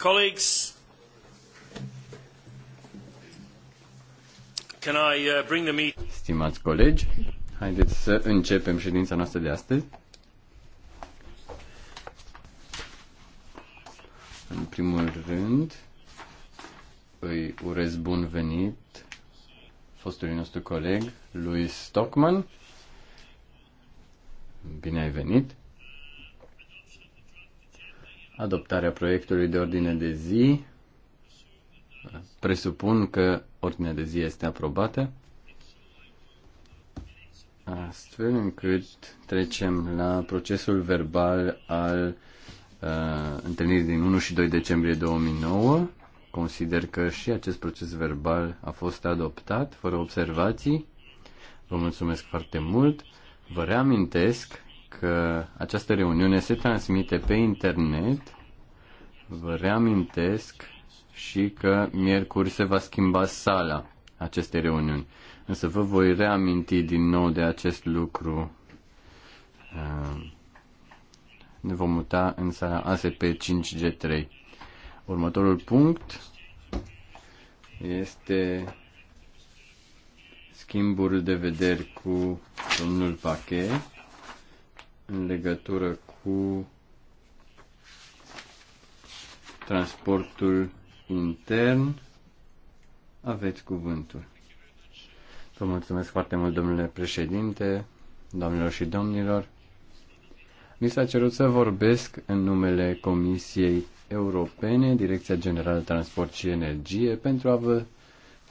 Colleagues, can I uh, bring the meeting? Stimați colegi, haideți să începem ședința noastră de astăzi. În primul rând, îi urez bun venit fostului nostru coleg, Luis Stockman. Bine ai venit! adoptarea proiectului de ordine de zi. Presupun că ordinea de zi este aprobată, astfel încât trecem la procesul verbal al uh, întâlnirii din 1 și 2 decembrie 2009. Consider că și acest proces verbal a fost adoptat, fără observații. Vă mulțumesc foarte mult. Vă reamintesc că această reuniune se transmite pe internet. Vă reamintesc și că miercuri se va schimba sala acestei reuniuni. Însă vă voi reaminti din nou de acest lucru. Uh, ne vom muta în sala ASP 5G3. Următorul punct este schimbul de vederi cu domnul Pachet în legătură cu transportul intern. Aveți cuvântul. Vă mulțumesc foarte mult, domnule președinte, doamnelor și domnilor. Mi s-a cerut să vorbesc în numele Comisiei Europene, Direcția Generală Transport și Energie, pentru a vă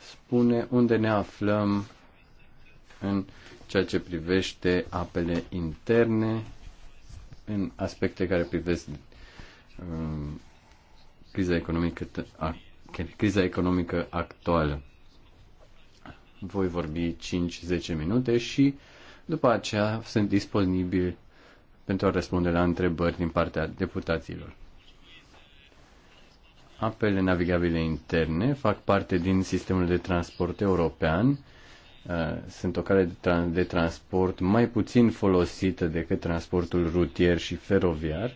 spune unde ne aflăm în ceea ce privește apele interne, în aspecte care privesc um, criza, economică, a, criza economică actuală. Voi vorbi 5-10 minute și după aceea sunt disponibil pentru a răspunde la întrebări din partea deputaților. Apele navigabile interne fac parte din sistemul de transport european Uh, sunt o cale de, tra- de transport mai puțin folosită decât transportul rutier și feroviar,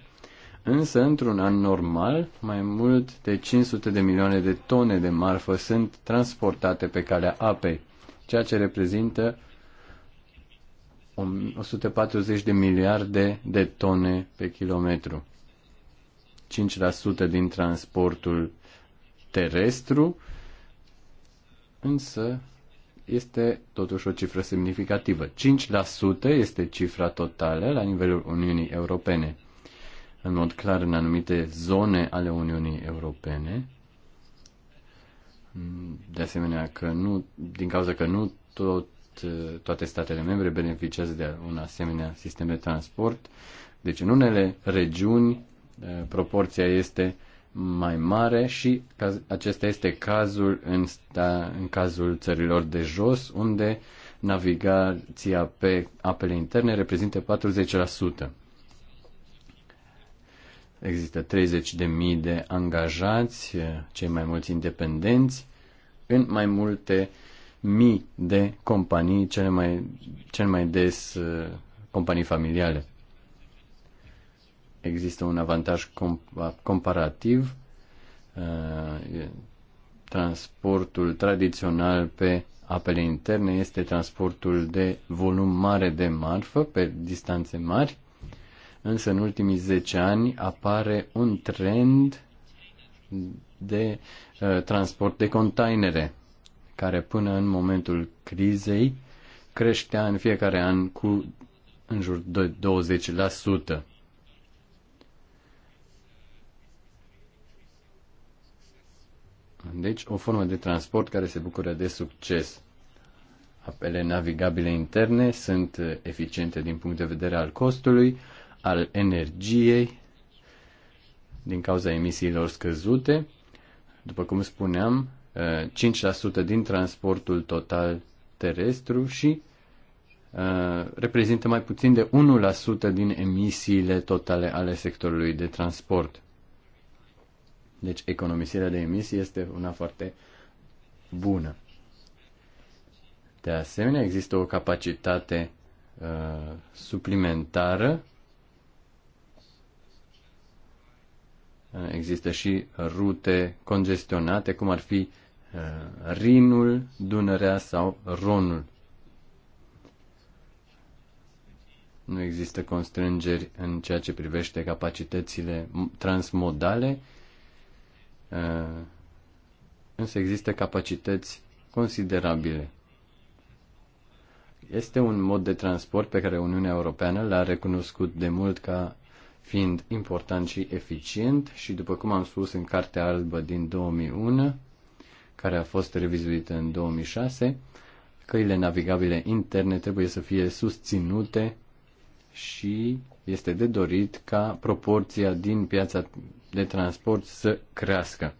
însă într-un an normal, mai mult de 500 de milioane de tone de marfă sunt transportate pe calea apei, ceea ce reprezintă 140 de miliarde de tone pe kilometru. 5% din transportul terestru, însă este totuși o cifră semnificativă. 5% este cifra totală la nivelul Uniunii Europene. În mod clar, în anumite zone ale Uniunii Europene, de asemenea că nu, din cauza că nu tot, toate statele membre beneficiază de un asemenea sistem de transport, deci în unele regiuni eh, proporția este mai mare și acesta este cazul în, sta, în cazul țărilor de jos, unde navigația pe apele interne reprezintă 40%. Există 30.000 de de angajați, cei mai mulți independenți, în mai multe mii de companii, cele mai, cel mai des eh, companii familiale există un avantaj comparativ. Uh, transportul tradițional pe apele interne este transportul de volum mare de marfă pe distanțe mari, însă în ultimii 10 ani apare un trend de uh, transport de containere, care până în momentul crizei creștea în fiecare an cu în jur de 20%. Deci, o formă de transport care se bucură de succes. Apele navigabile interne sunt eficiente din punct de vedere al costului, al energiei, din cauza emisiilor scăzute. După cum spuneam, 5% din transportul total terestru și uh, reprezintă mai puțin de 1% din emisiile totale ale sectorului de transport. Deci economisirea de emisii este una foarte bună. De asemenea, există o capacitate uh, suplimentară. Uh, există și rute congestionate, cum ar fi uh, Rinul, Dunărea sau Ronul. Nu există constrângeri în ceea ce privește capacitățile transmodale Eh, însă există capacități considerabile. Este un mod de transport pe care Uniunea Europeană l-a recunoscut de mult ca fiind important și eficient și, după cum am spus în Cartea Albă din 2001, care a fost revizuită în 2006, căile navigabile interne trebuie să fie susținute și este de dorit ca proporția din piața de transport să crească.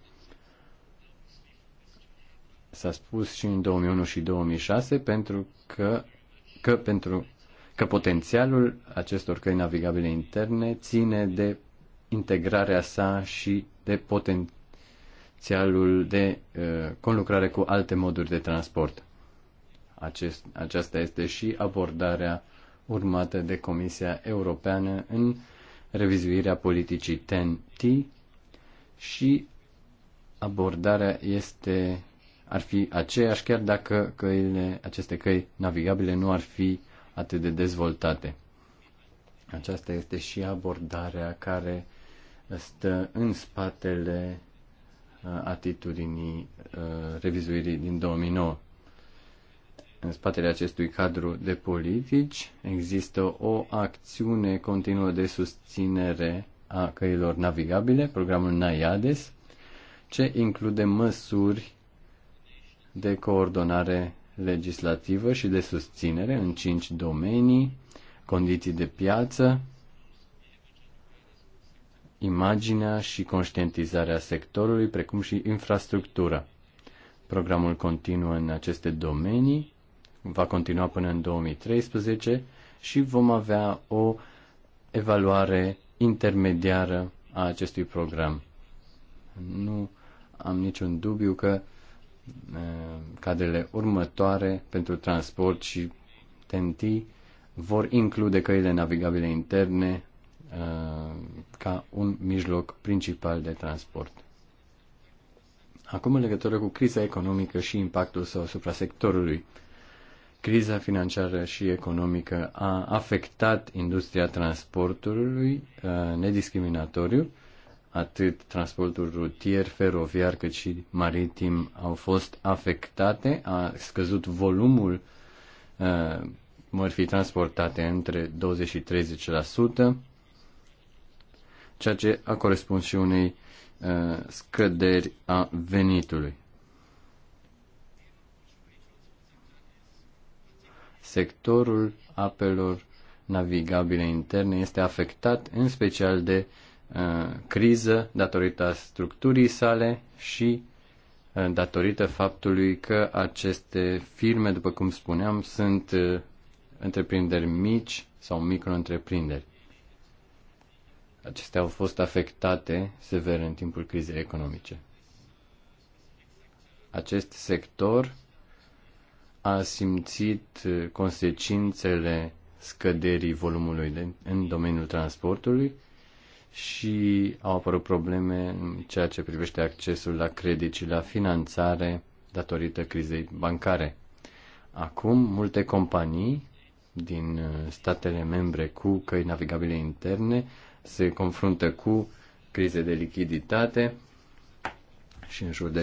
S-a spus și în 2001 și 2006 pentru că, că, pentru, că potențialul acestor căi navigabile interne ține de integrarea sa și de potențialul de uh, conlucrare cu alte moduri de transport. Acest, aceasta este și abordarea urmată de Comisia Europeană în uh, revizuirea politicii TEN-T și abordarea este, ar fi aceeași chiar dacă căile, aceste căi navigabile nu ar fi atât de dezvoltate. Aceasta este și abordarea care stă în spatele uh, atitudinii uh, revizuirii din 2009. În spatele acestui cadru de politici există o acțiune continuă de susținere a căilor navigabile, programul NAIADES, ce include măsuri de coordonare legislativă și de susținere în cinci domenii, condiții de piață, imaginea și conștientizarea sectorului, precum și infrastructura. Programul continuă în aceste domenii va continua până în 2013 și vom avea o evaluare intermediară a acestui program. Nu am niciun dubiu că cadrele următoare pentru transport și TNT vor include căile navigabile interne ca un mijloc principal de transport. Acum în legătură cu criza economică și impactul său asupra sectorului. Criza financiară și economică a afectat industria transportului uh, nediscriminatoriu, atât transportul rutier, feroviar, cât și maritim au fost afectate, a scăzut volumul uh, mărfii transportate între 20 și 30%, ceea ce a corespuns și unei uh, scăderi a venitului. sectorul apelor navigabile interne este afectat în special de uh, criză datorită structurii sale și uh, datorită faptului că aceste firme, după cum spuneam, sunt uh, întreprinderi mici sau micro-întreprinderi. Acestea au fost afectate sever în timpul crizei economice. Acest sector a simțit eh, consecințele scăderii volumului de, în domeniul transportului și au apărut probleme în ceea ce privește accesul la credit și la finanțare datorită crizei bancare. Acum, multe companii din eh, statele membre cu căi navigabile interne se confruntă cu crize de lichiditate și în jur de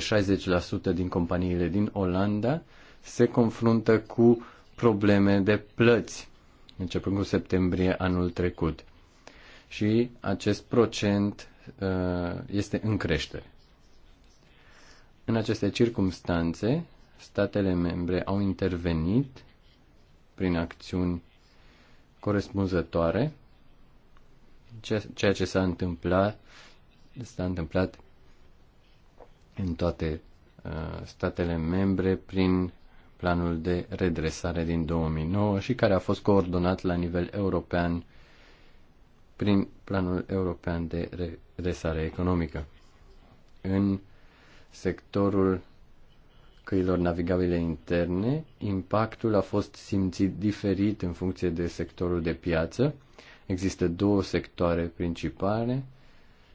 60% din companiile din Olanda se confruntă cu probleme de plăți, începând cu septembrie anul trecut. Și acest procent uh, este în creștere. În aceste circumstanțe, statele membre au intervenit prin acțiuni corespunzătoare. Ceea ce s-a întâmplat s-a întâmplat în toate uh, statele membre prin planul de redresare din 2009 și care a fost coordonat la nivel european prin planul european de redresare economică. În sectorul căilor navigabile interne, impactul a fost simțit diferit în funcție de sectorul de piață. Există două sectoare principale,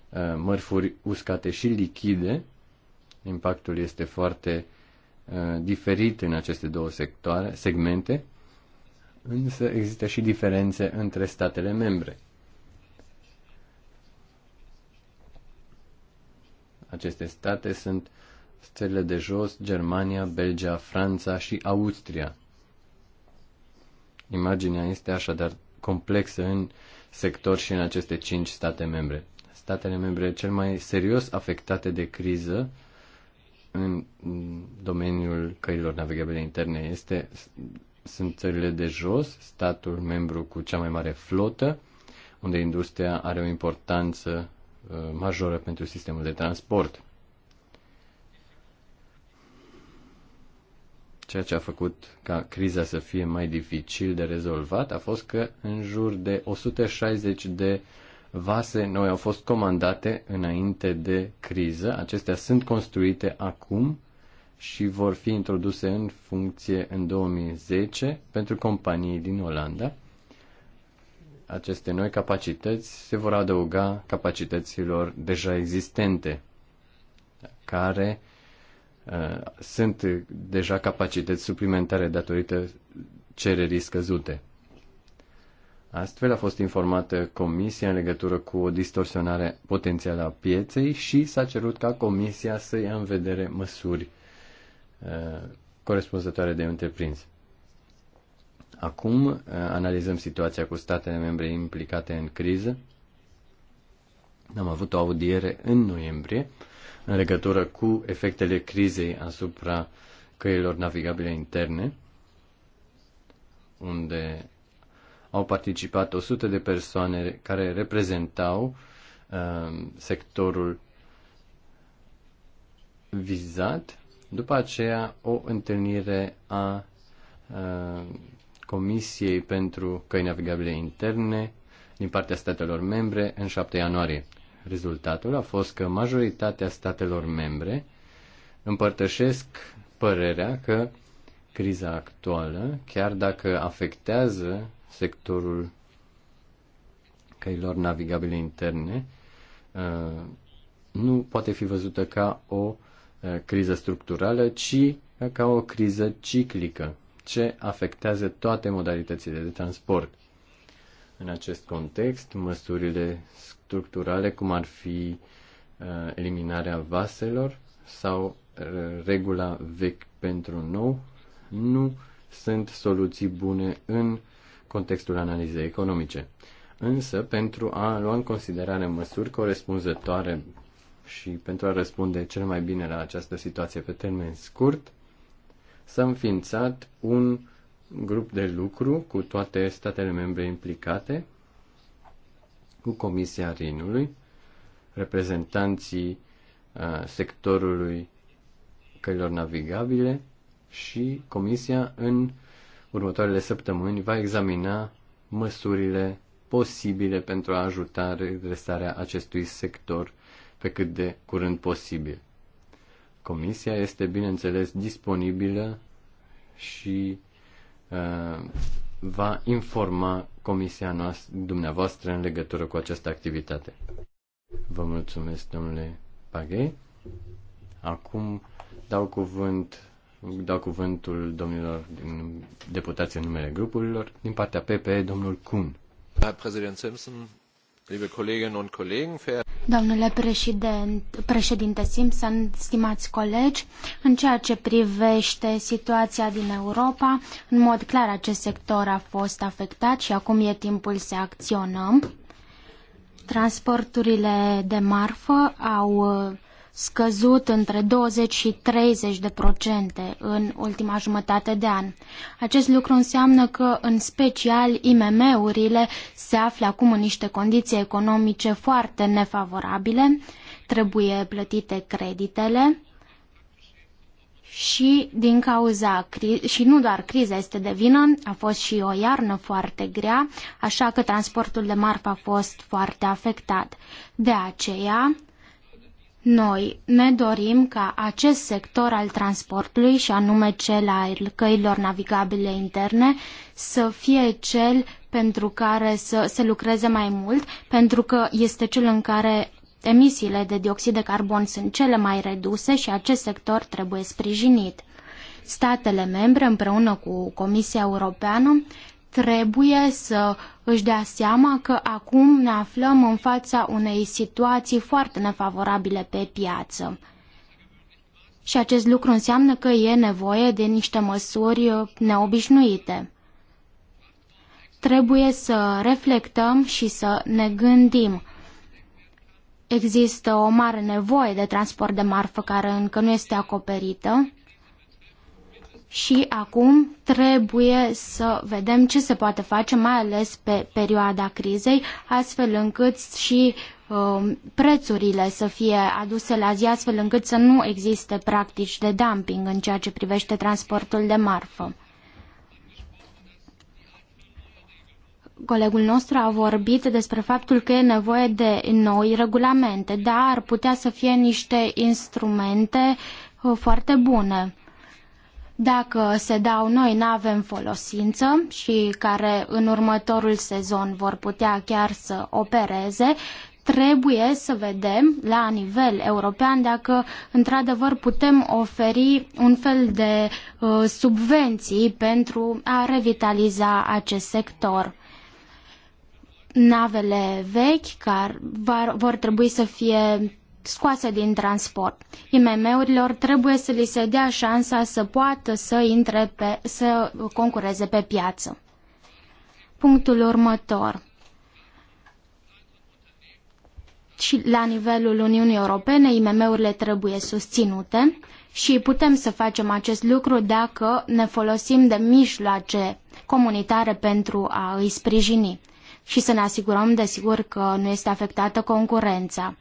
uh, mărfuri uscate și lichide. Impactul este foarte uh, Uh, diferit în aceste două sectoare, segmente, însă există și diferențe între statele membre. Aceste state sunt țările de jos, Germania, Belgia, Franța și Austria. Imaginea este așadar complexă în sector și în aceste cinci state membre. Statele membre cel mai serios afectate de criză uh, în domeniul căilor navigabile interne este, sunt țările de jos, statul membru cu cea mai mare flotă, unde industria are o importanță uh, majoră pentru sistemul de transport. Ceea ce a făcut ca criza să fie mai dificil de rezolvat a fost că în jur de 160 de uh, vase noi au fost comandate înainte de criză. Acestea sunt construite acum și vor fi introduse în funcție în 2010 pentru companii din Olanda. Aceste noi capacități se vor adăuga capacităților deja existente, care uh, sunt deja capacități suplimentare datorită cererii scăzute. Astfel a fost informată Comisia în legătură cu o distorsionare potențială a pieței și s-a cerut ca Comisia să ia în vedere măsuri uh, corespunzătoare de întreprins. Acum uh, analizăm situația cu statele membre implicate în criză. Am avut o audiere în noiembrie în legătură cu efectele crizei asupra căilor navigabile interne, unde au participat 100 de persoane care reprezentau um, sectorul vizat. După aceea, o întâlnire a uh, Comisiei pentru Căi Navigabile Interne din partea statelor membre în 7 ianuarie. Rezultatul a fost că majoritatea statelor membre împărtășesc părerea că criza actuală, chiar dacă afectează sectorul căilor navigabile interne uh, nu poate fi văzută ca o uh, criză structurală, ci ca o criză ciclică ce afectează toate modalitățile de transport. În acest context, măsurile structurale, cum ar fi uh, eliminarea vaselor sau regula vechi pentru nou, nu sunt soluții bune în contextul analizei economice. Însă, pentru a lua în considerare măsuri corespunzătoare și pentru a răspunde cel mai bine la această situație pe termen scurt, s-a înființat un grup de lucru cu toate statele membre implicate, cu Comisia Rinului, reprezentanții uh, sectorului căilor navigabile și Comisia în următoarele săptămâni va examina măsurile posibile pentru a ajuta redresarea acestui sector pe cât de curând posibil. Comisia este, bineînțeles, disponibilă și uh, va informa comisia noastră, dumneavoastră în legătură cu această activitate. Vă mulțumesc, domnule Paghe. Acum dau cuvânt dau cuvântul domnilor deputații în numele grupurilor. Din partea PP, domnul Kuhn. Simpson, liebe Kolleginnen und Kollegen, Domnule președinte Simpson, stimați colegi, în ceea ce privește situația din Europa, în mod clar acest sector a fost afectat și acum e timpul să acționăm. Transporturile de marfă au scăzut între 20 și 30 de procente în ultima jumătate de an. Acest lucru înseamnă că, în special, IMM-urile se află acum în niște condiții economice foarte nefavorabile, trebuie plătite creditele și din cauza și nu doar criza este de vină, a fost și o iarnă foarte grea, așa că transportul de marfă a fost foarte afectat. De aceea, noi ne dorim ca acest sector al transportului, și anume cel al căilor navigabile interne, să fie cel pentru care să se lucreze mai mult, pentru că este cel în care emisiile de dioxid de carbon sunt cele mai reduse și acest sector trebuie sprijinit. Statele membre, împreună cu Comisia Europeană, trebuie să își dea seama că acum ne aflăm în fața unei situații foarte nefavorabile pe piață. Și acest lucru înseamnă că e nevoie de niște măsuri neobișnuite. Trebuie să reflectăm și să ne gândim. Există o mare nevoie de transport de marfă care încă nu este acoperită și acum trebuie să vedem ce se poate face, mai ales pe perioada crizei, astfel încât și um, prețurile să fie aduse la zi, astfel încât să nu existe practici de dumping în ceea ce privește transportul de marfă. colegul nostru a vorbit despre faptul că e nevoie de noi regulamente, dar ar putea să fie niște instrumente uh, foarte bune. Dacă se dau noi nave în folosință și care în următorul sezon vor putea chiar să opereze, trebuie să vedem la nivel european dacă într-adevăr putem oferi un fel de uh, subvenții pentru a revitaliza acest sector. Navele vechi care vor trebui să fie scoase din transport. IMM-urilor trebuie să li se dea șansa să poată să intre pe, să concureze pe piață. Punctul următor. Și la nivelul Uniunii Europene, IMM-urile trebuie susținute și putem să facem acest lucru dacă ne folosim de mijloace comunitare pentru a îi sprijini și să ne asigurăm, desigur, că nu este afectată concurența.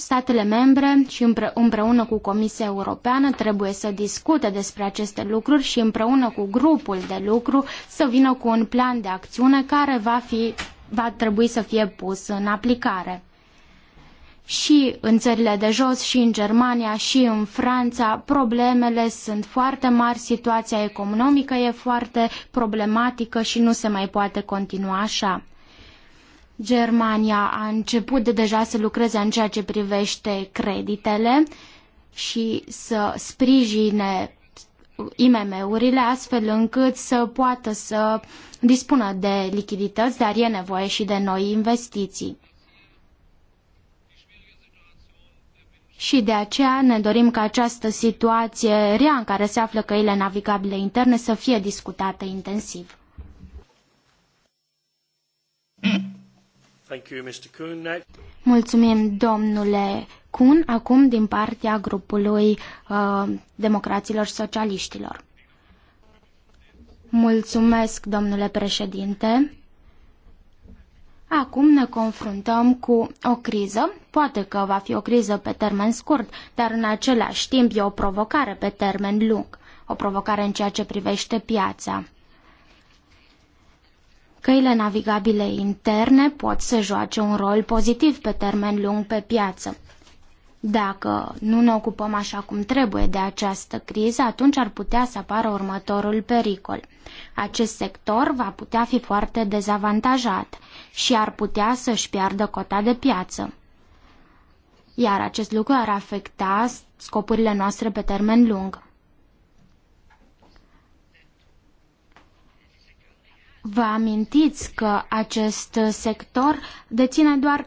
Statele membre și împreună cu Comisia Europeană trebuie să discute despre aceste lucruri și împreună cu grupul de lucru să vină cu un plan de acțiune care va, fi, va trebui să fie pus în aplicare și în țările de jos, și în Germania, și în Franța, problemele sunt foarte mari, situația economică e foarte problematică și nu se mai poate continua așa. Germania a început de deja să lucreze în ceea ce privește creditele și să sprijine IMM-urile astfel încât să poată să dispună de lichidități, dar e nevoie și de noi investiții. Și de aceea ne dorim ca această situație rea în care se află căile navigabile interne să fie discutată intensiv. Mm. Mulțumim, domnule Kuhn, acum din partea grupului uh, democraților socialiștilor. Mulțumesc, domnule președinte. Acum ne confruntăm cu o criză, poate că va fi o criză pe termen scurt, dar în același timp e o provocare pe termen lung, o provocare în ceea ce privește piața. Căile navigabile interne pot să joace un rol pozitiv pe termen lung pe piață. Dacă nu ne ocupăm așa cum trebuie de această criză, atunci ar putea să apară următorul pericol. Acest sector va putea fi foarte dezavantajat și ar putea să-și piardă cota de piață. Iar acest lucru ar afecta scopurile noastre pe termen lung. Vă amintiți că acest sector deține doar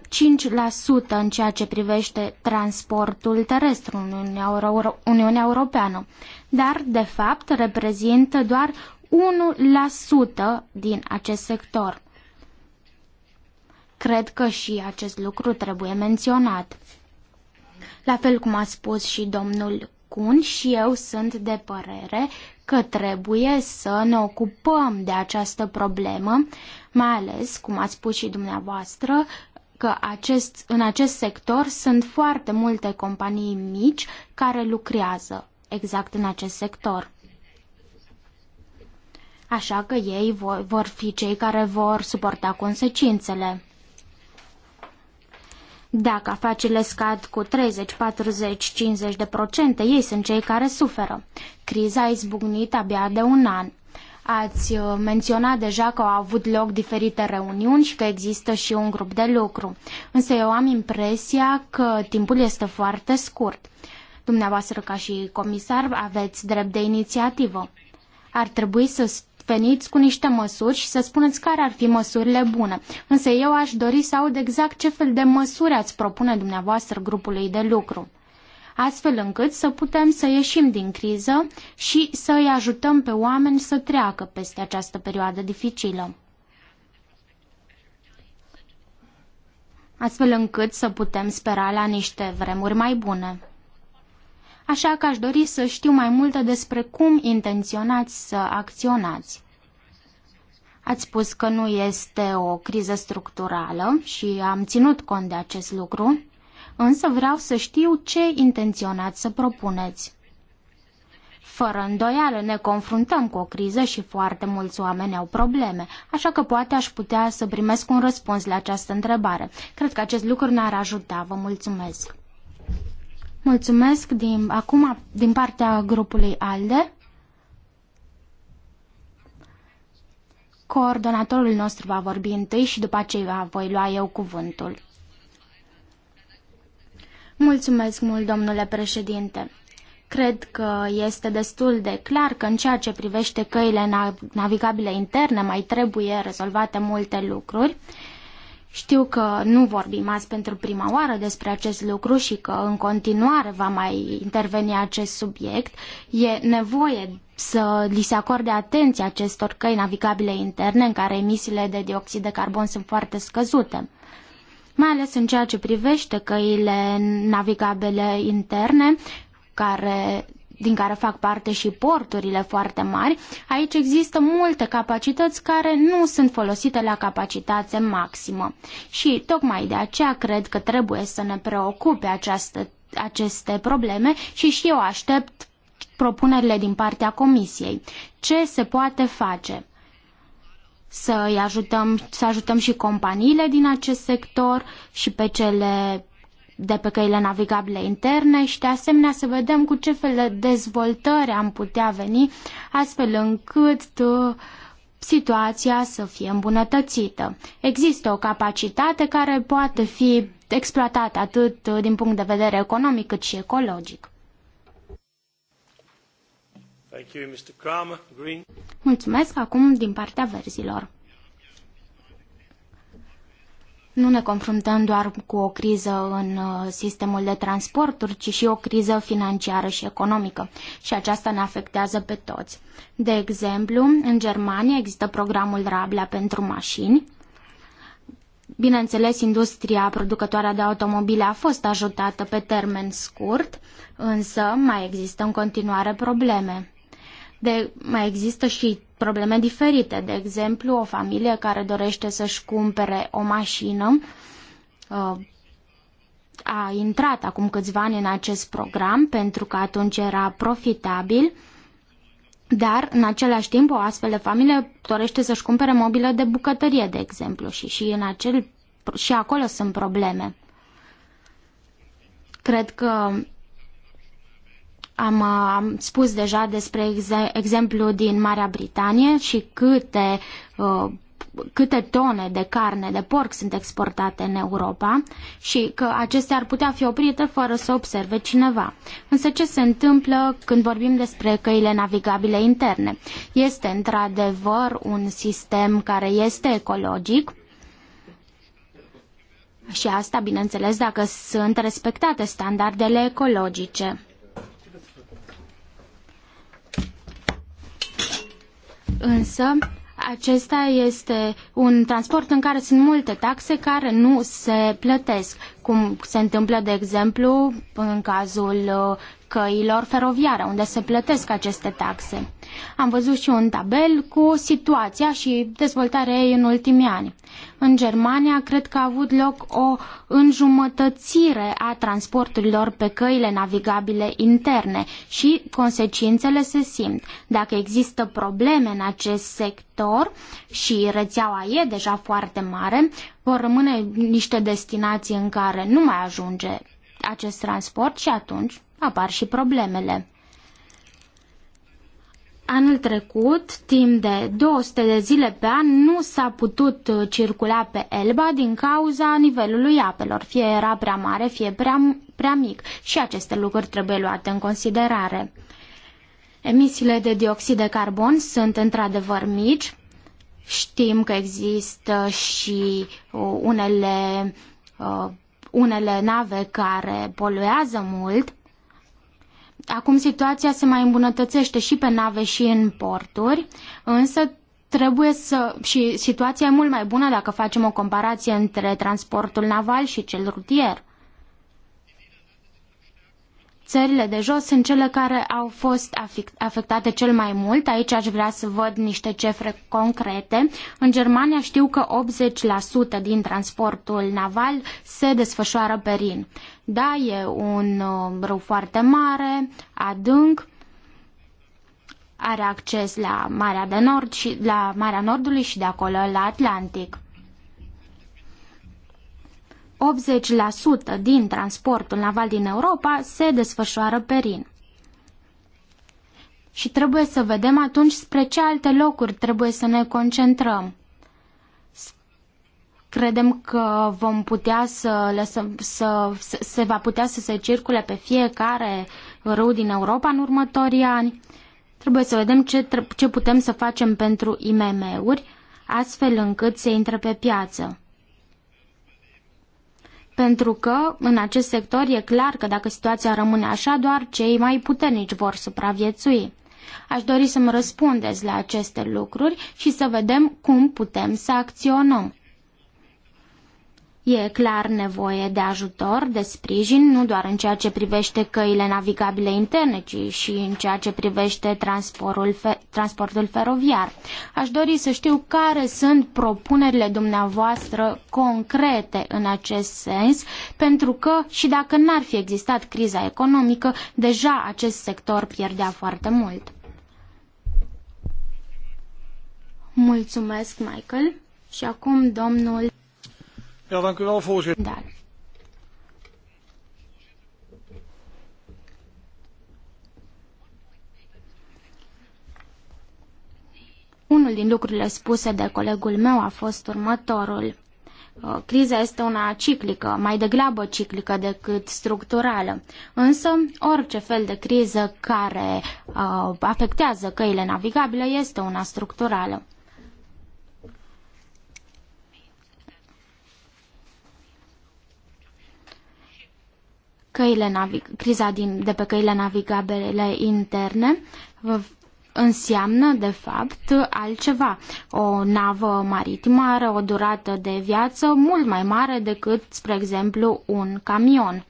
5% în ceea ce privește transportul terestru în Uniunea, Euro- Uniunea Europeană, dar, de fapt, reprezintă doar 1% din acest sector. Cred că și acest lucru trebuie menționat. La fel cum a spus și domnul Kun și eu sunt de părere că trebuie să ne ocupăm de această problemă, mai ales, cum ați spus și dumneavoastră, că acest, în acest sector sunt foarte multe companii mici care lucrează exact în acest sector. Așa că ei vor fi cei care vor suporta consecințele. Dacă afacerile scad cu 30, 40, 50 de procente, ei sunt cei care suferă. Criza a izbucnit abia de un an. Ați uh, menționat deja că au avut loc diferite reuniuni și că există și un grup de lucru. Însă eu am impresia că timpul este foarte scurt. Dumneavoastră, ca și comisar, aveți drept de inițiativă. Ar trebui să veniți cu niște măsuri și să spuneți care ar fi măsurile bune. Însă eu aș dori să aud exact ce fel de măsuri ați propune dumneavoastră grupului de lucru astfel încât să putem să ieșim din criză și să îi ajutăm pe oameni să treacă peste această perioadă dificilă. Astfel încât să putem spera la niște vremuri mai bune așa că aș dori să știu mai multe despre cum intenționați să acționați. Ați spus că nu este o criză structurală și am ținut cont de acest lucru, însă vreau să știu ce intenționați să propuneți. Fără îndoială ne confruntăm cu o criză și foarte mulți oameni au probleme, așa că poate aș putea să primesc un răspuns la această întrebare. Cred că acest lucru ne-ar ajuta. Vă mulțumesc! Mulțumesc din, acum din partea grupului ALDE. Coordonatorul nostru va vorbi întâi și după aceea voi lua eu cuvântul. Mulțumesc mult, domnule președinte. Cred că este destul de clar că în ceea ce privește căile navigabile interne mai trebuie rezolvate multe lucruri știu că nu vorbim azi pentru prima oară despre acest lucru și că în continuare va mai interveni acest subiect. E nevoie să li se acorde atenție acestor căi navigabile interne în care emisiile de dioxid de carbon sunt foarte scăzute. Mai ales în ceea ce privește căile navigabile interne, care din care fac parte și porturile foarte mari, aici există multe capacități care nu sunt folosite la capacitate maximă. Și tocmai de aceea cred că trebuie să ne preocupe această, aceste probleme și și eu aștept propunerile din partea Comisiei. Ce se poate face? Să, ajutăm, să ajutăm și companiile din acest sector și pe cele de pe căile navigabile interne și de asemenea să vedem cu ce fel de dezvoltări am putea veni astfel încât uh, situația să fie îmbunătățită. Există o capacitate care poate fi exploatată atât uh, din punct de vedere economic cât și ecologic. Mulțumesc acum din partea verzilor nu ne confruntăm doar cu o criză în uh, sistemul de transporturi, ci și o criză financiară și economică și aceasta ne afectează pe toți. De exemplu, în Germania există programul Rabla pentru mașini. Bineînțeles, industria producătoare de automobile a fost ajutată pe termen scurt, însă mai există în continuare probleme. De, mai există și probleme diferite. De exemplu, o familie care dorește să-și cumpere o mașină uh, a intrat acum câțiva ani în acest program pentru că atunci era profitabil, dar în același timp o astfel de familie dorește să-și cumpere mobilă de bucătărie, de exemplu, și, și, în acel, și acolo sunt probleme. Cred că am, uh, am spus deja despre exemplu din Marea Britanie și câte, uh, câte tone de carne de porc sunt exportate în Europa și că acestea ar putea fi oprite fără să observe cineva. Însă ce se întâmplă când vorbim despre căile navigabile interne? Este într-adevăr un sistem care este ecologic, și asta, bineînțeles, dacă sunt respectate standardele ecologice. Însă, acesta este un transport în care sunt multe taxe care nu se plătesc cum se întâmplă, de exemplu, în cazul uh, căilor feroviare, unde se plătesc aceste taxe. Am văzut și un tabel cu situația și dezvoltarea ei în ultimii ani. În Germania, cred că a avut loc o înjumătățire a transporturilor pe căile navigabile interne și consecințele se simt. Dacă există probleme în acest sector și rețeaua e deja foarte mare, vor rămâne niște destinații în care nu mai ajunge acest transport și atunci apar și problemele. Anul trecut, timp de 200 de zile pe an, nu s-a putut uh, circula pe Elba din cauza nivelului apelor. Fie era prea mare, fie prea, prea mic și aceste lucruri trebuie luate în considerare. Emisiile de dioxid de carbon sunt într-adevăr mici, Știm că există și uh, unele, uh, unele nave care poluează mult. Acum situația se mai îmbunătățește și pe nave și în porturi, însă trebuie să... și situația e mult mai bună dacă facem o comparație între transportul naval și cel rutier. Țările de jos sunt cele care au fost afectate cel mai mult. Aici aș vrea să văd niște cifre concrete. În Germania știu că 80% din transportul naval se desfășoară pe Rin. Da, e un uh, râu foarte mare, adânc, are acces la Marea de Nord și la Marea Nordului și de acolo la Atlantic. 80% din transportul naval din Europa se desfășoară pe Rin. Și trebuie să vedem atunci spre ce alte locuri trebuie să ne concentrăm. Credem că vom putea să, lăsăm, să, să se va putea să se circule pe fiecare râu din Europa în următorii ani. Trebuie să vedem ce, ce putem să facem pentru IMM-uri, astfel încât să intre pe piață pentru că în acest sector e clar că dacă situația rămâne așa, doar cei mai puternici vor supraviețui. Aș dori să-mi răspundeți la aceste lucruri și să vedem cum putem să acționăm. E clar nevoie de ajutor, de sprijin, nu doar în ceea ce privește căile navigabile interne, ci și în ceea ce privește transportul, fe transportul feroviar. Aș dori să știu care sunt propunerile dumneavoastră concrete în acest sens, pentru că și dacă n-ar fi existat criza economică, deja acest sector pierdea foarte mult. Mulțumesc, Michael. Și acum domnul Ja, dank u wel, voorzitter. Daar. Unul din lucrurile spuse de colegul meu a fost următorul. Uh, criza este una ciclică, mai degrabă ciclică decât structurală. Însă, orice fel de criză care uh, afectează căile navigabile este una structurală. căile navig- criza din, de pe căile navigabile interne înseamnă, de fapt, altceva. O navă maritimă are o durată de viață mult mai mare decât, spre exemplu, un camion.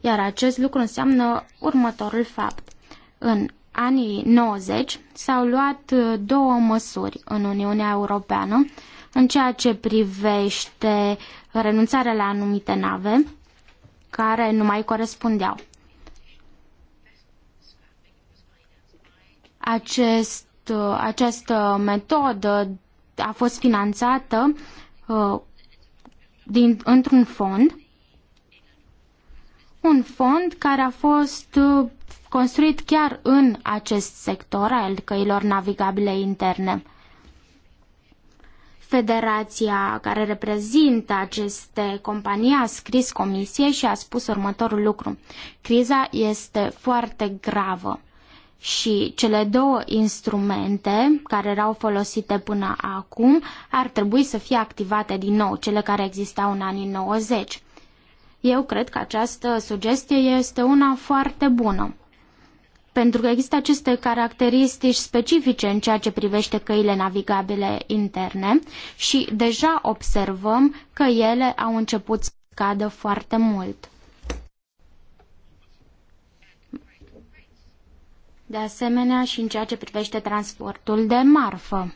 Iar acest lucru înseamnă următorul fapt. În anii 90 s-au luat două măsuri în Uniunea Europeană în ceea ce privește renunțarea la anumite nave, care nu mai corespundeau. Acest, uh, această metodă a fost finanțată uh, din, într-un fond, un fond care a fost uh, construit chiar în acest sector al căilor navigabile interne. Federația care reprezintă aceste companii a scris comisiei și a spus următorul lucru. Criza este foarte gravă și cele două instrumente care erau folosite până acum ar trebui să fie activate din nou, cele care existau în anii 90. Eu cred că această sugestie este una foarte bună pentru că există aceste caracteristici specifice în ceea ce privește căile navigabile interne și deja observăm că ele au început să scadă foarte mult. De asemenea și în ceea ce privește transportul de marfă.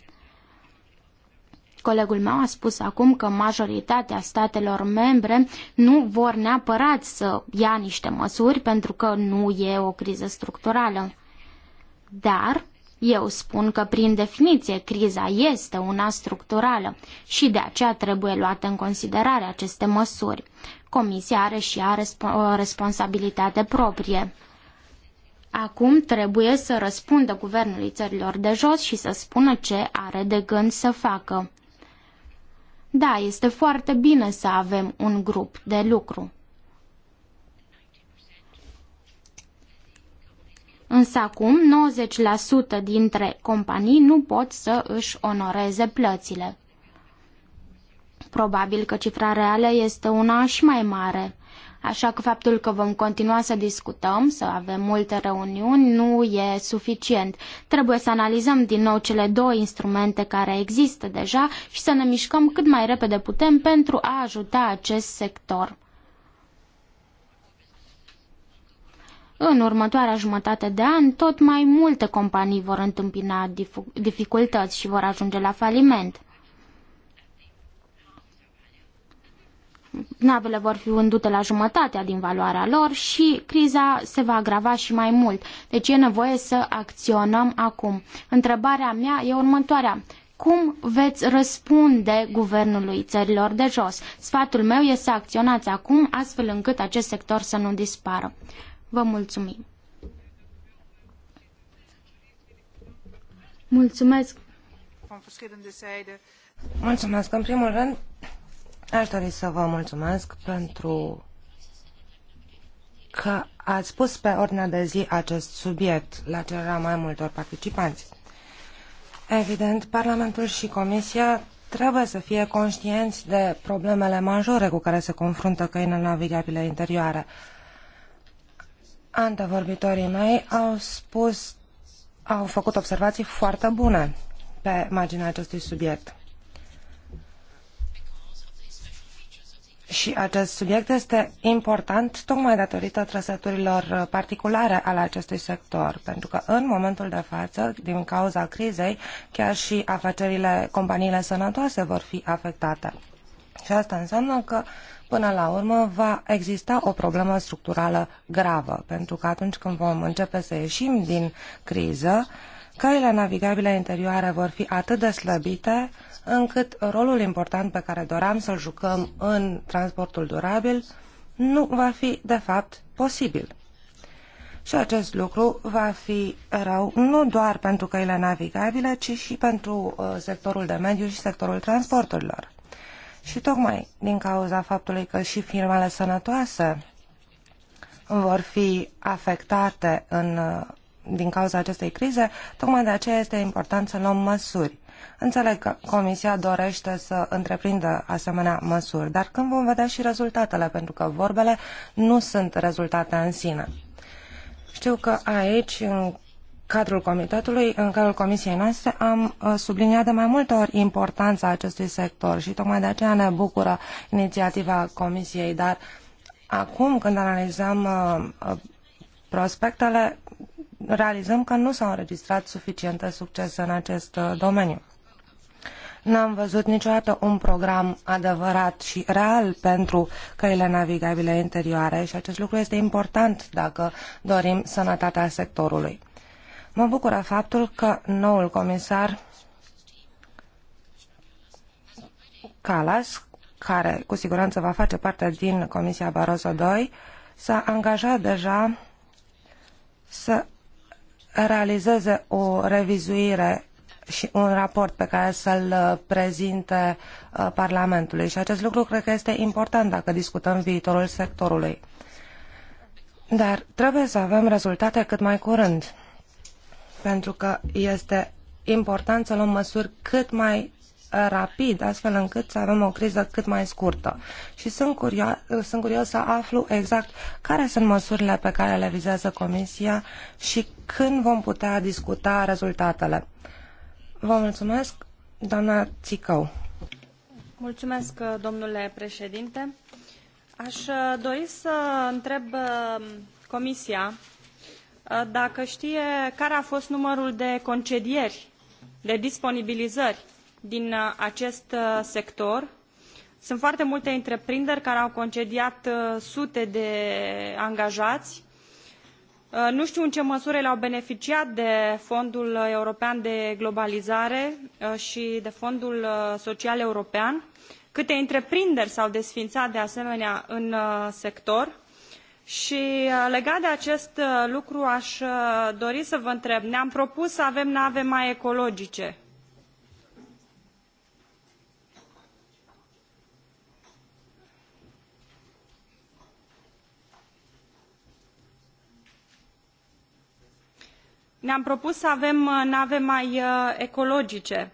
Colegul meu a spus acum că majoritatea statelor membre nu vor neapărat să ia niște măsuri pentru că nu e o criză structurală. Dar eu spun că prin definiție criza este una structurală și de aceea trebuie luată în considerare aceste măsuri. Comisia are și ea o responsabilitate proprie. Acum trebuie să răspundă guvernului țărilor de jos și să spună ce are de gând să facă. Da, este foarte bine să avem un grup de lucru. Însă acum 90% dintre companii nu pot să își onoreze plățile. Probabil că cifra reală este una și mai mare. Așa că faptul că vom continua să discutăm, să avem multe reuniuni, nu e suficient. Trebuie să analizăm din nou cele două instrumente care există deja și să ne mișcăm cât mai repede putem pentru a ajuta acest sector. În următoarea jumătate de an, tot mai multe companii vor întâmpina dificultăți și vor ajunge la faliment. navele vor fi vândute la jumătatea din valoarea lor și criza se va agrava și mai mult. Deci e nevoie să acționăm acum. Întrebarea mea e următoarea. Cum veți răspunde guvernului țărilor de jos? Sfatul meu este să acționați acum, astfel încât acest sector să nu dispară. Vă mulțumim! Mulțumesc! Mulțumesc! În primul rând, Aș dori să vă mulțumesc pentru că ați pus pe ordinea de zi acest subiect la cererea mai multor participanți. Evident, Parlamentul și Comisia trebuie să fie conștienți de problemele majore cu care se confruntă căile navigabile interioare. Antevorbitorii mei au spus, au făcut observații foarte bune pe marginea acestui subiect. și acest subiect este important tocmai datorită trăsăturilor particulare ale acestui sector, pentru că în momentul de față, din cauza crizei, chiar și afacerile, companiile sănătoase vor fi afectate. Și asta înseamnă că, până la urmă, va exista o problemă structurală gravă, pentru că atunci când vom începe să ieșim din criză, căile navigabile interioare vor fi atât de slăbite încât rolul important pe care doream să-l jucăm în transportul durabil nu va fi, de fapt, posibil. Și acest lucru va fi rău nu doar pentru căile navigabile, ci și pentru uh, sectorul de mediu și sectorul transporturilor. Și tocmai din cauza faptului că și firmele sănătoase vor fi afectate în, uh, din cauza acestei crize, tocmai de aceea este important să luăm măsuri. Înțeleg că Comisia dorește să întreprindă asemenea măsuri, dar când vom vedea și rezultatele, pentru că vorbele nu sunt rezultate în sine. Știu că aici, în cadrul comitetului, în cadrul comisiei noastre, am uh, subliniat de mai multe ori importanța acestui sector și tocmai de aceea ne bucură inițiativa comisiei, dar acum când analizăm uh, uh, prospectele, realizăm că nu s-au înregistrat suficiente succese în acest domeniu n-am văzut niciodată un program adevărat și real pentru căile navigabile interioare și acest lucru este important dacă dorim sănătatea sectorului. Mă bucură faptul că noul comisar Calas, care cu siguranță va face parte din Comisia Barroso II, s-a angajat deja să realizeze o revizuire și un raport pe care să-l uh, prezinte uh, Parlamentului și acest lucru cred că este important dacă discutăm viitorul sectorului. Dar trebuie să avem rezultate cât mai curând, pentru că este important să luăm măsuri cât mai uh, rapid, astfel încât să avem o criză cât mai scurtă. Și sunt, curio- sunt curios să aflu exact care sunt măsurile pe care le vizează Comisia și când vom putea discuta rezultatele. Vă mulțumesc, doamna Țicău. Mulțumesc, domnule președinte. Aș uh, dori să întreb uh, Comisia uh, dacă știe care a fost numărul de concedieri, de disponibilizări din acest sector. Sunt foarte multe întreprinderi care au concediat sute de angajați Uh, nu tiu în ce măsură ele au beneficiat de fondul european de globalizare uh, i de fondul uh, social european câte întreprinderi s au desfiinat de asemenea în sector i legat de acest lucru a dori să vă întreb ne am propus să avem nave mai ecologice. ne am propus să avem uh, nave mai uh, ecologice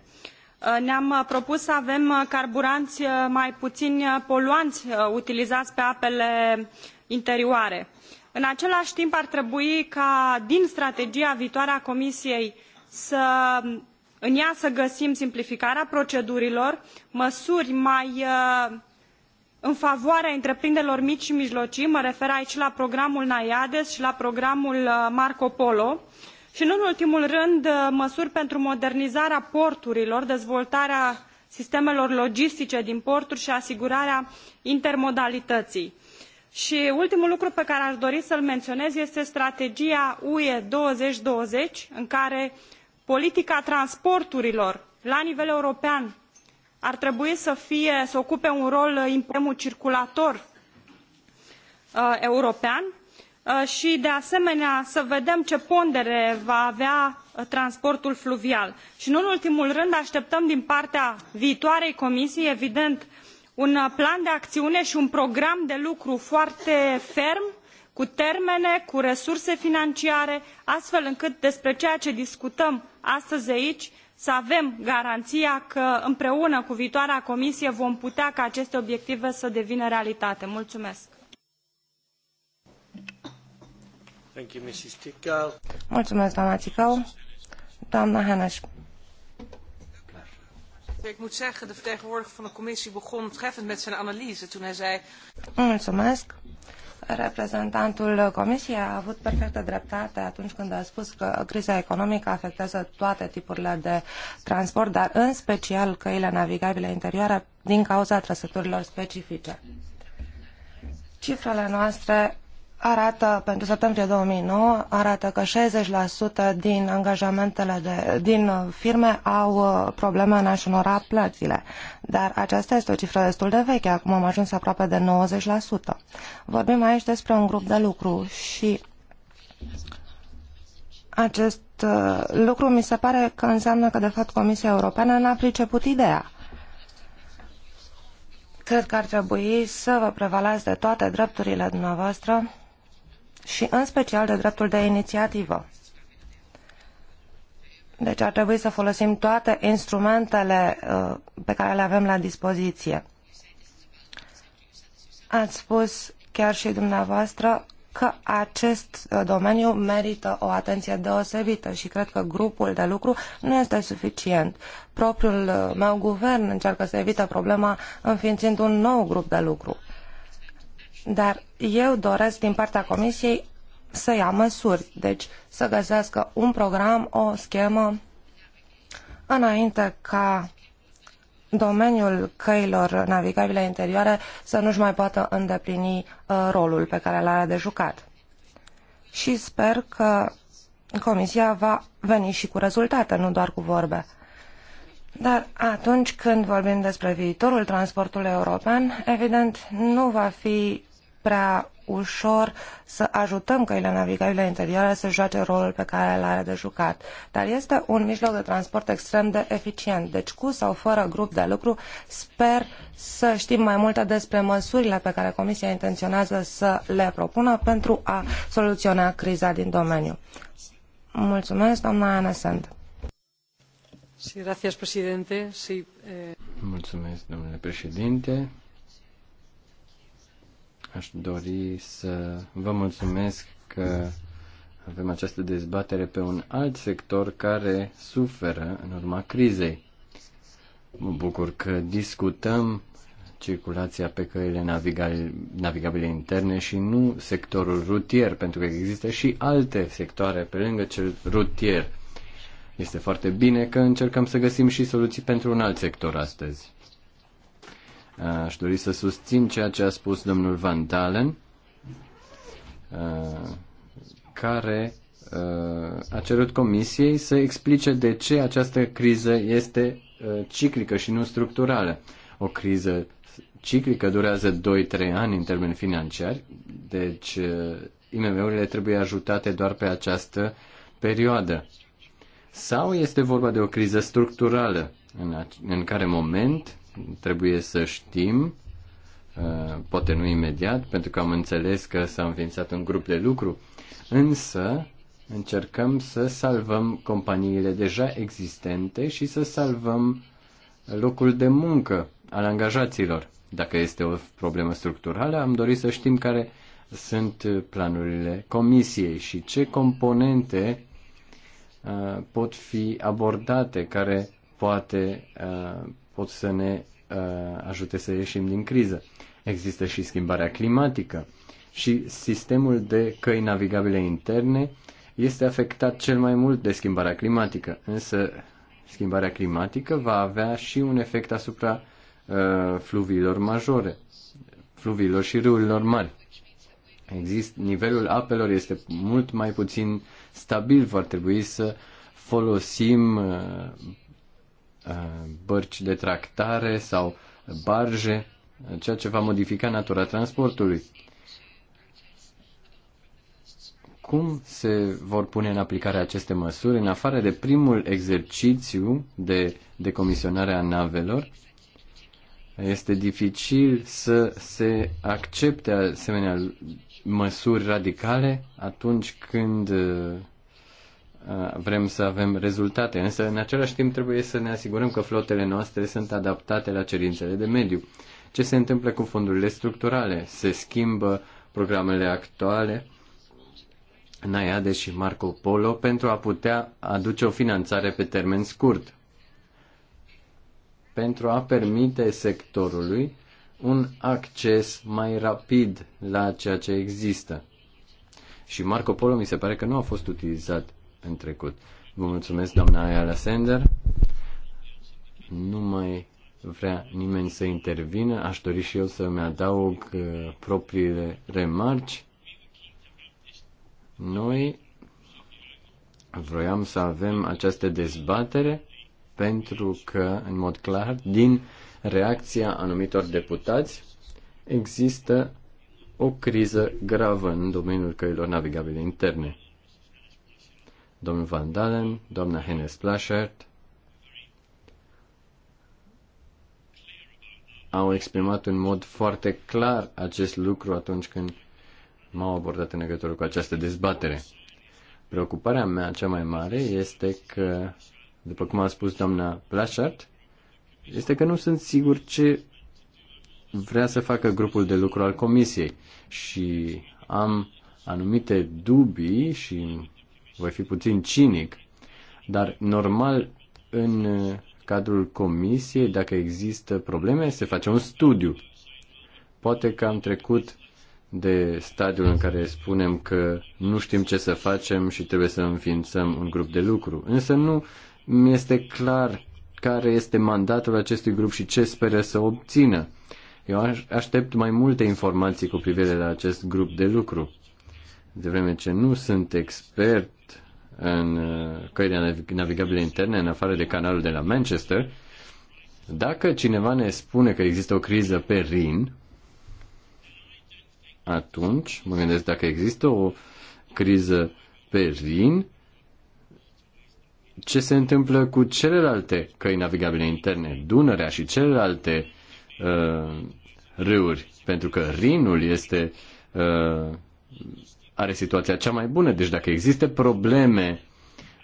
uh, ne am propus să avem carburani mai puin poluani utilizai pe apele interioare. în acelai timp ar trebui ca din strategia viitoare a comisiei să în ea să găsim simplificarea procedurilor măsuri mai în favoarea întreprinderilor mici i mijlocii mă refer aici la programul naiades i la programul marco polo i i nu în ultimul rând uh, măsuri pentru modernizarea porturilor dezvoltarea sistemelor logistice din porturi i asigurarea intermodalităii. i ultimul lucru pe care a dori să l menionez este strategia ue două mii douăzeci în care politica transporturilor la nivel european ar trebui să, fie, să ocupe un rol uh, important circulator uh, european Uh, și de asemenea să vedem ce pondere va avea uh, transportul fluvial. Și nu în ultimul rând așteptăm din partea viitoarei comisii, evident, un uh, plan de acțiune și un program de lucru foarte ferm, cu termene, cu resurse financiare, astfel încât despre ceea ce discutăm astăzi aici să avem garanția că împreună cu viitoarea comisie vom putea ca aceste obiective să devină realitate. Mulțumesc! Mulțumesc, doamna Ticău. Doamna Haneș. Ik moet zeggen, de vertegenwoordiger van de commissie begon treffend met zijn analyse toen hij zei... Mulțumesc. Reprezentantul Comisiei a avut perfectă dreptate atunci când a spus că criza economică afectează toate tipurile de transport, dar în special căile navigabile interioare din cauza trăsăturilor specifice. Cifrele noastre arată, pentru septembrie 2009, arată că 60% din angajamentele de, din firme au uh, probleme în a-și onora plățile. Dar aceasta este o cifră destul de veche, acum am ajuns aproape de 90%. Vorbim aici despre un grup de lucru și acest uh, lucru mi se pare că înseamnă că, de fapt, Comisia Europeană n-a priceput ideea cred că ar trebui să vă prevalați de toate drepturile dumneavoastră și în special de dreptul de inițiativă. Deci ar trebui să folosim toate instrumentele uh, pe care le avem la dispoziție. Ați spus chiar și dumneavoastră că acest uh, domeniu merită o atenție deosebită și cred că grupul de lucru nu este suficient. Propriul uh, meu guvern încearcă să evite problema înființând un nou grup de lucru. Dar eu doresc din partea Comisiei să ia măsuri, deci să găsească un program, o schemă, înainte ca domeniul căilor navigabile interioare să nu-și mai poată îndeplini uh, rolul pe care l-are de jucat. Și sper că Comisia va veni și cu rezultate, nu doar cu vorbe. Dar atunci când vorbim despre viitorul transportului european, evident, nu va fi prea ușor să ajutăm căile navigabile interioare să joace rolul pe care îl are de jucat. Dar este un mijloc de transport extrem de eficient. Deci, cu sau fără grup de lucru, sper să știm mai multe despre măsurile pe care Comisia intenționează să le propună pentru a soluționa criza din domeniu. Mulțumesc, doamna Anasand. Eh, Mulțumesc, domnule președinte aș dori să vă mulțumesc că avem această dezbatere pe un alt sector care suferă în urma crizei. Mă bucur că discutăm circulația pe căile navigabile interne și nu sectorul rutier, pentru că există și alte sectoare pe lângă cel rutier. Este foarte bine că încercăm să găsim și soluții pentru un alt sector astăzi. Aș dori să susțin ceea ce a spus domnul Van Dalen, uh, care uh, a cerut comisiei să explice de ce această criză este uh, ciclică și nu structurală. O criză ciclică durează 2-3 ani în termeni financiari, deci IMM-urile trebuie ajutate doar pe această perioadă. Sau este vorba de o criză structurală, în, în care moment trebuie să știm, uh, poate nu imediat, pentru că am înțeles că s-a înființat un grup de lucru, însă încercăm să salvăm companiile deja existente și să salvăm locul de muncă al angajaților. Dacă este o problemă structurală, am dorit să știm care sunt planurile comisiei și ce componente uh, pot fi abordate, care poate uh, pot să ne uh, ajute să ieșim din criză. Există și schimbarea climatică și sistemul de căi navigabile interne este afectat cel mai mult de schimbarea climatică, însă schimbarea climatică va avea și un efect asupra uh, fluviilor majore, fluviilor și râurilor mari. Exist, nivelul apelor este mult mai puțin stabil, va trebui să folosim uh, Uh, bărci de tractare sau barje, ceea ce va modifica natura transportului. Cum se vor pune în aplicare aceste măsuri, în afară de primul exercițiu de decomisionare a navelor? Este dificil să se accepte asemenea măsuri radicale atunci când uh, Uh, vrem să avem rezultate, însă în același timp trebuie să ne asigurăm că flotele noastre sunt adaptate la cerințele de mediu. Ce se întâmplă cu fondurile structurale? Se schimbă programele actuale, Naiade și Marco Polo, pentru a putea aduce o finanțare pe termen scurt, pentru a permite sectorului un acces mai rapid la ceea ce există. Și Marco Polo mi se pare că nu a fost utilizat în trecut. Vă mulțumesc, doamna Ayala Sender. Nu mai vrea nimeni să intervină. Aș dori și eu să-mi adaug uh, propriile remarci. Noi vroiam să avem această dezbatere pentru că, în mod clar, din reacția anumitor deputați există o criză gravă în domeniul căilor navigabile interne domnul Van Dalen, doamna Hennes Plashert, au exprimat în mod foarte clar acest lucru atunci când m-au abordat în legătură cu această dezbatere. Preocuparea mea cea mai mare este că, după cum a spus doamna Plashart, este că nu sunt sigur ce vrea să facă grupul de lucru al comisiei și am anumite dubii și voi fi puțin cinic, dar normal în uh, cadrul comisiei, dacă există probleme, se face un studiu. Poate că am trecut de stadiul în care spunem că nu știm ce să facem și trebuie să înființăm un grup de lucru. Însă nu mi este clar care este mandatul acestui grup și ce speră să obțină. Eu aștept mai multe informații cu privire la acest grup de lucru de vreme ce nu sunt expert în uh, căile navigabile interne, în afară de canalul de la Manchester, dacă cineva ne spune că există o criză pe Rin, atunci mă gândesc dacă există o criză pe Rin, ce se întâmplă cu celelalte căi navigabile interne, Dunărea și celelalte uh, râuri, pentru că Rinul este uh, are situația cea mai bună. Deci dacă există probleme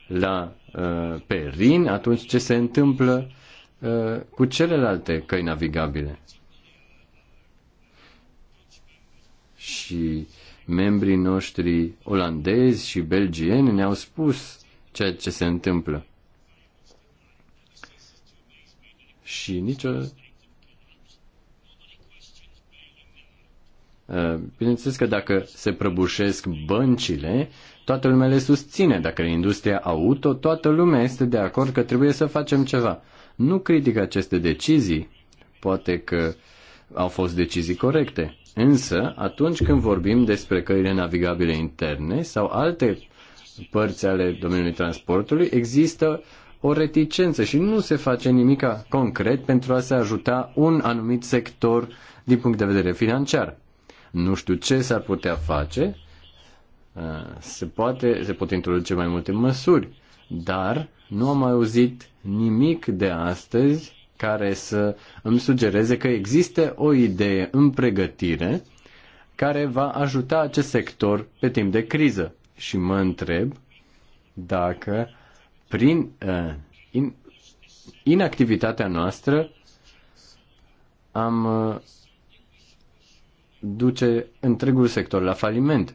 la uh, pe Rin, atunci ce se întâmplă uh, cu celelalte căi navigabile? Și membrii noștri olandezi și belgieni ne-au spus ceea ce se întâmplă. Și nicio Uh, bineînțeles că dacă se prăbușesc băncile, toată lumea le susține. Dacă e industria auto, toată lumea este de acord că trebuie să facem ceva. Nu critic aceste decizii, poate că au fost decizii corecte. Însă, atunci când vorbim despre căile navigabile interne sau alte părți ale domeniului transportului, există o reticență și nu se face nimic concret pentru a se ajuta un anumit sector din punct de vedere financiar nu știu ce s-ar putea face, uh, se, poate, se pot introduce mai multe măsuri, dar nu am mai auzit nimic de astăzi care să îmi sugereze că există o idee în pregătire care va ajuta acest sector pe timp de criză. Și mă întreb dacă prin uh, inactivitatea noastră am uh, duce întregul sector la faliment.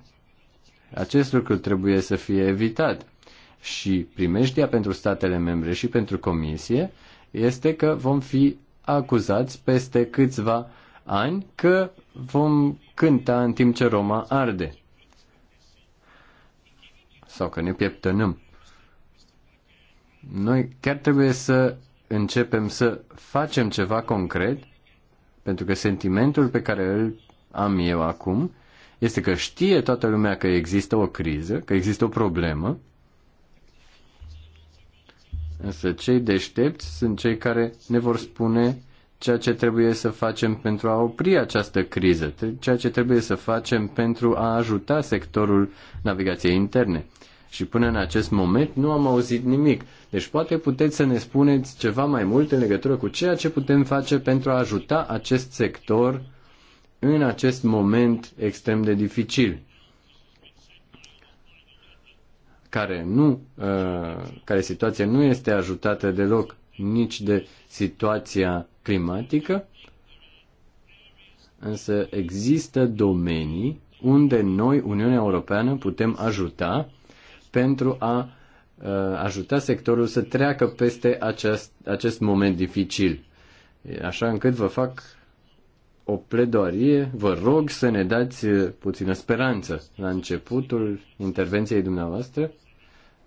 Acest lucru trebuie să fie evitat. Și primejdia pentru statele membre și pentru comisie este că vom fi acuzați peste câțiva ani că vom cânta în timp ce Roma arde. Sau că ne pieptănăm. Noi chiar trebuie să începem să facem ceva concret, pentru că sentimentul pe care îl am eu acum este că știe toată lumea că există o criză, că există o problemă, însă cei deștepți sunt cei care ne vor spune ceea ce trebuie să facem pentru a opri această criză, ceea ce trebuie să facem pentru a ajuta sectorul navigației interne. Și până în acest moment nu am auzit nimic. Deci poate puteți să ne spuneți ceva mai mult în legătură cu ceea ce putem face pentru a ajuta acest sector în acest moment extrem de dificil, care, nu, uh, care situație nu este ajutată deloc nici de situația climatică, însă există domenii unde noi, Uniunea Europeană, putem ajuta pentru a uh, ajuta sectorul să treacă peste acest, acest moment dificil. Așa încât vă fac o pledoarie, vă rog să ne dați uh, puțină speranță. La începutul intervenției dumneavoastră,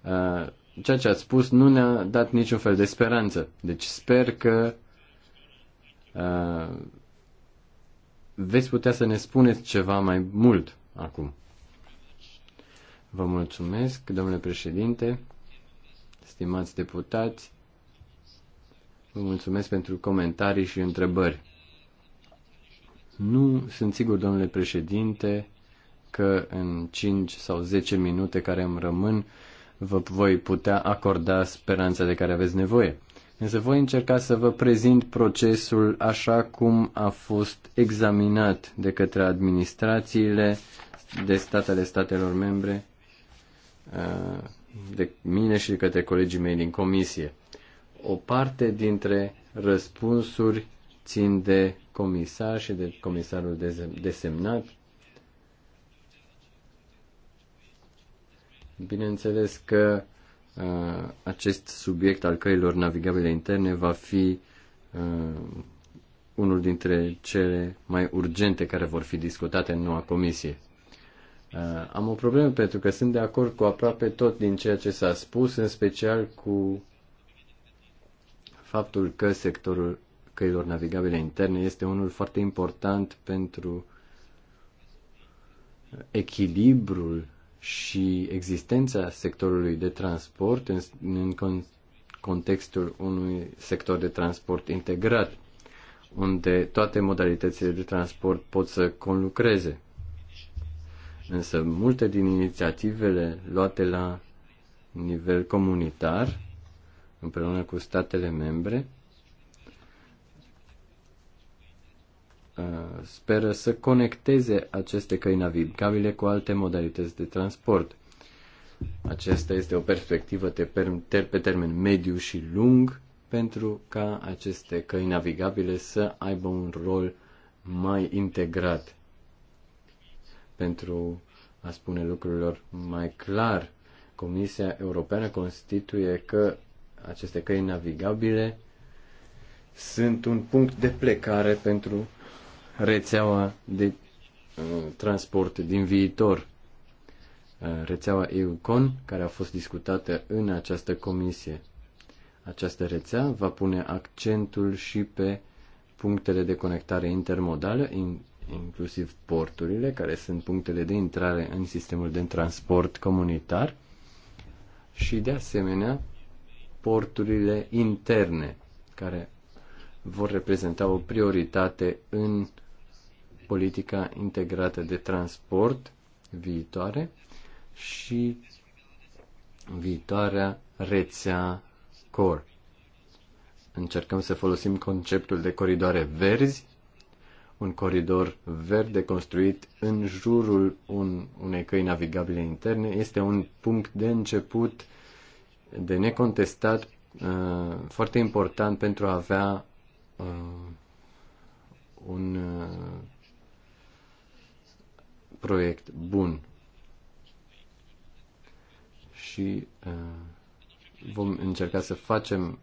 uh, ceea ce ați spus nu ne-a dat niciun fel de speranță. Deci sper că uh, veți putea să ne spuneți ceva mai mult acum. Vă mulțumesc, domnule președinte, stimați deputați, vă mulțumesc pentru comentarii și întrebări. Nu sunt sigur, domnule președinte, că în 5 sau 10 minute care îmi rămân vă voi putea acorda speranța de care aveți nevoie. Însă voi încerca să vă prezint procesul așa cum a fost examinat de către administrațiile de statele statelor membre, uh, de mine și de către colegii mei din comisie. O parte dintre răspunsuri țin de comisar și de comisarul desemnat. Bineînțeles că uh, acest subiect al căilor navigabile interne va fi uh, unul dintre cele mai urgente care vor fi discutate în noua comisie. Uh, am o problemă pentru că sunt de acord cu aproape tot din ceea ce s-a spus, în special cu faptul că sectorul căilor navigabile interne este unul foarte important pentru echilibrul și existența sectorului de transport în, în contextul unui sector de transport integrat, unde toate modalitățile de transport pot să conlucreze. Însă multe din inițiativele luate la nivel comunitar, împreună cu statele membre, Uh, speră să conecteze aceste căi navigabile cu alte modalități de transport. Aceasta este o perspectivă pe termen mediu și lung pentru ca aceste căi navigabile să aibă un rol mai integrat. Pentru a spune lucrurilor mai clar, Comisia Europeană constituie că aceste căi navigabile sunt un punct de plecare pentru rețeaua de uh, transport din viitor, uh, rețeaua EUCON, care a fost discutată în această comisie. Această rețea va pune accentul și pe punctele de conectare intermodală, inclusiv porturile, care sunt punctele de intrare în sistemul de transport comunitar, și de asemenea porturile interne, care vor reprezenta o prioritate în politica integrată de transport viitoare și viitoarea rețea core. Încercăm să folosim conceptul de coridoare verzi, un coridor verde construit în jurul un, unei căi navigabile interne. Este un punct de început de necontestat uh, foarte important pentru a avea uh, un uh, proiect bun. Și uh, vom încerca să facem,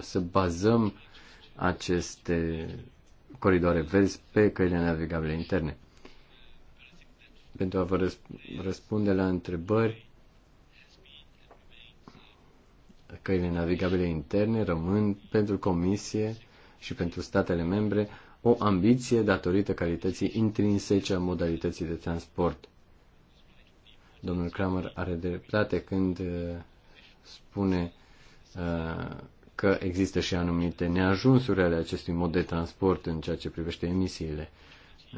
să bazăm aceste coridoare verzi pe căile navigabile interne. Pentru a vă răspunde la întrebări, căile navigabile interne rămân pentru Comisie și pentru statele membre o ambiție datorită calității intrinsece a modalității de transport. Domnul Kramer are dreptate când uh, spune uh, că există și anumite neajunsuri ale acestui mod de transport în ceea ce privește emisiile.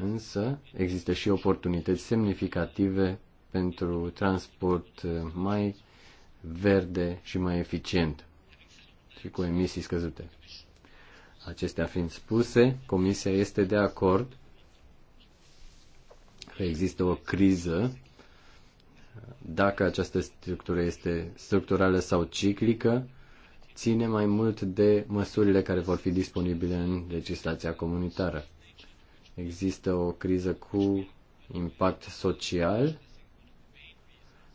Însă există și oportunități semnificative pentru transport uh, mai verde și mai eficient și cu emisii scăzute. Acestea fiind spuse, Comisia este de acord că există o criză, dacă această structură este structurală sau ciclică, ține mai mult de măsurile care vor fi disponibile în legislația comunitară. Există o criză cu impact social,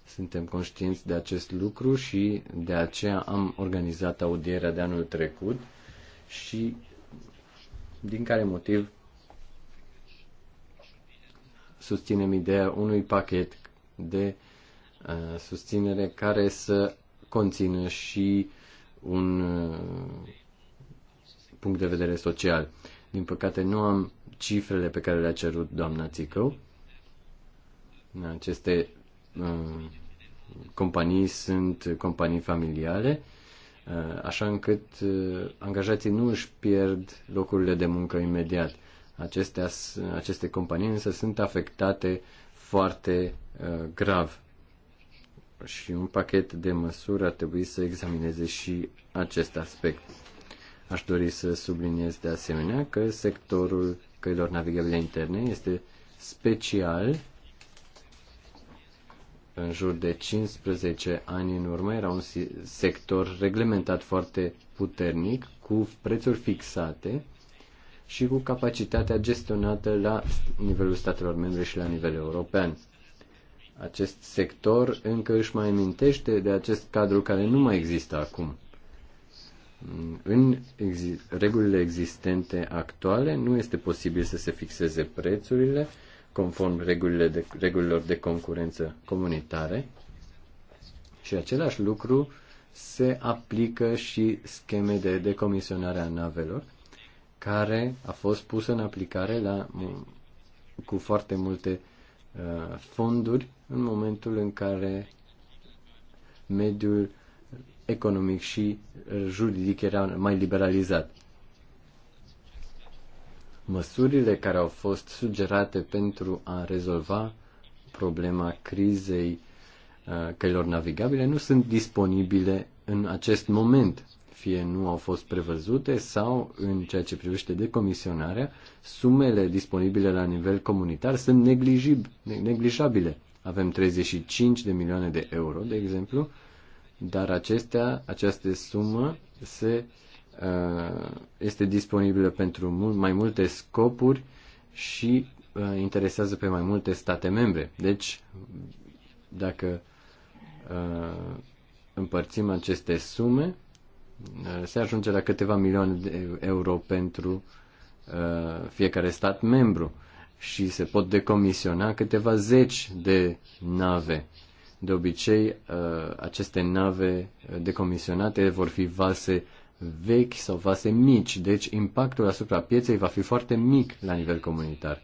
suntem conștienți de acest lucru și de aceea am organizat audierea de anul trecut și din care motiv susținem ideea unui pachet de uh, susținere care să conțină și un uh, punct de vedere social. Din păcate nu am cifrele pe care le-a cerut doamna Țicău. Aceste uh, companii sunt companii familiale Uh, așa încât uh, angajații nu își pierd locurile de muncă imediat. Acestea, aceste companii însă sunt afectate foarte uh, grav și un pachet de măsuri ar trebui să examineze și acest aspect. Aș dori să subliniez de asemenea că sectorul căilor navigabile interne este special în jur de 15 ani în urmă era un sector reglementat foarte puternic, cu prețuri fixate și cu capacitatea gestionată la nivelul statelor membre și la nivel european. Acest sector încă își mai amintește de acest cadru care nu mai există acum. În exi- regulile existente actuale nu este posibil să se fixeze prețurile, conform regulile de, regulilor de concurență comunitare. Și același lucru se aplică și scheme de decomisionare a navelor, care a fost pusă în aplicare la, cu foarte multe uh, fonduri în momentul în care mediul economic și juridic era mai liberalizat măsurile care au fost sugerate pentru a rezolva problema crizei uh, căilor navigabile nu sunt disponibile în acest moment, fie nu au fost prevăzute sau, în ceea ce privește decomisionarea, sumele disponibile la nivel comunitar sunt neglijabile. Avem 35 de milioane de euro, de exemplu, dar acestea, această sumă se uh, Uh, este disponibilă pentru mult, mai multe scopuri și uh, interesează pe mai multe state membre. Deci, dacă uh, împărțim aceste sume, se ajunge la câteva milioane de euro pentru fiecare stat membru și se pot decomisiona câteva zeci de nave. De obicei, aceste nave decomisionate vor fi vase vechi sau vase mici, deci impactul asupra pieței va fi foarte mic la nivel comunitar.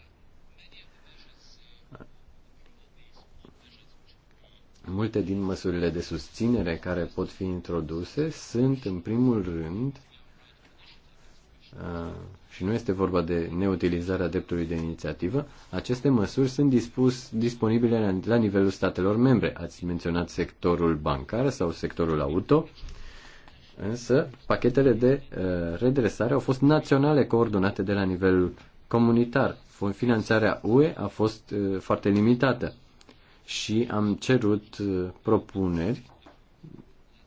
Multe din măsurile de susținere care pot fi introduse sunt, în primul rând, uh, și nu este vorba de neutilizarea dreptului de inițiativă, aceste măsuri sunt dispus, disponibile la nivelul statelor membre. Ați menționat sectorul bancar sau sectorul auto. Uh, Însă, pachetele de uh, redresare au fost naționale coordonate de la nivel comunitar. Finanțarea UE a fost uh, foarte limitată și am cerut uh, propuneri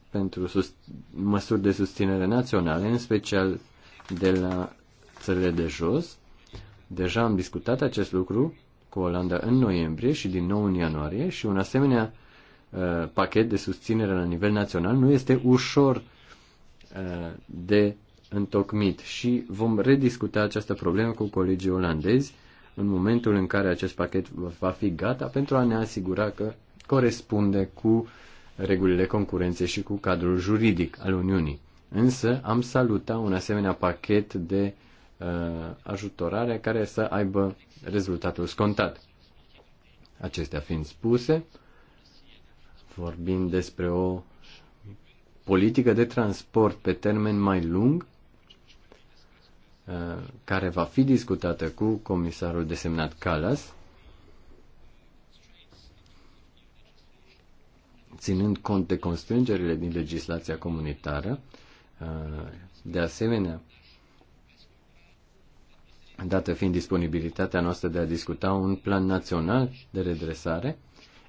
pentru sus- măsuri de susținere naționale, în special de la țările de jos. Deja am discutat acest lucru cu Olanda în noiembrie și din nou în ianuarie și un asemenea uh, pachet de susținere la nivel național nu este ușor uh, Uh, de întocmit și vom rediscuta această problemă cu colegii olandezi în momentul în care acest pachet va fi gata pentru a ne asigura că corespunde cu regulile concurenței și cu cadrul juridic al Uniunii. Însă am salutat un asemenea pachet de uh, ajutorare care să aibă rezultatul scontat. Acestea fiind spuse, vorbim despre o politică de transport pe termen mai lung uh, care va fi discutată cu comisarul desemnat Calas, ținând cont de constrângerile din legislația comunitară. Uh, de asemenea, dată fiind disponibilitatea noastră de a discuta un plan național de redresare,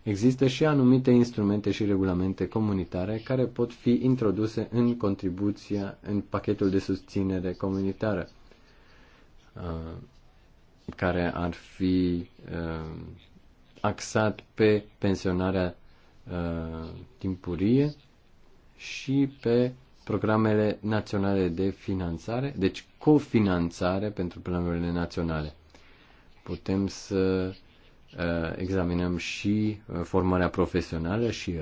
Există și anumite instrumente și regulamente comunitare care pot fi introduse în contribuția, în pachetul de susținere comunitară, uh, care ar fi uh, axat pe pensionarea uh, timpurie și pe programele naționale de finanțare, deci cofinanțare pentru planurile naționale. Putem să Uh, examinăm și uh, formarea profesională și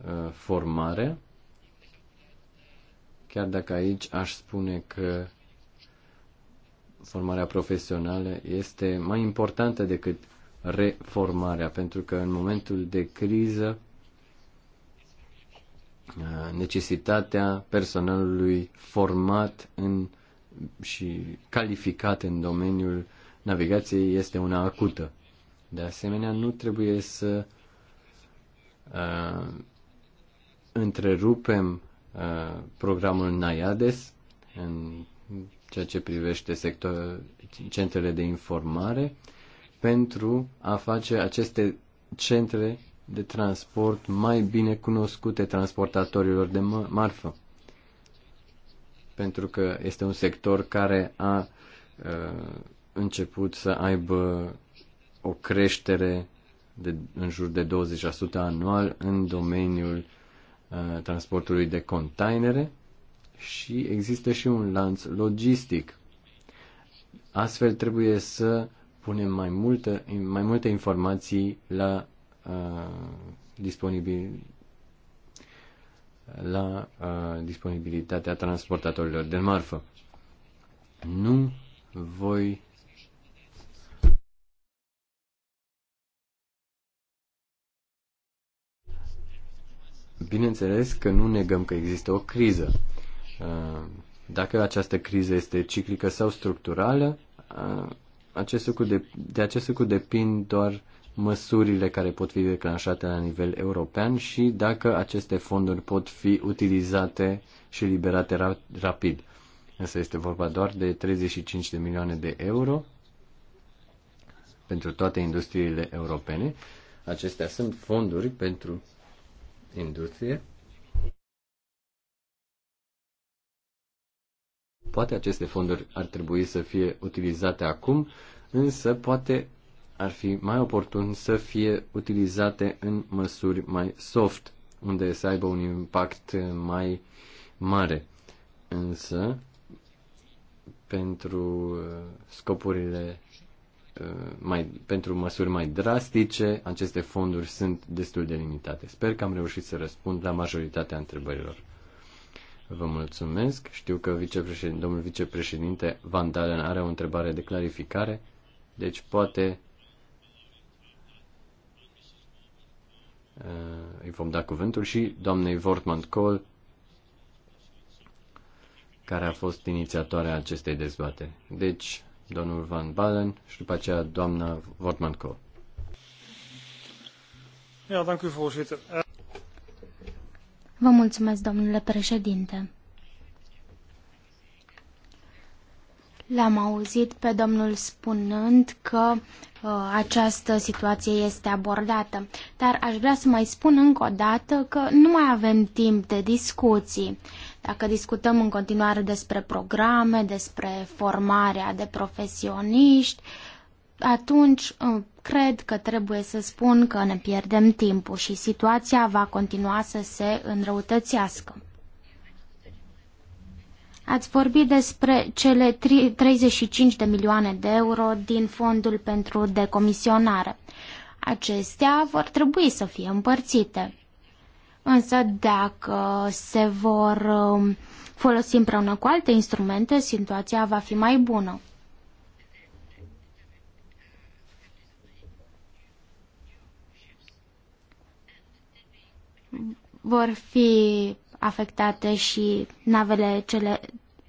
reformarea. Chiar dacă aici aș spune că formarea profesională este mai importantă decât reformarea, pentru că în momentul de criză uh, necesitatea personalului format în, și calificat în domeniul navigației este una acută. De asemenea, nu trebuie să uh, întrerupem uh, programul NAIADES în ceea ce privește sector, centrele de informare pentru a face aceste centre de transport mai bine cunoscute transportatorilor de marfă. Pentru că este un sector care a uh, început să aibă o creștere de, în jur de 20% anual în domeniul uh, transportului de containere și există și un lanț logistic. Astfel trebuie să punem mai, multă, mai multe informații la uh, disponibil la uh, disponibilitatea transportatorilor de marfă. Nu voi Bineînțeles că nu negăm că există o criză. Uh, dacă această criză este ciclică sau structurală, uh, acest lucru de, de acest lucru depind doar măsurile care pot fi declanșate la nivel european și dacă aceste fonduri pot fi utilizate și liberate ra- rapid. Însă este vorba doar de 35 de milioane de euro pentru toate industriile europene. Acestea sunt fonduri pentru Inducție. Poate aceste fonduri ar trebui să fie utilizate acum, însă poate ar fi mai oportun să fie utilizate în măsuri mai soft, unde să aibă un impact mai mare. Însă, pentru uh, scopurile Uh, mai, pentru măsuri mai drastice, aceste fonduri sunt destul de limitate. Sper că am reușit să răspund la majoritatea întrebărilor. Vă mulțumesc. Știu că vicepreședin, domnul vicepreședinte Van Dalen are o întrebare de clarificare, deci poate uh, îi vom da cuvântul și doamnei Vortman Cole, care a fost inițiatoarea acestei dezbateri. Deci, domnul Van Balen și după aceea doamna Wortmanco. Eh, Vă mulțumesc, domnule președinte. L-am auzit pe domnul spunând că uh, această situație este abordată, dar aș vrea să mai spun încă o dată că nu mai avem timp de discuții. Uh, dacă discutăm în continuare despre programe, despre formarea de profesioniști, atunci ă, cred că trebuie să spun că ne pierdem timpul și situația va continua să se înrăutățească. Ați vorbit despre cele 35 de milioane de euro din fondul pentru decomisionare. Acestea vor trebui să fie împărțite. Însă dacă se vor um, folosi împreună cu alte instrumente, situația va fi mai bună. Vor fi afectate și navele cele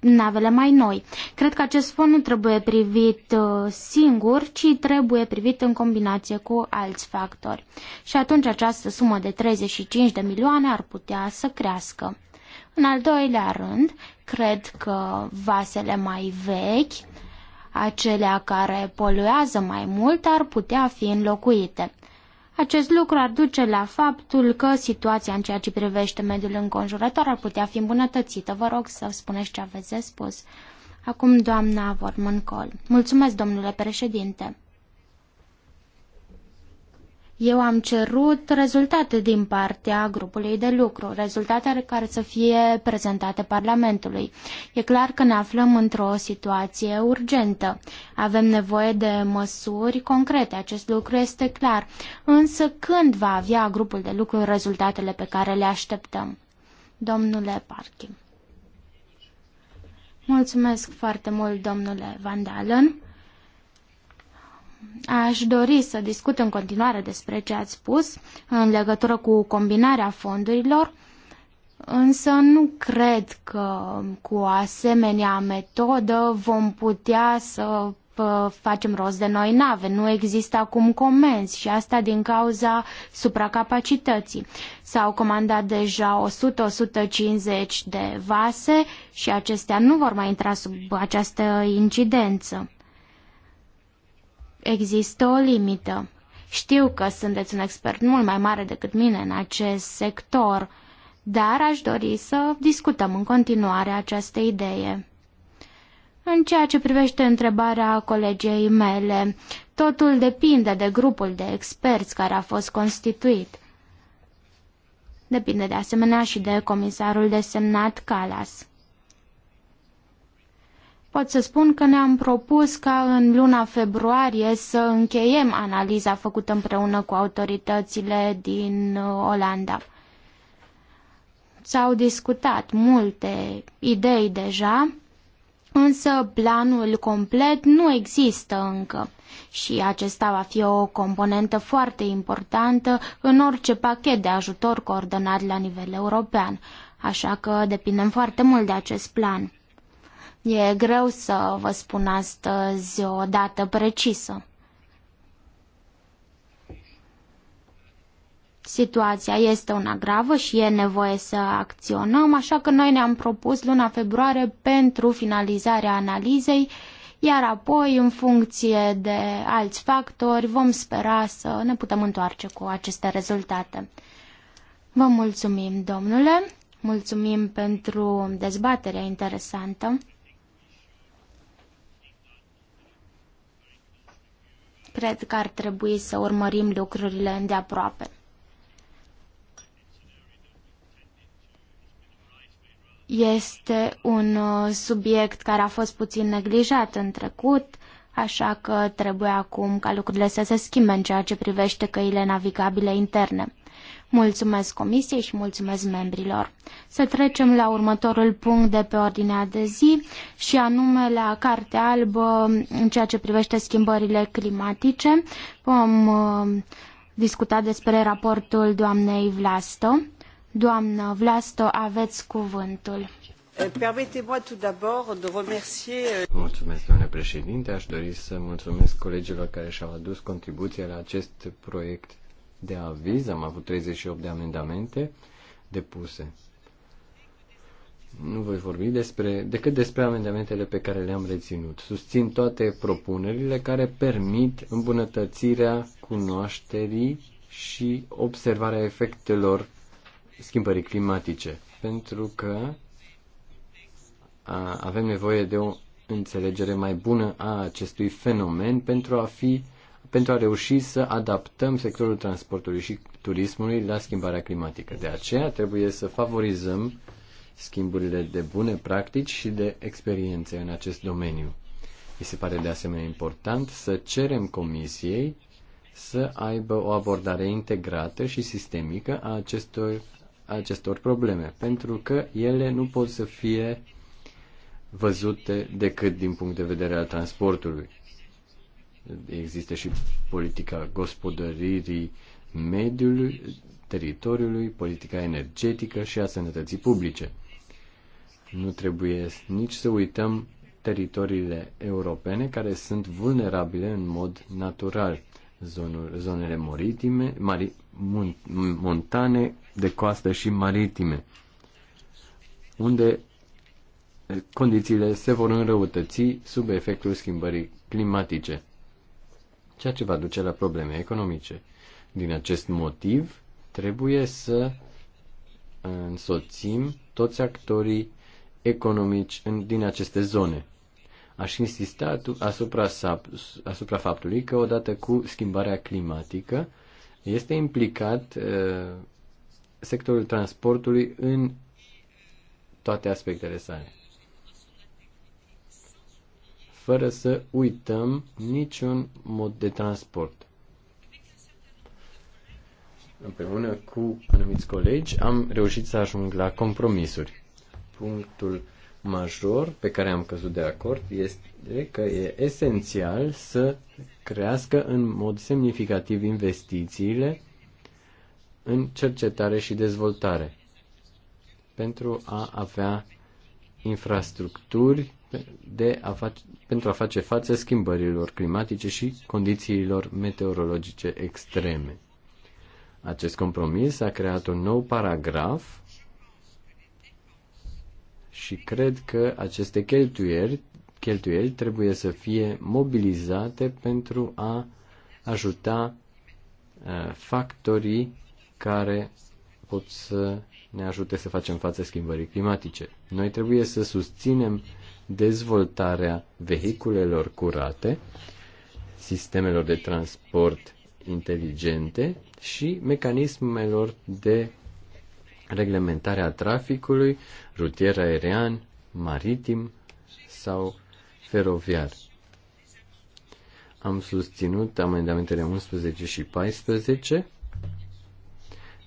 navele mai noi. Cred că acest fond nu trebuie privit uh, singur, ci trebuie privit în combinație cu alți factori. Și atunci această sumă de 35 de milioane ar putea să crească. În al doilea rând, cred că vasele mai vechi, acelea care poluează mai mult, ar putea fi înlocuite. Acest lucru ar duce la faptul că situația în ceea ce privește mediul înconjurător ar putea fi îmbunătățită. Vă rog să spuneți ce aveți de spus. Acum doamna Vormân Col. Mulțumesc, domnule președinte. Eu am cerut rezultate din partea grupului de lucru, rezultate care să fie prezentate Parlamentului. E clar că ne aflăm într-o situație urgentă. Avem nevoie de măsuri concrete, acest lucru este clar. Însă când va avea grupul de lucru rezultatele pe care le așteptăm? Domnule Parchim. Mulțumesc foarte mult, domnule Van Dalen. Aș dori să discut în continuare despre ce ați spus în legătură cu combinarea fondurilor, însă nu cred că cu o asemenea metodă vom putea să facem rost de noi nave. Nu există acum comenzi și asta din cauza supracapacității. S-au comandat deja 100-150 de vase și acestea nu vor mai intra sub această incidență. Există o limită. Știu că sunteți un expert mult mai mare decât mine în acest sector, dar aș dori să discutăm în continuare această idee. În ceea ce privește întrebarea colegei mele, totul depinde de grupul de experți care a fost constituit. Depinde de asemenea și de comisarul desemnat Calas. Pot să spun că ne-am propus ca în luna februarie să încheiem analiza făcută împreună cu autoritățile din uh, Olanda. S-au discutat multe idei deja, însă planul complet nu există încă și acesta va fi o componentă foarte importantă în orice pachet de ajutor coordonat la nivel european, așa că depindem foarte mult de acest plan. E greu să vă spun astăzi o dată precisă. Situația este una gravă și e nevoie să acționăm, așa că noi ne-am propus luna februarie pentru finalizarea analizei, iar apoi, în funcție de alți factori, vom spera să ne putem întoarce cu aceste rezultate. Vă mulțumim, domnule, mulțumim pentru dezbaterea interesantă. Cred că ar trebui să urmărim lucrurile îndeaproape. Este un uh, subiect care a fost puțin neglijat în trecut, așa că trebuie acum ca lucrurile să se schimbe în ceea ce privește căile navigabile interne. Mulțumesc comisiei și mulțumesc membrilor. Să trecem la următorul punct de pe ordinea de zi și anume la Cartea Albă în ceea ce privește schimbările climatice. Vom uh, discuta despre raportul doamnei Vlasto. Doamnă Vlasto, aveți cuvântul. Euh, euh, mulțumesc, domnule președinte. Aș dori să mulțumesc colegilor care și-au adus contribuția la acest proiect de aviz, am avut 38 de amendamente depuse. Nu voi vorbi despre, decât despre amendamentele pe care le-am reținut. Susțin toate propunerile care permit îmbunătățirea cunoașterii și observarea efectelor schimbării climatice, pentru că avem nevoie de o înțelegere mai bună a acestui fenomen pentru a fi pentru a reuși să adaptăm sectorul transportului și turismului la schimbarea climatică. De aceea trebuie să favorizăm schimburile de bune practici și de experiențe în acest domeniu. Mi se pare de asemenea important să cerem Comisiei să aibă o abordare integrată și sistemică a acestor, a acestor probleme, pentru că ele nu pot să fie văzute decât din punct de vedere al transportului. Există și politica gospodăririi mediului, teritoriului, politica energetică și a sănătății publice. Nu trebuie nici să uităm teritoriile europene care sunt vulnerabile în mod natural. Zonul, zonele maritime, mari, mun, montane, de coastă și maritime, unde condițiile se vor înrăutăți sub efectul schimbării climatice ceea ce va duce la probleme economice. Din acest motiv, trebuie să însoțim toți actorii economici în, din aceste zone. Aș insista asupra, asupra faptului că odată cu schimbarea climatică este implicat uh, sectorul transportului în toate aspectele sale fără să uităm niciun mod de transport. Împreună cu anumiți colegi am reușit să ajung la compromisuri. Punctul major pe care am căzut de acord este că e esențial să crească în mod semnificativ investițiile în cercetare și dezvoltare pentru a avea infrastructuri de a face, pentru a face față schimbărilor climatice și condițiilor meteorologice extreme. Acest compromis a creat un nou paragraf și cred că aceste cheltuieli, cheltuieli trebuie să fie mobilizate pentru a ajuta uh, factorii care pot să ne ajute să facem față schimbării climatice. Noi trebuie să susținem uh, dezvoltarea vehiculelor curate, sistemelor de transport inteligente și mecanismelor de reglementare a traficului rutier aerian, maritim sau feroviar. Am susținut amendamentele 11 și 14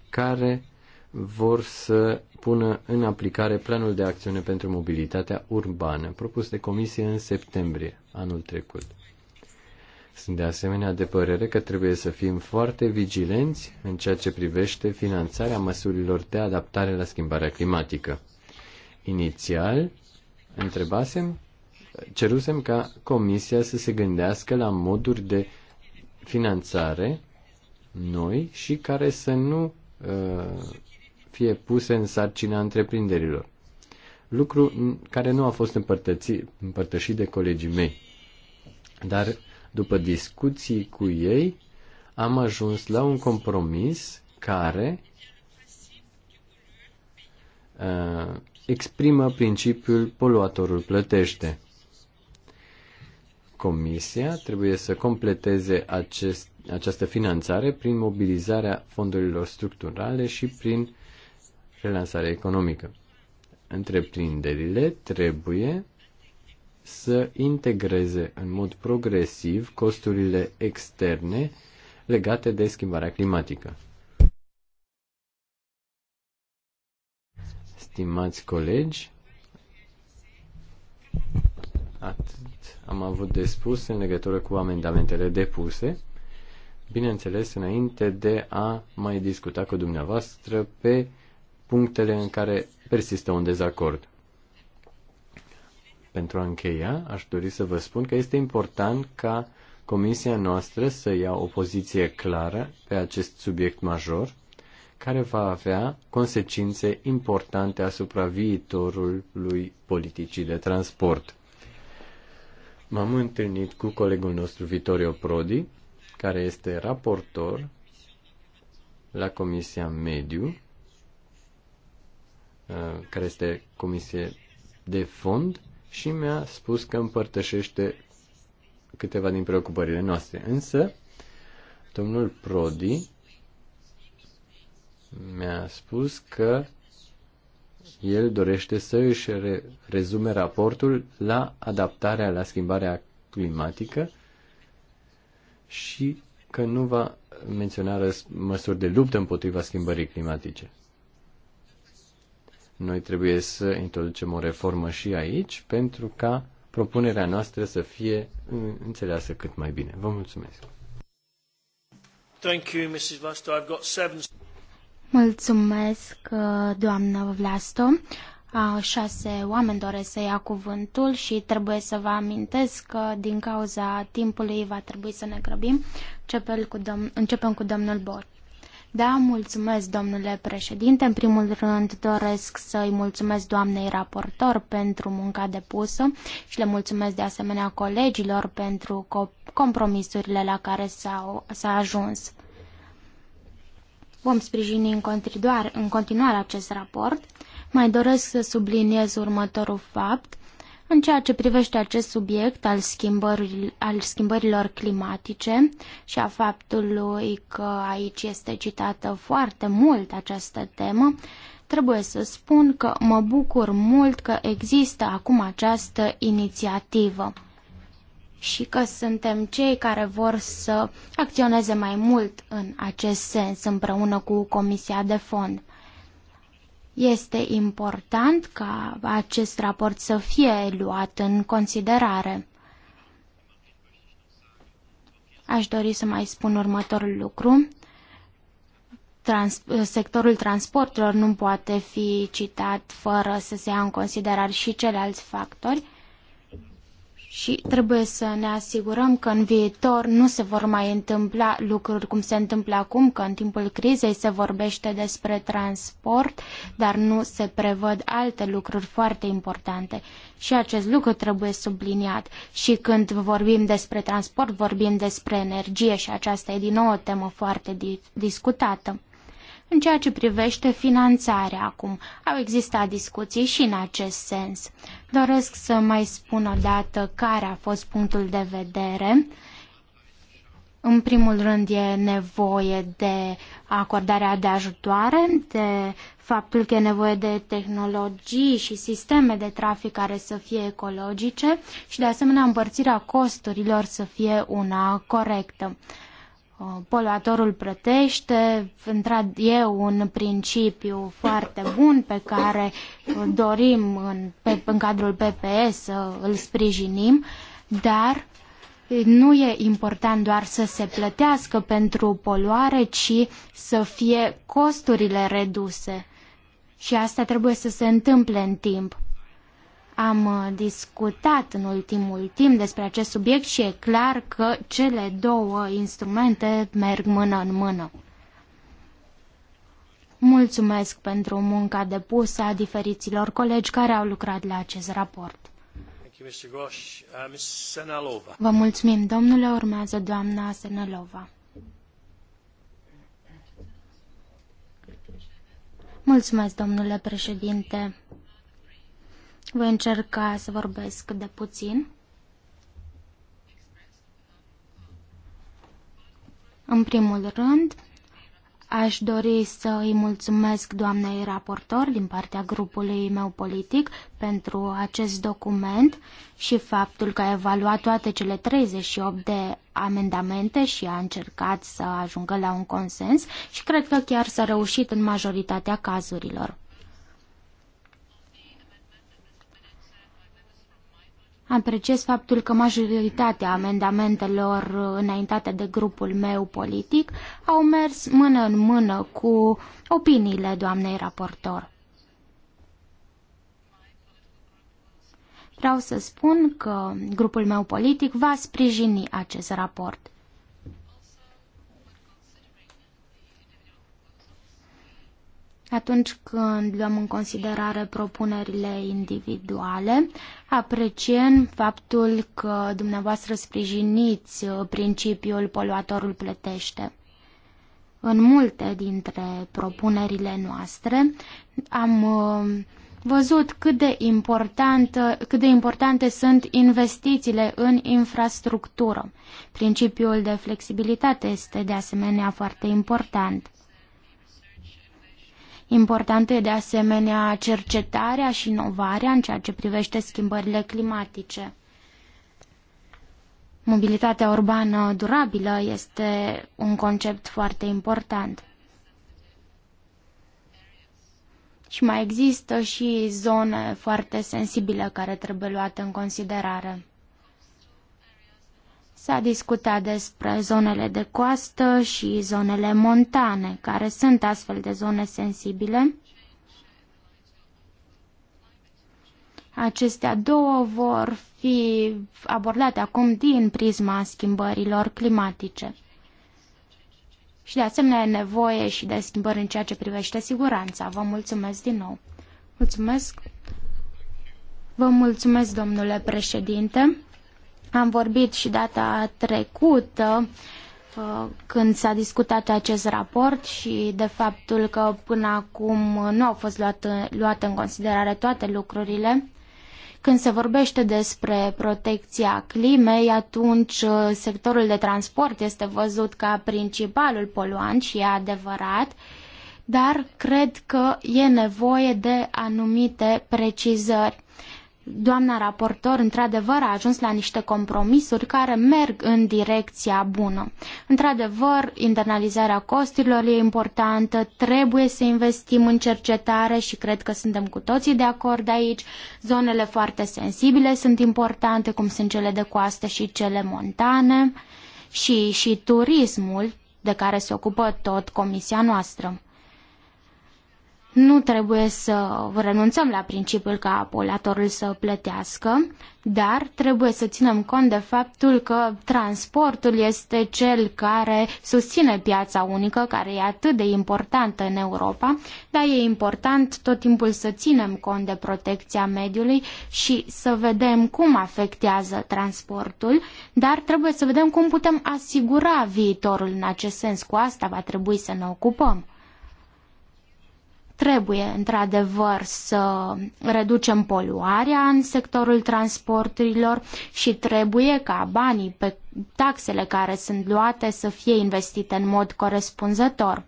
care vor să pună în aplicare planul de acțiune pentru mobilitatea urbană propus de Comisie în septembrie anul trecut. Sunt de asemenea de părere că trebuie să fim foarte vigilenți în ceea ce privește finanțarea măsurilor de adaptare la schimbarea climatică. Inițial, întrebasem, cerusem ca Comisia să se gândească la moduri de finanțare noi și care să nu uh, fie puse în sarcina întreprinderilor. Lucru care nu a fost împărtășit de colegii mei. Dar după discuții cu ei, am ajuns la un compromis care uh, exprimă principiul poluatorul plătește. Comisia trebuie să completeze acest, această finanțare prin mobilizarea fondurilor structurale și prin relansarea economică. Întreprinderile trebuie să integreze în mod progresiv costurile externe legate de schimbarea climatică. Stimați colegi, atât am avut de spus în legătură cu amendamentele depuse. Bineînțeles, înainte de a mai discuta cu dumneavoastră pe punctele în care persistă un dezacord. Pentru a încheia, aș dori să vă spun că este important ca comisia noastră să ia o poziție clară pe acest subiect major, care va avea consecințe importante asupra viitorului politicii de transport. M-am întâlnit cu colegul nostru Vittorio Prodi, care este raportor la Comisia Mediu Uh, care este comisie de fond, și mi-a spus că împărtășește câteva din preocupările noastre. Însă, domnul Prodi mi-a spus că el dorește să își re- rezume raportul la adaptarea la schimbarea climatică și că nu va menționa măsuri de luptă împotriva schimbării climatice. Noi trebuie să introducem o reformă și aici pentru ca propunerea noastră să fie înțeleasă cât mai bine. Vă mulțumesc! Thank you, Mrs. Vlasto. I've got seven... Mulțumesc, uh, doamnă Vlasto. A, șase oameni doresc să ia cuvântul și trebuie să vă amintesc că din cauza timpului va trebui să ne grăbim. Începem cu, începem cu domnul Bor. Da, mulțumesc, domnule președinte. În primul rând doresc să-i mulțumesc doamnei raportor pentru munca depusă și le mulțumesc de asemenea colegilor pentru compromisurile la care s-a ajuns. Vom sprijini în în continuare acest raport. Mai doresc să subliniez următorul fapt. În ceea ce privește acest subiect al, al schimbărilor climatice și a faptului că aici este citată foarte mult această temă, trebuie să spun că mă bucur mult că există acum această inițiativă și că suntem cei care vor să acționeze mai mult în acest sens împreună cu Comisia de Fond. Este important ca acest raport să fie luat în considerare. Aș dori să mai spun următorul lucru. Trans sectorul transporturilor nu poate fi citat fără să se ia în considerare și ceilalți factori și trebuie să ne asigurăm că în viitor nu se vor mai întâmpla lucruri cum se întâmplă acum, că în timpul crizei se vorbește despre transport, dar nu se prevăd alte lucruri foarte importante. Și acest lucru trebuie subliniat. Și când vorbim despre transport, vorbim despre energie și aceasta e din nou o temă foarte discutată. În ceea ce privește finanțarea acum, au existat discuții și în acest sens. Doresc să mai spun o dată care a fost punctul de vedere. În primul rând e nevoie de acordarea de ajutoare, de faptul că e nevoie de tehnologii și sisteme de trafic care să fie ecologice și de asemenea împărțirea costurilor să fie una corectă poluatorul plătește, e un principiu foarte bun pe care dorim în, pe, în cadrul PPE să îl sprijinim, dar nu e important doar să se plătească pentru poluare, ci să fie costurile reduse. Și asta trebuie să se întâmple în timp. Am uh, discutat în ultimul timp despre acest subiect și e clar că cele două instrumente merg mână în mână. Mulțumesc pentru munca depusă a diferiților colegi care au lucrat la acest raport. Uh, Vă mulțumim, domnule. Urmează doamna Senelova. Mulțumesc, domnule președinte. Voi încerca să vorbesc de puțin. În primul rând, aș dori să îi mulțumesc doamnei raportor din partea grupului meu politic pentru acest document și faptul că a evaluat toate cele 38 de amendamente și a încercat să ajungă la un consens și cred că chiar s-a reușit în majoritatea cazurilor. Apreciez faptul că majoritatea amendamentelor înaintate de grupul meu politic au mers mână în mână cu opiniile doamnei raportor. Vreau să spun că grupul meu politic va sprijini acest raport. atunci când luăm în considerare propunerile individuale, apreciem faptul că dumneavoastră sprijiniți uh, principiul poluatorul plătește. În multe dintre propunerile noastre am uh, văzut cât de, important, cât de importante sunt investițiile în infrastructură. Principiul de flexibilitate este de asemenea foarte important. Importantă e de asemenea cercetarea și inovarea în ceea ce privește schimbările climatice. Mobilitatea urbană durabilă este un concept foarte important. Și mai există și zone foarte sensibile care trebuie luate în considerare. S-a discutat despre zonele de coastă și zonele montane, care sunt astfel de zone sensibile. Acestea două vor fi abordate acum din prisma schimbărilor climatice. Și de asemenea e nevoie și de schimbări în ceea ce privește siguranța. Vă mulțumesc din nou. Mulțumesc. Vă mulțumesc, domnule președinte. Am vorbit și data trecută uh, când s-a discutat acest raport și de faptul că până acum nu au fost luate, luate în considerare toate lucrurile. Când se vorbește despre protecția climei, atunci uh, sectorul de transport este văzut ca principalul poluant și e adevărat, dar cred că e nevoie de anumite precizări. Doamna raportor, într-adevăr, a ajuns la niște compromisuri care merg în direcția bună. Într-adevăr, internalizarea costurilor e importantă, trebuie să investim în cercetare și cred că suntem cu toții de acord aici. Zonele foarte sensibile sunt importante, cum sunt cele de coastă și cele montane și, și turismul de care se ocupă tot comisia noastră. Nu trebuie să renunțăm la principiul ca poluatorul să plătească, dar trebuie să ținem cont de faptul că transportul este cel care susține piața unică, care e atât de importantă în Europa, dar e important tot timpul să ținem cont de protecția mediului și să vedem cum afectează transportul, dar trebuie să vedem cum putem asigura viitorul în acest sens. Cu asta va trebui să ne ocupăm. Trebuie, într-adevăr, să reducem poluarea în sectorul transporturilor și trebuie ca banii pe taxele care sunt luate să fie investite în mod corespunzător.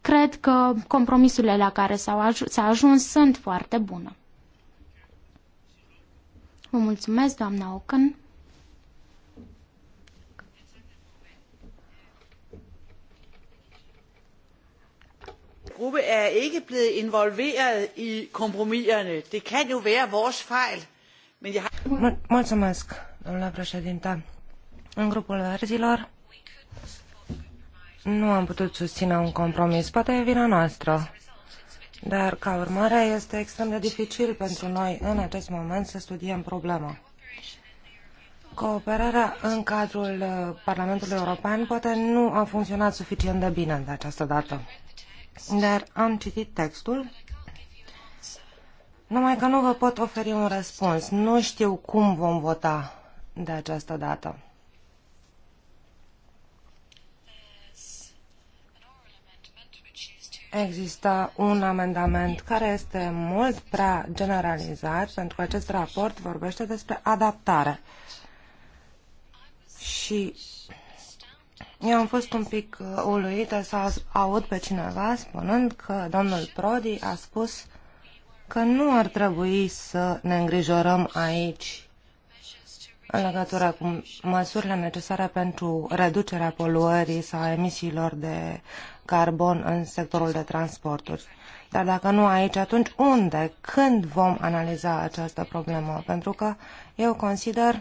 Cred că compromisurile la care s-a ajuns sunt foarte bune. Vă mulțumesc, doamna Ocan. gruppe er ikke blevet involveret i kompromiserne. Det kan jo være vores fejl. Men jeg har... Mulțumesc, domnule președinte. În grupul verzilor nu am putut susține un compromis. Poate e vina noastră. Dar, ca urmare, este extrem de dificil pentru noi în acest moment să studiem problema. Cooperarea în cadrul uh, Parlamentului European poate nu a funcționat suficient de bine de această dată dar am citit textul, numai că nu vă pot oferi un răspuns. Nu știu cum vom vota de această dată. Există un amendament care este mult prea generalizat, pentru că acest raport vorbește despre adaptare. Și eu am fost un pic uh, uluită să aud pe cineva spunând că domnul Prodi a spus că nu ar trebui să ne îngrijorăm aici în legătură cu măsurile necesare pentru reducerea poluării sau emisiilor de carbon în sectorul de transporturi. Dar dacă nu aici, atunci unde, când vom analiza această problemă? Pentru că eu consider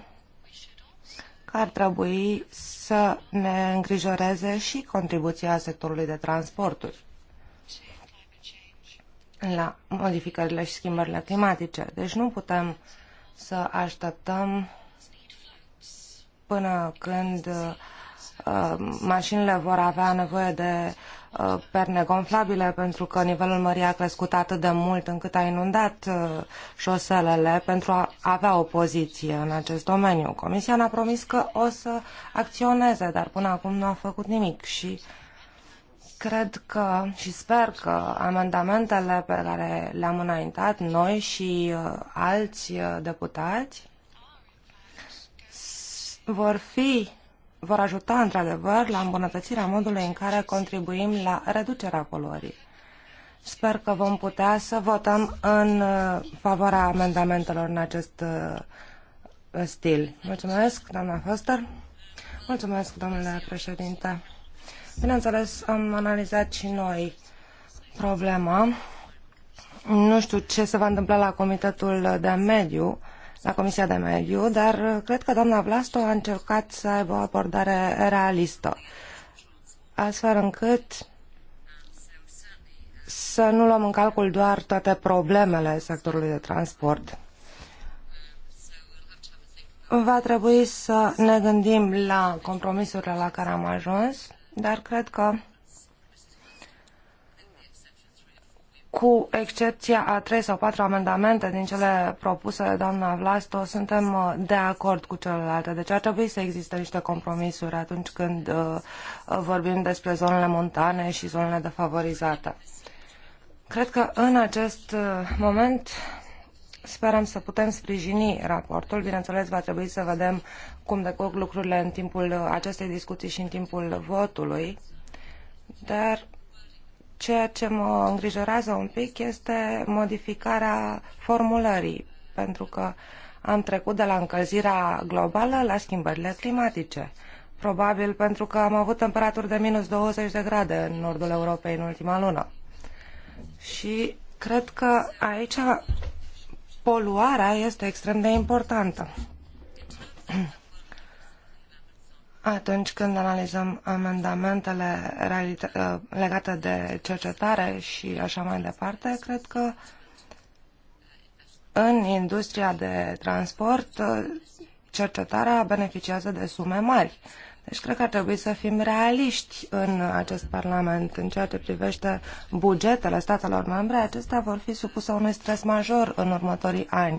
ar trebui să ne îngrijoreze și contribuția sectorului de transporturi la modificările și schimbările climatice. Deci nu putem să așteptăm până când uh, mașinile vor avea nevoie de Uh, perne gonflabile pentru că nivelul mării a crescut atât de mult încât a inundat uh, șoselele pentru a avea o poziție în acest domeniu. Comisia ne-a promis că o să acționeze, dar până acum nu a făcut nimic și cred că și sper că amendamentele pe care le-am înaintat noi și uh, alți deputați vor fi vor ajuta într-adevăr la îmbunătățirea modului în care contribuim la reducerea poluării. Sper că vom putea să votăm în uh, favoarea amendamentelor în acest uh, stil. Mulțumesc, doamna Foster. Mulțumesc, domnule președinte. Bineînțeles, am analizat și noi problema. Nu știu ce se va întâmpla la Comitetul de Mediu, la Comisia de Mediu, dar uh, cred că doamna Vlasto a încercat să aibă o abordare realistă, astfel încât să nu luăm în calcul doar toate problemele sectorului de transport. Va trebui să ne gândim la compromisurile la care am ajuns, dar cred că cu excepția a trei sau patru amendamente din cele propuse de doamna Vlasto, suntem uh, de acord cu celelalte. Deci ar trebui să existe niște compromisuri atunci când uh, vorbim despre zonele montane și zonele defavorizate. Cred că în acest uh, moment sperăm să putem sprijini raportul. Bineînțeles, va trebui să vedem cum decurg lucrurile în timpul acestei discuții și în timpul votului. Dar Ceea ce mă îngrijorează un pic este modificarea formulării, pentru că am trecut de la încălzirea globală la schimbările climatice. Probabil pentru că am avut temperaturi de minus 20 de grade în nordul Europei în ultima lună. Și cred că aici poluarea este extrem de importantă atunci când analizăm amendamentele ă, legate de cercetare și așa mai departe, cred că în industria de transport ă, cercetarea beneficiază de sume mari. Deci cred că ar trebui să fim realiști în acest Parlament. În ceea ce privește bugetele statelor membre, acestea vor fi supuse unui stres major în următorii ani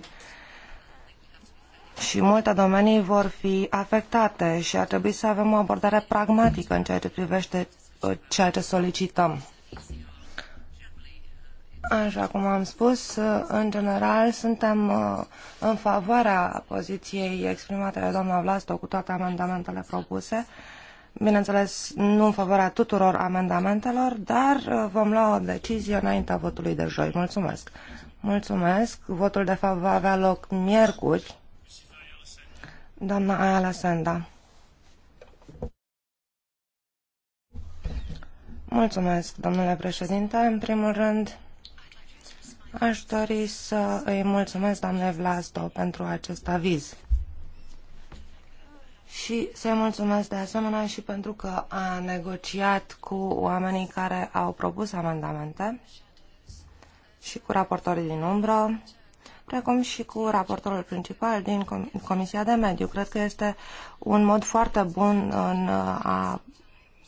și multe domenii vor fi afectate și ar trebui să avem o abordare pragmatică în ceea ce privește uh, ceea ce solicităm. Așa cum am spus, uh, în general suntem uh, în favoarea poziției exprimate de doamna Vlasto cu toate amendamentele propuse. Bineînțeles, nu în favoarea tuturor amendamentelor, dar vom lua o decizie înaintea votului de joi. Mulțumesc! Mulțumesc! Votul de fapt va avea loc miercuri Doamna Ayala Sanda. Mulțumesc, domnule președinte. În primul rând, aș dori să îi mulțumesc doamnei Vlasto pentru acest aviz. Și să-i mulțumesc de asemenea și pentru că a negociat cu oamenii care au propus amendamente și cu raportorii din umbră precum și cu raportorul principal din Comisia de Mediu. Cred că este un mod foarte bun în a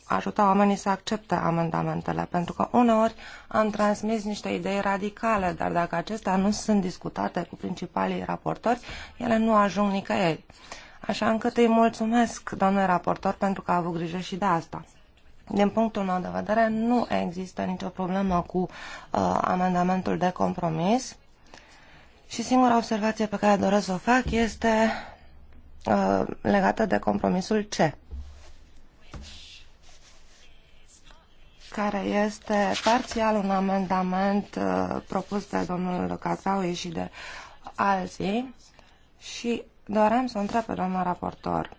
ajuta oamenii să accepte amendamentele, pentru că uneori am transmis niște idei radicale, dar dacă acestea nu sunt discutate cu principalii raportori, ele nu ajung nicăieri. Așa încât îi mulțumesc, domnule raportor, pentru că a avut grijă și de asta. Din punctul meu de vedere, nu există nicio problemă cu uh, amendamentul de compromis și singura observație pe care doresc să o fac este uh, legată de compromisul C, care este parțial un amendament uh, propus de domnul Cazaui și de alții și doream să întreb pe doamna raportor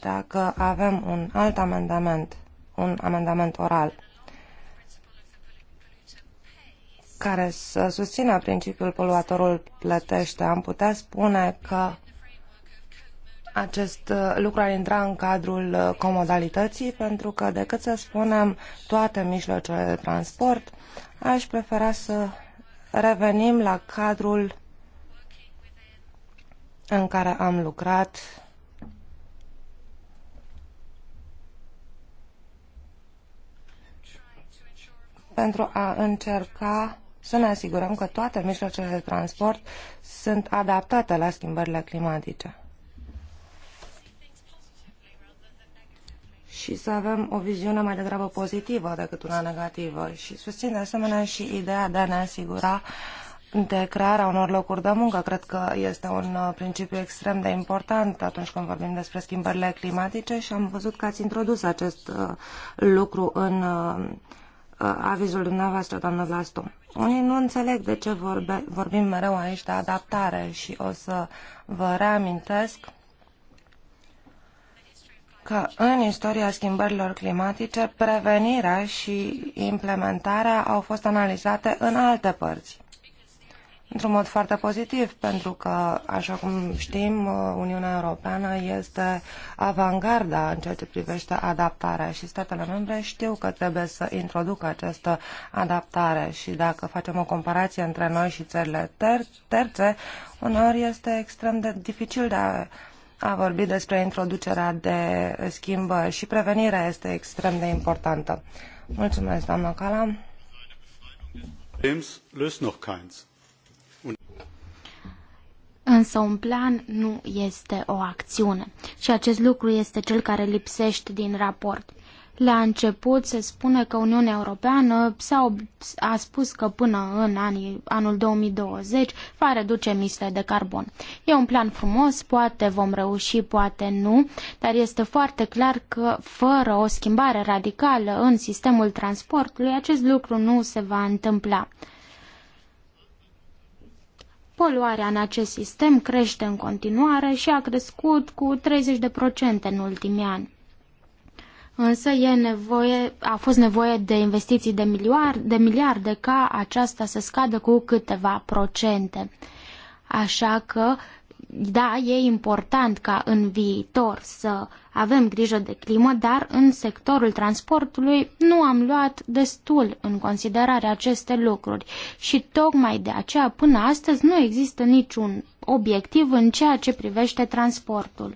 dacă avem un alt amendament, un amendament oral care să susțină principiul poluatorul plătește, am putea spune că acest uh, lucru ar intra în cadrul uh, comodalității, pentru că decât să spunem toate mijloacele de transport, aș prefera să revenim la cadrul în care am lucrat pentru a încerca să ne asigurăm că toate mijloacele de transport sunt adaptate la schimbările climatice. și să avem o viziune mai degrabă pozitivă decât una negativă și susțin de asemenea și ideea de a ne asigura de crearea unor locuri de muncă. Cred că este un uh, principiu extrem de important atunci când vorbim despre schimbările climatice și am văzut că ați introdus acest uh, lucru în uh, Uh, avizul dumneavoastră, doamnă Vlastu. Unii nu înțeleg de ce vorbe, vorbim mereu aici de adaptare și o să vă reamintesc că în istoria schimbărilor climatice, prevenirea și implementarea au fost analizate în alte părți într-un mod foarte pozitiv, pentru că, așa cum știm, Uniunea Europeană este avangarda în ceea ce privește adaptarea și statele membre știu că trebuie să introducă această adaptare și dacă facem o comparație între noi și țările ter- terțe, uneori este extrem de dificil de a a vorbi despre introducerea de schimbări și prevenirea este extrem de importantă. Mulțumesc, doamna Cala. Problems löst noch keins Însă un plan nu este o acțiune și acest lucru este cel care lipsește din raport. La început se spune că Uniunea Europeană a a spus că până în anii, anul 2020 va reduce emisiile de carbon. E un plan frumos, poate vom reuși, poate nu, dar este foarte clar că fără o schimbare radicală în sistemul transportului acest lucru nu se va întâmpla. Poluarea în acest sistem crește în continuare și a crescut cu 30% în ultimii ani. Însă e nevoie, a fost nevoie de investiții de miliarde, de miliarde ca aceasta să scadă cu câteva procente. Așa că da, e important ca în viitor să avem grijă de climă, dar în sectorul transportului nu am luat destul în considerare aceste lucruri și tocmai de aceea până astăzi nu există niciun obiectiv în ceea ce privește transportul.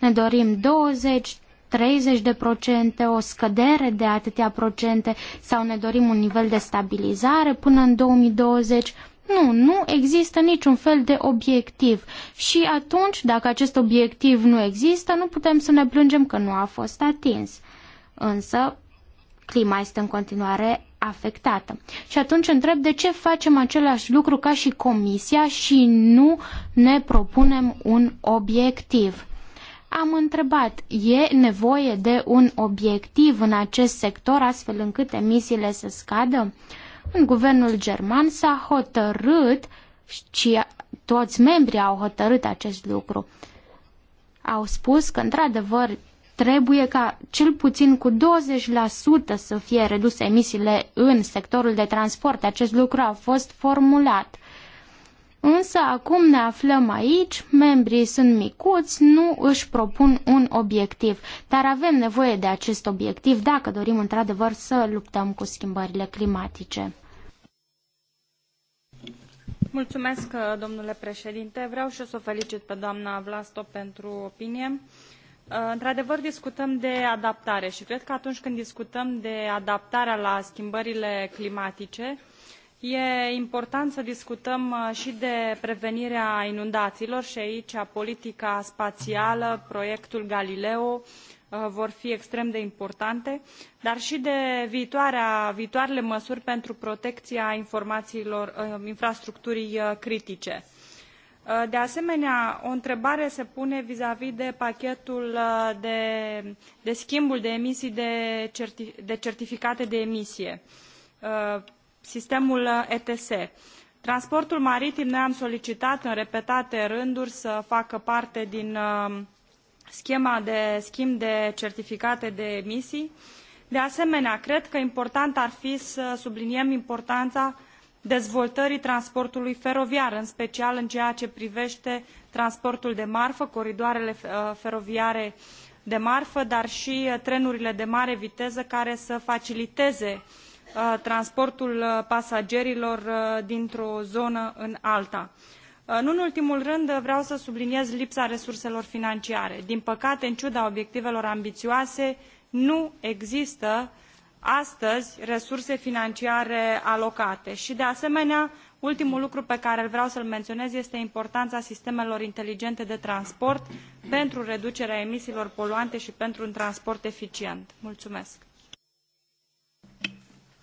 Ne dorim 20, 30 de procente, o scădere de atâtea procente sau ne dorim un nivel de stabilizare până în 2020. Nu, nu există niciun fel de obiectiv. Și atunci, dacă acest obiectiv nu există, nu putem să ne plângem că nu a fost atins. Însă, clima este în continuare afectată. Și atunci întreb de ce facem același lucru ca și comisia și nu ne propunem un obiectiv. Am întrebat, e nevoie de un obiectiv în acest sector astfel încât emisiile să scadă? Uh, în guvernul german s-a hotărât și toți membrii au hotărât acest lucru. Au spus că, într-adevăr, trebuie ca cel puțin cu 20% să fie reduse emisiile în sectorul de transport. Acest lucru a fost formulat. Însă acum ne aflăm aici, membrii sunt micuți, nu își propun un obiectiv, dar avem nevoie de acest obiectiv dacă dorim într-adevăr să luptăm cu schimbările climatice. Mulțumesc, domnule președinte. Vreau și eu să o felicit pe doamna Vlasto pentru opinie. Într adevăr discutăm de adaptare și cred că atunci când discutăm de adaptarea la schimbările climatice, e important să discutăm uh, și de prevenirea inundațiilor și aici politica spațială, proiectul Galileo uh, vor fi extrem de importante, dar și de viitoarea, viitoarele măsuri pentru protecția informațiilor, uh, infrastructurii critice. De asemenea, o întrebare se pune vizavi de pachetul de, de schimbul de emisii de, certi, de certificate de emisie sistemul uh, ets. transportul maritim noi am solicitat în repetate rânduri să facă parte din uh, schema de schimb de certificate de emisii. de asemenea cred că important ar fi să subliniem importana dezvoltării transportului feroviar în special în ceea ce privete transportul de marfă coridoarele uh, feroviare de marfă dar i trenurile de mare viteză care să faciliteze uh, Uh, transportul uh, pasagerilor uh, dintr o zonă în alta. nu în ultimul rând vreau să subliniez lipsa resurselor financiare. din păcate în ciuda obiectivelor ambiioase nu există astăzi resurse financiare alocate i de asemenea ultimul lucru pe care vreau să l menionez este importana sistemelor inteligente de transport pentru reducerea emisiilor poluante i pentru un transport eficient. Mulțumesc.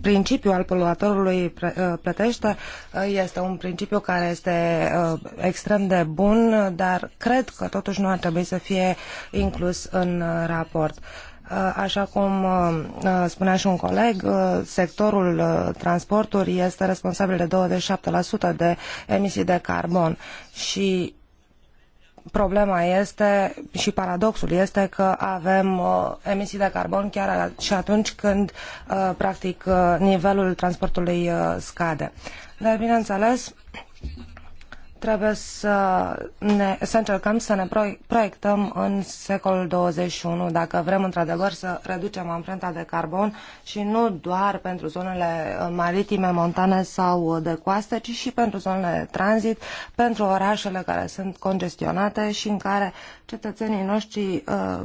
principiul al poluatorului uh, plătește uh, este un principiu care este uh, extrem de bun, dar cred că totuși nu ar trebui să fie inclus în raport. Așa cum spunea și un coleg, sectorul transporturi este responsabil de 27% de emisii de carbon și problema este și paradoxul este că avem uh, emisii de carbon chiar și atunci când uh, practic uh, nivelul transportului scade. Dar bineînțeles, trebuie să, ne, să încercăm să ne proiectăm în secolul 21, dacă vrem într-adevăr să reducem amprenta de carbon și nu doar pentru zonele uh, maritime, montane sau uh, de coastă, ci și pentru zonele tranzit, pentru orașele care sunt congestionate și în care cetățenii noștri uh,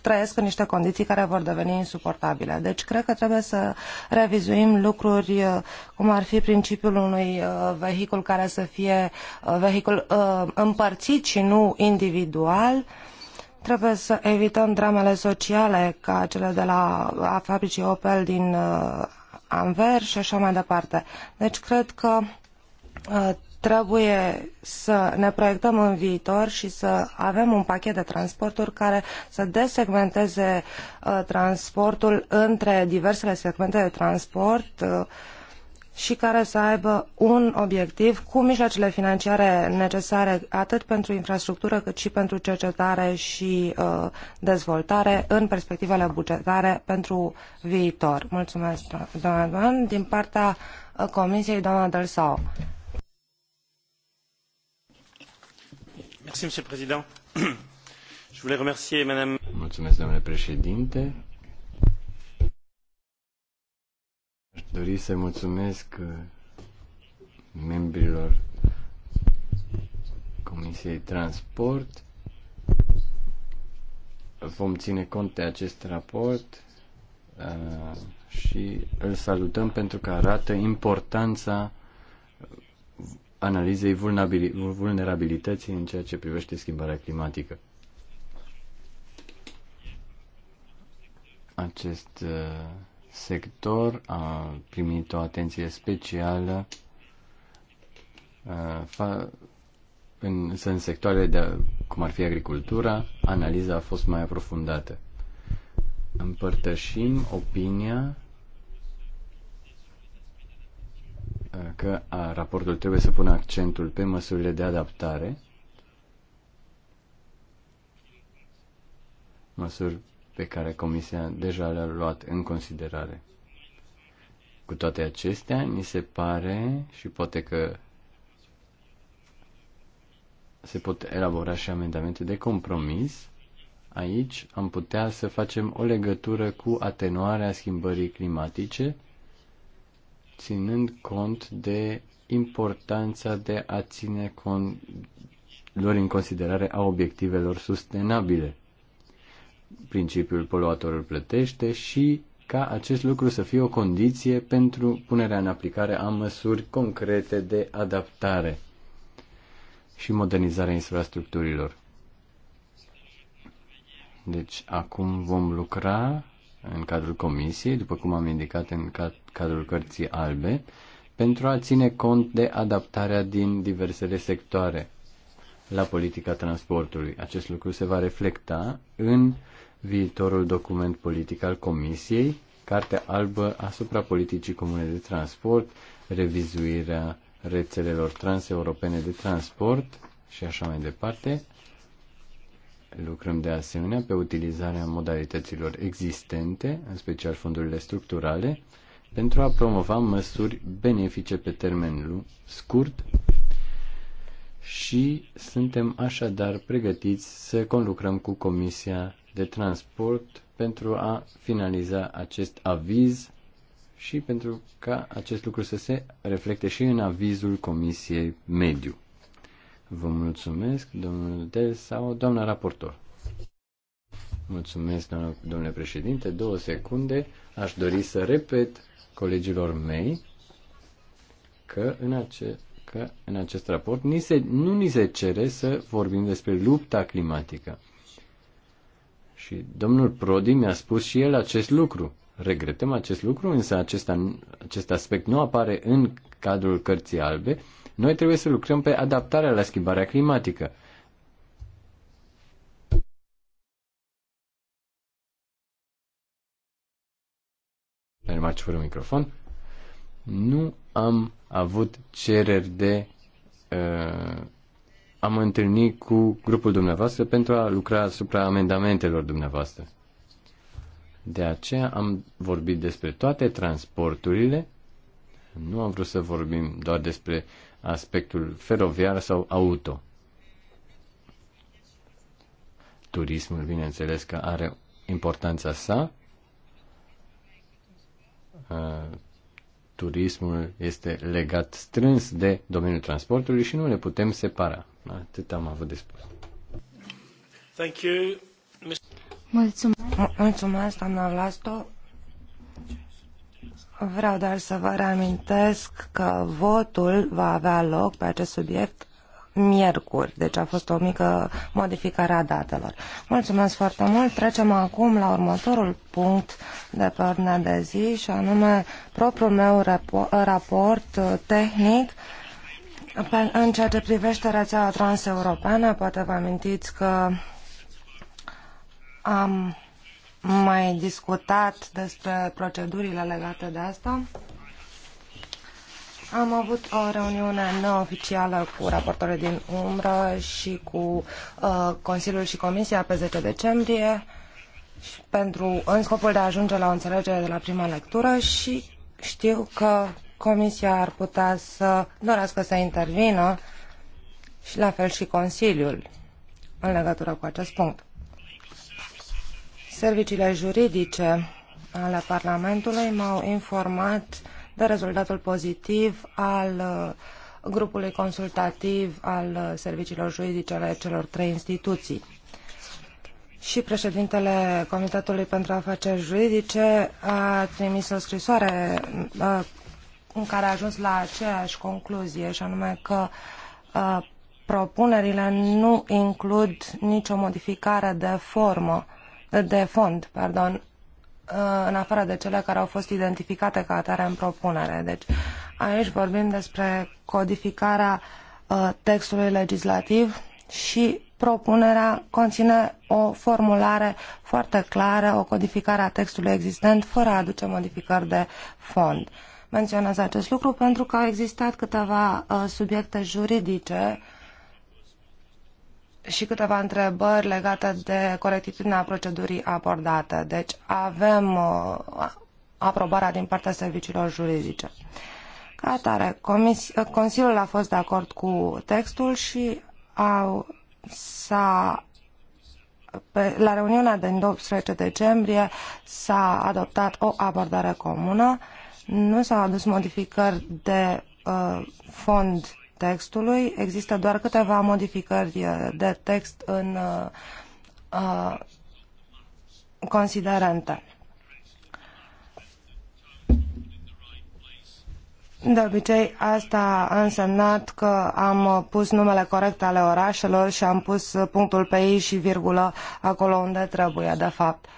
trăiesc în niște condiții care vor deveni insuportabile. Deci cred că trebuie să revizuim lucruri uh, cum ar fi principiul unui uh, vehicul care să fie uh, vehicul împărțit și nu individual. Trebuie să evităm dramele sociale ca cele de la fabricii Opel din Anvers și așa mai departe. Deci cred că trebuie să ne proiectăm în viitor și să avem un pachet de transporturi care să desegmenteze uh, transportul între diversele segmente de transport uh, și care să aibă un obiectiv cu mijloacele financiare necesare atât pentru infrastructură cât și pentru cercetare și uh, dezvoltare în perspectivele bugetare pentru viitor. Mulțumesc, doamna Doan. Din partea uh, Comisiei, doamna Sau. Mulțumesc, domnule președinte. Aș dori să mulțumesc uh, membrilor Comisiei Transport. Vom ține cont de acest raport uh, și îl salutăm pentru că arată importanța analizei vulnerabilității în ceea ce privește schimbarea climatică. Acest uh, sector a primit o atenție specială uh, în, în sectoarele de, cum ar fi agricultura, analiza a fost mai aprofundată. Împărtășim opinia că a, raportul trebuie să pună accentul pe măsurile de adaptare, măsuri pe care Comisia deja le-a luat în considerare. Cu toate acestea, ni se pare și poate că se pot elabora și amendamente de compromis. Aici am putea să facem o legătură cu atenuarea schimbării climatice ținând cont de importanța de a ține con- lor în considerare a obiectivelor sustenabile. Principiul poluatorul plătește și ca acest lucru să fie o condiție pentru punerea în aplicare a măsuri concrete de adaptare și modernizarea infrastructurilor. Deci acum vom lucra în cadrul comisiei, după cum am indicat în cadrul cărții albe, pentru a ține cont de adaptarea din diversele sectoare la politica transportului. Acest lucru se va reflecta în viitorul document politic al Comisiei, Cartea albă asupra politicii comune de transport, revizuirea rețelelor transeuropene de transport și așa mai departe, Lucrăm de asemenea pe utilizarea modalităților existente, în special fondurile structurale, pentru a promova măsuri benefice pe termen scurt și suntem așadar pregătiți să conlucrăm cu Comisia de Transport pentru a finaliza acest aviz și pentru ca acest lucru să se reflecte și în avizul Comisiei Mediu. Vă mulțumesc, domnul De sau doamna raportor. Mulțumesc, domnule președinte. Două secunde. Aș dori să repet colegilor mei că în, ace- că în acest raport ni se, nu ni se cere să vorbim despre lupta climatică. Și domnul Prodi mi-a spus și el acest lucru. Regretăm acest lucru, însă acest, acest aspect nu apare în cadrul cărții albe noi trebuie să lucrăm pe adaptarea la schimbarea climatică. fără microfon. Nu am avut cereri de uh, am întâlnit cu grupul dumneavoastră pentru a lucra asupra amendamentelor dumneavoastră. De aceea am vorbit despre toate transporturile, nu am vrut să vorbim doar despre aspectul feroviar sau auto. Turismul, bineînțeles că are importanța sa. Uh, turismul este legat strâns de domeniul transportului și nu le putem separa. Atât am avut de spus. Thank you. Mulțumesc. Mulțumesc, doamna Vlasto. Vreau doar să vă reamintesc că votul va avea loc pe acest subiect miercuri, deci a fost o mică modificare a datelor. Mulțumesc foarte mult. Trecem acum la următorul punct de pe ordinea de zi și anume propriul meu raport tehnic în ceea ce privește rețeaua transeuropeană. Poate vă amintiți că am mai discutat despre procedurile legate de asta. Am avut o reuniune neoficială cu raportorii din umbră și cu uh, Consiliul și Comisia pe 10 decembrie pentru, în scopul de a ajunge la o înțelegere de la prima lectură și știu că Comisia ar putea să dorească să intervină și la fel și Consiliul în legătură cu acest punct. Serviciile juridice ale Parlamentului m-au informat de rezultatul pozitiv al uh, grupului consultativ al uh, serviciilor juridice ale celor trei instituții. Și președintele Comitetului pentru Afaceri Juridice a trimis o scrisoare uh, în care a ajuns la aceeași concluzie, și anume că propunerile nu includ nicio modificare de formă de fond, pardon, uh, în afară de cele care au fost identificate ca atare în propunere. Deci aici vorbim despre codificarea uh, textului legislativ și propunerea conține o formulare foarte clară, o codificare a textului existent fără a aduce modificări de fond. Menționez acest lucru pentru că au existat câteva uh, subiecte juridice uh, și câteva întrebări legate de corectitudinea procedurii abordate. Deci avem uh, aprobarea din partea serviciilor juridice. Ca atare, Consiliul a fost de acord cu textul și au, s-a pe, la reuniunea din 12 decembrie s-a adoptat o abordare comună, nu s-au adus modificări de uh, fond textului. Există doar câteva modificări de text în uh, considerente. De obicei, asta a însemnat că am pus numele corect ale orașelor și am pus punctul pe ei și virgulă acolo unde trebuie, de fapt. Uh,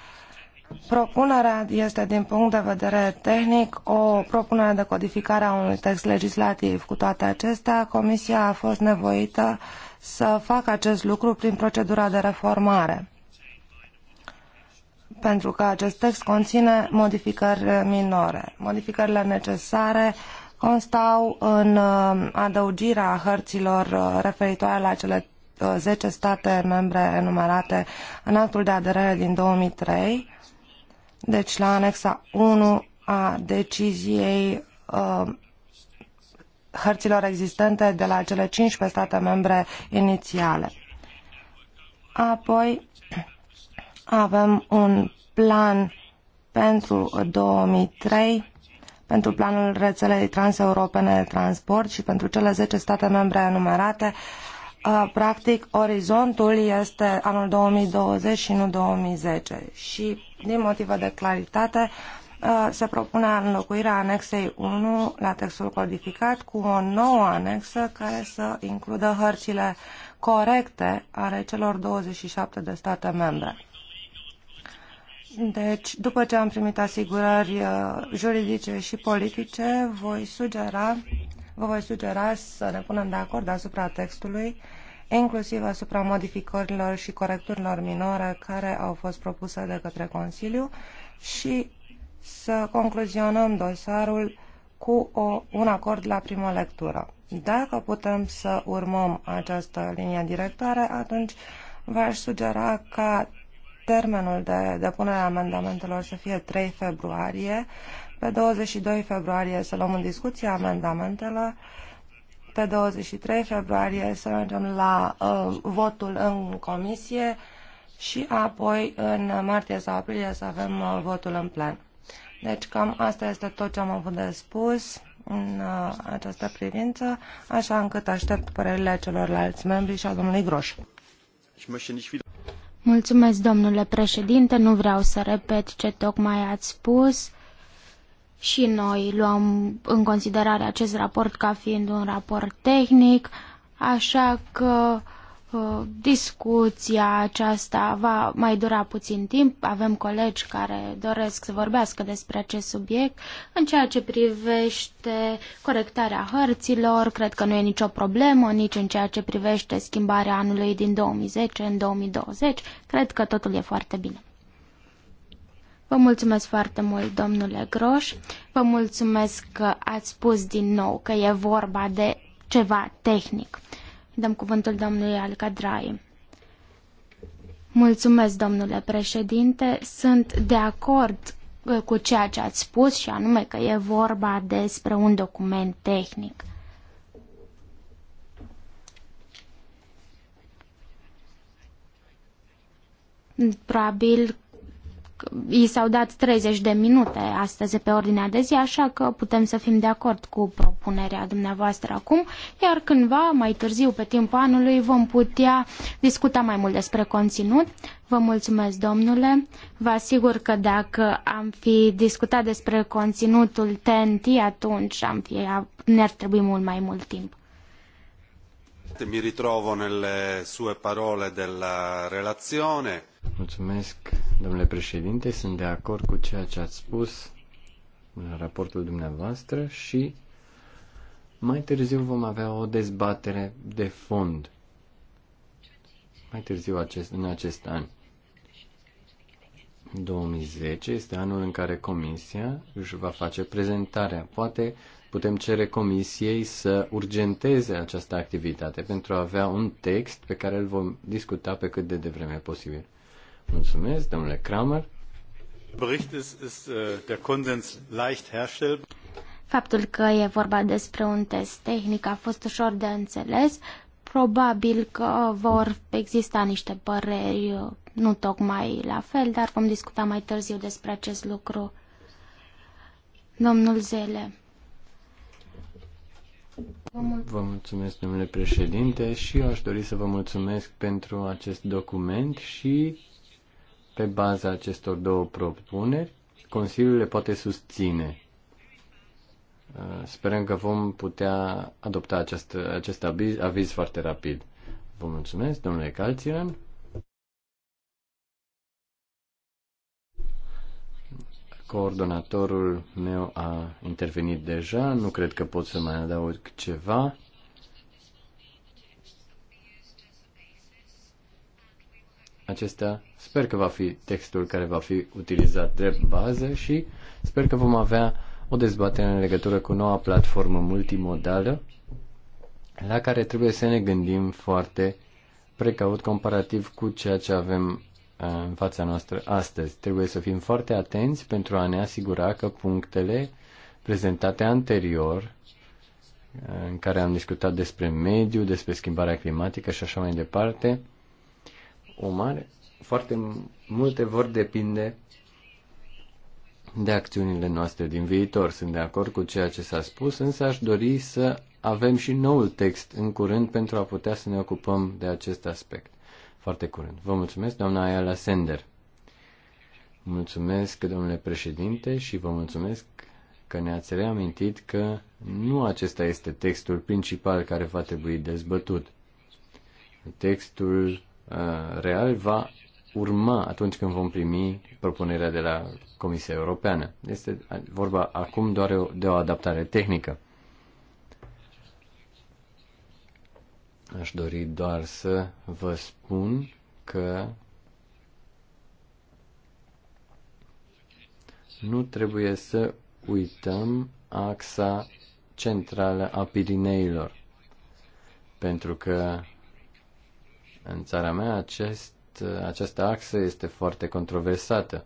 Propunerea este, din punct de vedere tehnic, o propunere de codificare a unui text legislativ. Cu toate acestea, Comisia a fost nevoită să facă acest lucru prin procedura de reformare, pentru că acest text conține modificări minore. Modificările necesare constau în uh, adăugirea hărților uh, referitoare la cele 10 uh, state membre enumerate în actul de aderare din 2003, deci la anexa 1 a deciziei uh, hărților existente de la cele 15 state membre inițiale. Apoi avem un plan pentru 2003 pentru planul rețelei transeuropene de transport și pentru cele 10 state membre enumerate. Uh, practic, orizontul este anul 2020 și nu 2010 și din motive de claritate, uh, se propune înlocuirea anexei 1 la textul codificat cu o nouă anexă care să includă hărțile corecte ale celor 27 de state membre. Deci, după ce am primit asigurări uh, juridice și politice, voi sugera, vă voi sugera să ne punem de acord asupra textului inclusiv asupra modificărilor și corecturilor minore care au fost propuse de către Consiliu și să concluzionăm dosarul cu o, un acord la primă lectură. Dacă putem să urmăm această linie directoare, atunci v-aș sugera ca termenul de depunere a amendamentelor să fie 3 februarie, pe 22 februarie să luăm în discuție amendamentele pe 23 februarie să mergem la uh, votul în comisie și apoi în martie sau aprilie să avem uh, votul în plen. Deci cam asta este tot ce am avut de spus în uh, această privință, așa încât aștept părerile celorlalți membri și a domnului Groș. Mulțumesc, domnule președinte, nu vreau să repet ce tocmai ați spus și noi luăm în considerare acest raport ca fiind un raport tehnic, așa că uh, discuția aceasta va mai dura puțin timp. Avem colegi care doresc să vorbească despre acest subiect. În ceea ce privește corectarea hărților, cred că nu e nicio problemă, nici în ceea ce privește schimbarea anului din 2010 în 2020. Cred că totul e foarte bine. Vă mulțumesc foarte mult, domnule Groș. Vă mulțumesc că ați spus din nou că e vorba de ceva tehnic. Dăm cuvântul domnului Drai. Mulțumesc, domnule președinte. Sunt de acord uh, cu ceea ce ați spus și anume că e vorba despre un document tehnic. Probabil i s-au dat 30 de minute astăzi pe ordinea de zi, așa că putem să fim de acord cu propunerea dumneavoastră acum, iar cândva, mai târziu, pe timpul anului, vom putea discuta mai mult despre conținut. Vă mulțumesc, domnule. Vă asigur că dacă am fi discutat despre conținutul TNT, atunci am fi, ne-ar trebui mult mai mult timp. Mi ritrovo nelle sue parole della relazione Mulțumesc, domnule președinte. Sunt de acord cu ceea ce ați spus în raportul dumneavoastră și mai târziu vom avea o dezbatere de fond. Mai târziu acest, în acest an. 2010 este anul în care Comisia își va face prezentarea. Poate putem cere Comisiei să urgenteze această activitate pentru a avea un text pe care îl vom discuta pe cât de devreme posibil. Mulțumesc, domnule Kramer. Bericht ist, ist äh, der Konsens leicht herstellbar. Faptul că e vorba despre un test tehnic a fost ușor de înțeles. Probabil că vor exista niște păreri uh, nu tocmai la fel, dar vom discuta mai târziu despre acest lucru. Domnul Zele. Vă mulțumesc, domnule președinte, și eu aș dori să vă mulțumesc pentru acest document și pe baza acestor două propuneri, Consiliul le poate susține. Sperăm că vom putea adopta acest, acest aviz, aviz foarte rapid. Vă mulțumesc, domnule Calțiran. Coordonatorul meu a intervenit deja, nu cred că pot să mai adaug ceva. Acesta sper că va fi textul care va fi utilizat drept bază și sper că vom avea o dezbatere în legătură cu noua platformă multimodală la care trebuie să ne gândim foarte precaut comparativ cu ceea ce avem uh, în fața noastră astăzi. Trebuie să fim foarte atenți pentru a ne asigura că punctele prezentate anterior, uh, în care am discutat despre mediu, despre schimbarea climatică și așa mai departe, o mare, foarte multe vor depinde de acțiunile noastre din viitor. Sunt de acord cu ceea ce s-a spus, însă aș dori să avem și noul text în curând pentru a putea să ne ocupăm de acest aspect. Foarte curând. Vă mulțumesc, doamna Ayala Sender. Mulțumesc, domnule președinte, și vă mulțumesc că ne-ați reamintit că nu acesta este textul principal care va trebui dezbătut. Textul Uh, real va urma atunci când vom primi propunerea de la Comisia Europeană. Este vorba acum doar de o adaptare tehnică. Aș dori doar să vă spun că nu trebuie să uităm axa centrală a Pirineilor, pentru că în țara mea acest, această axă este foarte controversată.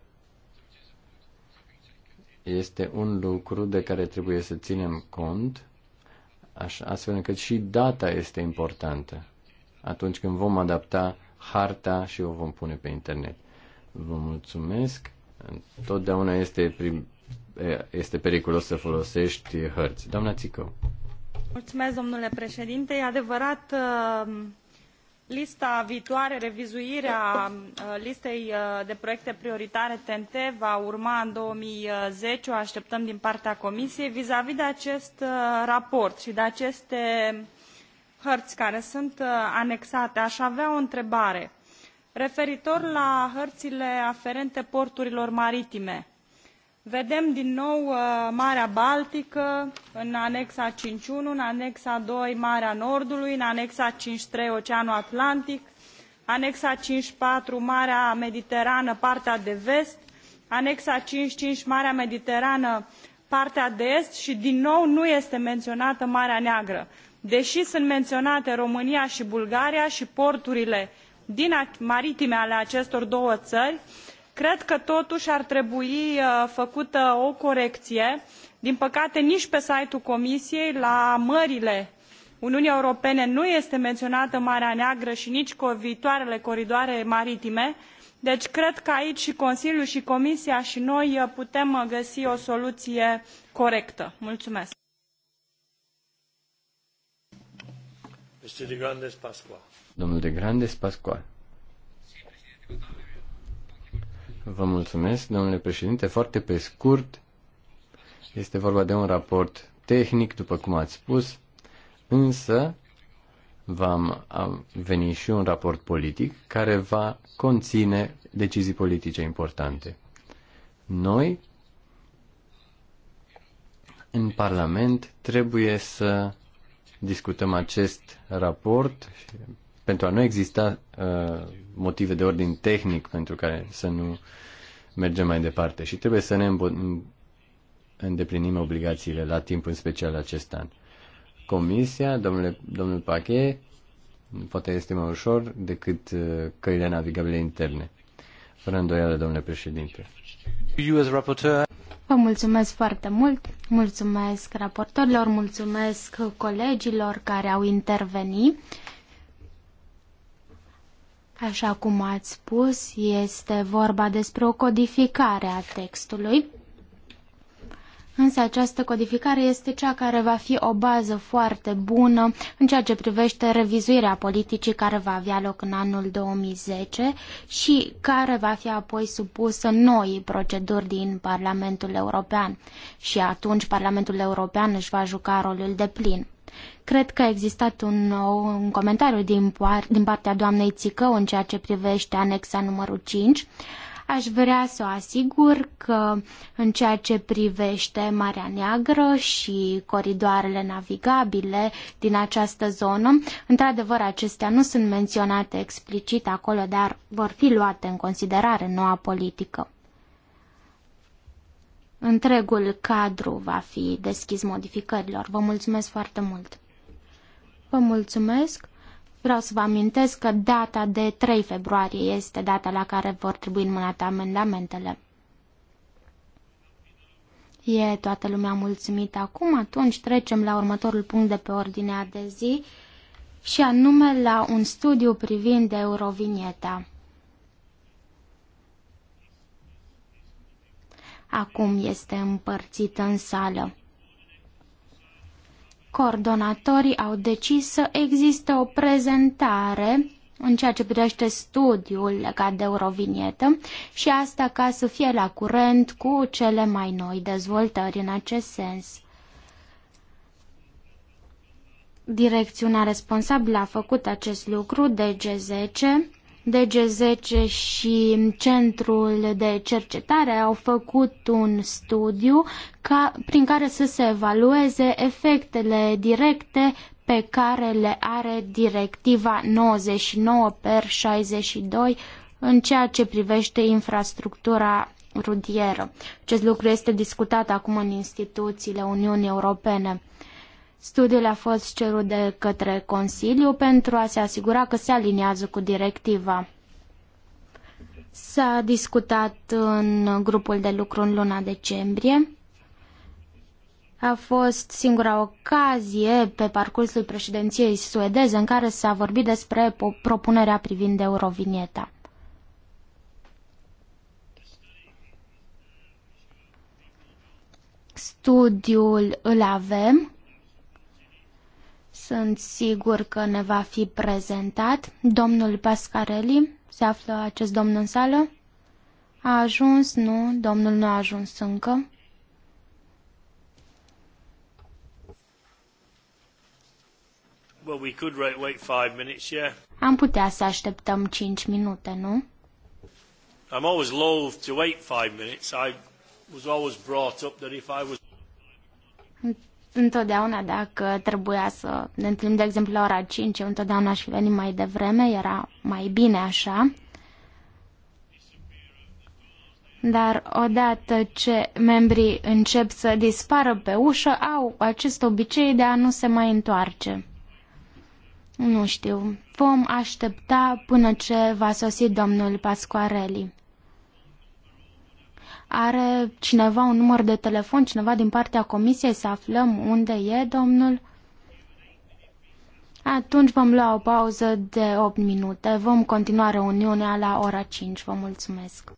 Este un lucru de care trebuie să ținem cont, așa, astfel încât și data este importantă atunci când vom adapta harta și o vom pune pe internet. Vă mulțumesc. Totdeauna este, prim, este periculos să folosești hărți. Doamna Țicău. Mulțumesc, domnule președinte. E adevărat, uh, lista viitoare, revizuirea uh, listei uh, de proiecte prioritare TNT va urma în 2010, o așteptăm din partea Comisiei, vizavi de acest uh, raport și de aceste hărți care sunt anexate. Aș avea o întrebare referitor la hărțile aferente porturilor maritime Vedem din nou uh, Marea Baltică în anexa 5.1, în anexa 2 Marea Nordului, în anexa 5.3 Oceanul Atlantic, anexa 5.4 Marea Mediterană, partea de vest, anexa 5.5 Marea Mediterană, partea de est și din nou nu este menționată Marea Neagră, deși sunt menționate România și Bulgaria și porturile din maritime ale acestor două țări, cred că totui ar trebui uh, făcută o corecie din păcate nici pe site ul comisiei la mările uniunii europene nu este menionată marea neagră i nici viitoarele coridoare maritime deci cred că aici i consiliul i comisia i noi uh, putem uh, găsi o soluie corectă. mulumesc. Domnule de Grandes Pascual. Vă mulțumesc, domnule președinte. Foarte pe scurt, este vorba de un raport tehnic, după cum ați spus, însă va veni și un raport politic care va conține decizii politice importante. Noi, în Parlament, trebuie să discutăm acest raport pentru a nu exista uh, motive de ordin tehnic pentru care să nu mergem mai departe și trebuie să ne îndeplinim obligațiile la timp, în special acest an. Comisia, domnule, domnul Pache, poate este mai ușor decât uh, căile navigabile interne. Fără îndoială, domnule președinte. Vă mulțumesc foarte mult, mulțumesc raportorilor, mulțumesc colegilor care au intervenit. Așa cum ați spus, este vorba despre o codificare a textului, însă această codificare este cea care va fi o bază foarte bună în ceea ce privește revizuirea politicii care va avea loc în anul 2010 și care va fi apoi supusă noi proceduri din Parlamentul European. Și atunci Parlamentul European își va juca rolul de plin. Cred că a existat un, un comentariu din, par, din partea doamnei Țicău în ceea ce privește anexa numărul 5. Aș vrea să o asigur că în ceea ce privește Marea Neagră și coridoarele navigabile din această zonă, într-adevăr acestea nu sunt menționate explicit acolo, dar vor fi luate în considerare noua politică întregul cadru va fi deschis modificărilor. Vă mulțumesc foarte mult! Vă mulțumesc! Vreau să vă amintesc că data de 3 februarie este data la care vor trebui înmânate amendamentele. E toată lumea mulțumită acum, atunci trecem la următorul punct de pe ordinea de zi și anume la un studiu privind Eurovinieta. acum este împărțită în sală. Coordonatorii au decis să existe o prezentare în ceea ce privește studiul legat de Eurovinietă și asta ca să fie la curent cu cele mai noi dezvoltări în acest sens. Direcțiunea responsabilă a făcut acest lucru, DG10, DG10 și Centrul de Cercetare au făcut un studiu ca, prin care să se evalueze efectele directe pe care le are Directiva 99 per 62 în ceea ce privește infrastructura rudieră. Acest lucru este discutat acum în instituțiile Uniunii Europene. Studiul a fost cerut de către Consiliu pentru a se asigura că se aliniază cu directiva. S-a discutat în grupul de lucru în luna decembrie. A fost singura ocazie pe parcursul președinției suedeze în care s-a vorbit despre propunerea privind Eurovinieta. Studiul îl avem sunt sigur că ne va fi prezentat. Domnul Pascarelli, se află acest domn în sală? A ajuns? Nu, domnul nu a ajuns încă. Well, we could wait wait five minutes, yeah. Am putea să așteptăm 5 minute, nu? I'm always loath to wait five minutes. I was always brought up that if I was întotdeauna dacă trebuia să ne întâlnim, de exemplu, la ora 5, eu întotdeauna aș fi venit mai devreme, era mai bine așa. Dar odată ce membrii încep să dispară pe ușă, au acest obicei de a nu se mai întoarce. Nu știu, vom aștepta până ce va sosi domnul Pasquarelli. Are cineva un număr de telefon, cineva din partea comisiei să aflăm unde e domnul? Atunci vom lua o pauză de 8 minute. Vom continua reuniunea la ora 5. Vă mulțumesc.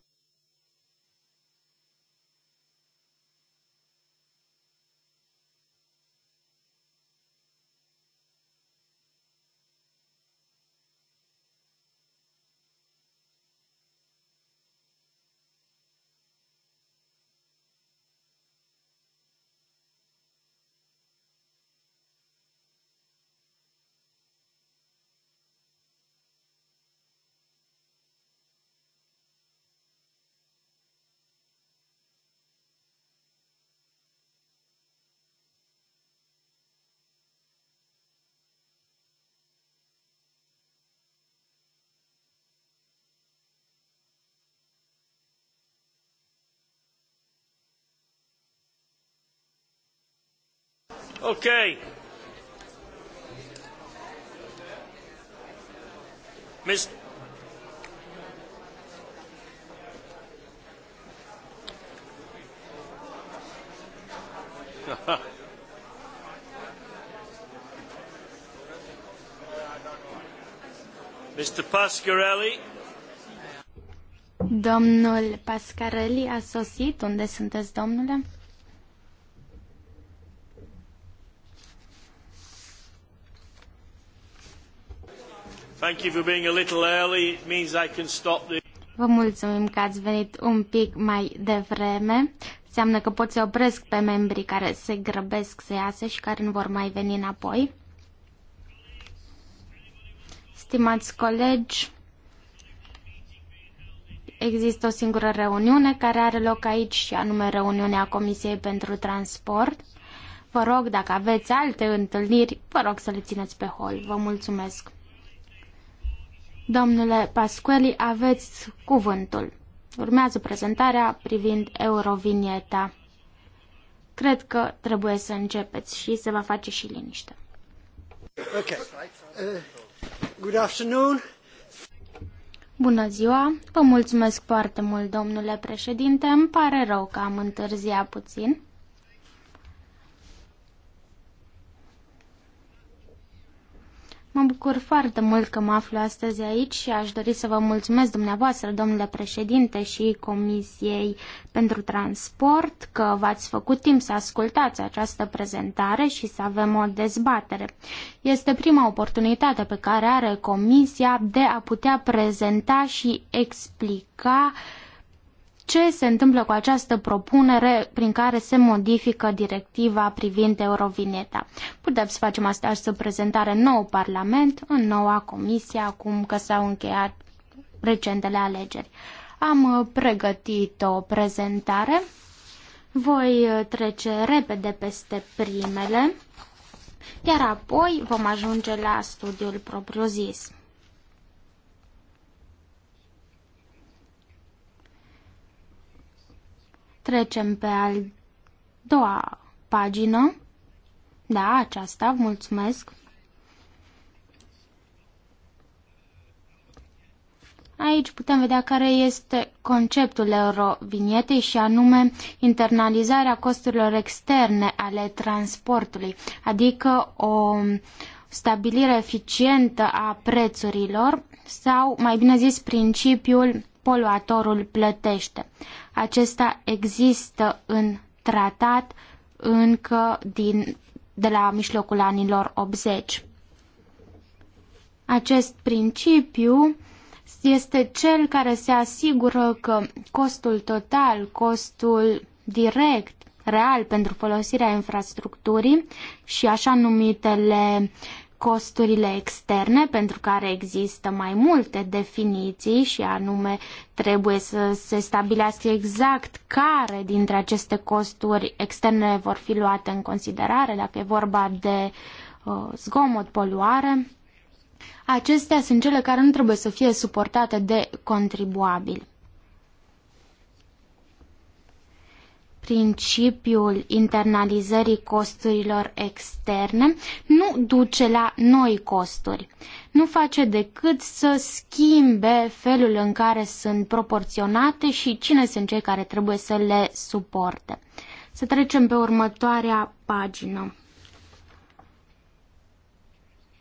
Ok. Miss Mr. Pascarelli. Domnul Pascarelli a sosit. Unde sunteți, domnule? Vă mulțumim că ați venit un pic mai devreme. Înseamnă că pot să opresc pe membrii care se grăbesc să iasă și care nu vor mai veni înapoi. Stimați colegi, există o singură reuniune care are loc aici și anume reuniunea Comisiei pentru Transport. Vă rog, dacă aveți alte întâlniri, vă rog să le țineți pe hol. Vă mulțumesc! Domnule Pasqueli, aveți cuvântul. Urmează prezentarea privind Eurovinieta. Cred că trebuie să începeți și se va face și liniște. Okay. Uh, good afternoon. Bună ziua! Vă mulțumesc foarte mult, domnule președinte. Îmi pare rău că am întârziat puțin. Mă bucur foarte mult că mă aflu astăzi aici și aș dori să vă mulțumesc dumneavoastră, domnule președinte și Comisiei pentru Transport, că v-ați făcut timp să ascultați această prezentare și să avem o dezbatere. Este prima oportunitate pe care are Comisia de a putea prezenta și explica uh, ce se întâmplă cu această propunere prin care se modifică directiva privind Eurovineta. Putem să facem asta o prezentare în nou Parlament, în noua Comisie, acum că s-au încheiat recentele alegeri. Am uh, pregătit o prezentare. Voi uh, trece repede peste primele, iar apoi vom ajunge la studiul propriu-zis. Trecem pe al doua pagină. Da, aceasta, mulțumesc. Aici putem vedea care este conceptul eurovinietei și anume internalizarea costurilor externe ale transportului, adică o stabilire eficientă a prețurilor sau, mai bine zis, principiul poluatorul plătește. Acesta există în tratat încă din, de la mijlocul anilor 80. Acest principiu este cel care se asigură că costul total, costul direct, real pentru folosirea infrastructurii și așa numitele uh, costurile externe, pentru care există mai multe definiții și anume trebuie să se stabilească exact care dintre aceste costuri externe vor fi luate în considerare, dacă e vorba de uh, zgomot, poluare. Acestea sunt cele care nu trebuie să fie suportate de contribuabil. principiul internalizării costurilor externe nu duce la noi costuri. Nu face decât să schimbe felul în care sunt proporționate și cine sunt cei care trebuie să le suporte. Să trecem pe următoarea pagină.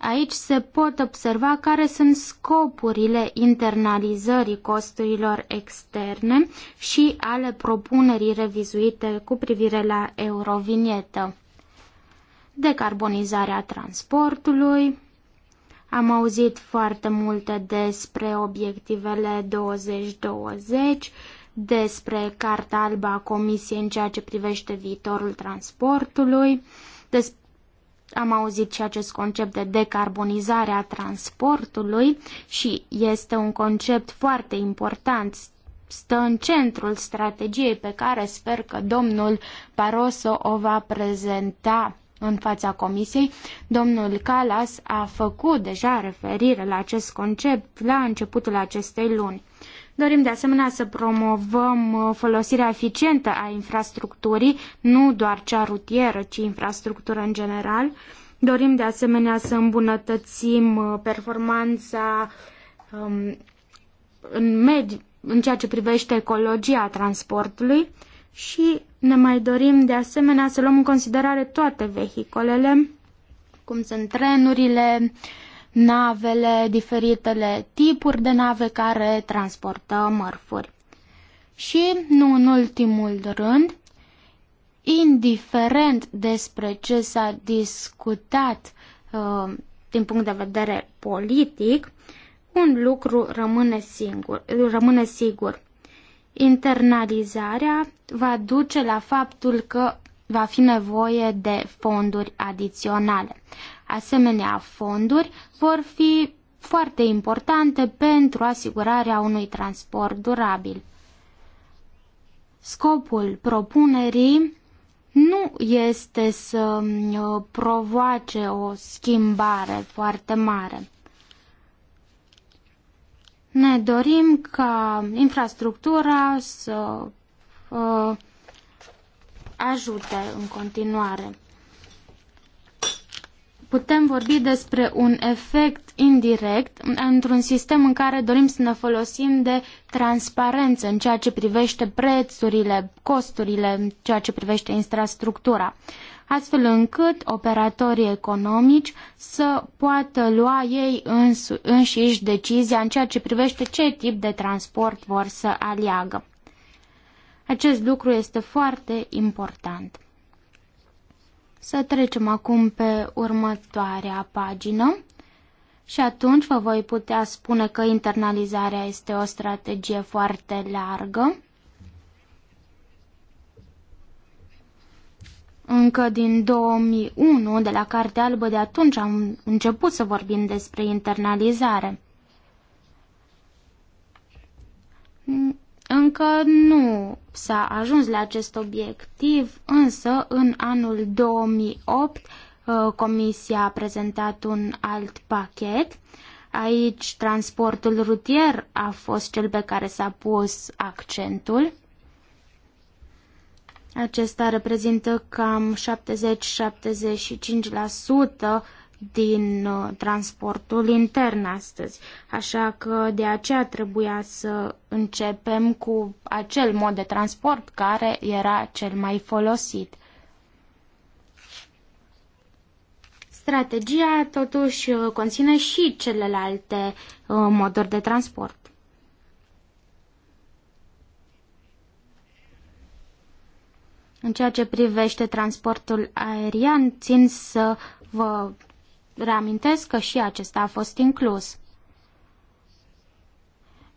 Aici se pot observa care sunt scopurile internalizării costurilor externe și ale propunerii revizuite cu privire la eurovinietă. Decarbonizarea transportului, am auzit foarte multe despre obiectivele 2020, despre Carta alba a Comisiei în ceea ce privește viitorul transportului, despre am auzit și acest concept de decarbonizare a transportului și este un concept foarte important. Stă în centrul strategiei pe care sper că domnul Barroso o va prezenta în fața comisiei. Domnul Calas a făcut deja referire la acest concept la începutul acestei luni. Dorim de asemenea să promovăm uh, folosirea eficientă a infrastructurii, nu doar cea rutieră, ci infrastructură în general. Dorim de asemenea să îmbunătățim uh, performanța um, în, mediu, în ceea ce privește ecologia transportului și ne mai dorim de asemenea să luăm în considerare toate vehicolele, cum sunt trenurile, uh, navele, diferitele tipuri de nave care transportă mărfuri. Și, nu în ultimul rând, indiferent despre ce s-a discutat uh, din punct de vedere politic, un lucru rămâne, singur, rămâne sigur. Internalizarea va duce la faptul că va fi nevoie de fonduri adiționale. Asemenea, fonduri vor fi foarte importante pentru asigurarea unui transport durabil. Scopul propunerii nu este să uh, provoace o schimbare foarte mare. Ne dorim ca infrastructura să uh, ajute în continuare putem vorbi despre un efect indirect într-un sistem în care dorim să ne folosim de transparență în ceea ce privește prețurile, costurile, în ceea ce privește infrastructura, astfel încât operatorii economici să poată lua ei însu- înșiși decizia în ceea ce privește ce tip de transport vor să aleagă. Acest lucru este foarte important. Să trecem acum pe următoarea pagină și atunci vă voi putea spune că internalizarea este o strategie foarte largă. Încă din 2001, de la Cartea Albă, de atunci am început să vorbim despre internalizare. Încă nu s-a ajuns la acest obiectiv, însă în anul 2008 uh, Comisia a prezentat un alt pachet. Aici transportul rutier a fost cel pe care s-a pus accentul. Acesta reprezintă cam 70-75% din uh, transportul intern astăzi, așa că de aceea trebuia să începem cu acel mod de transport care era cel mai folosit. Strategia totuși uh, conține și celelalte uh, moduri de transport. În ceea ce privește transportul aerian, țin să vă reamintesc că și acesta a fost inclus.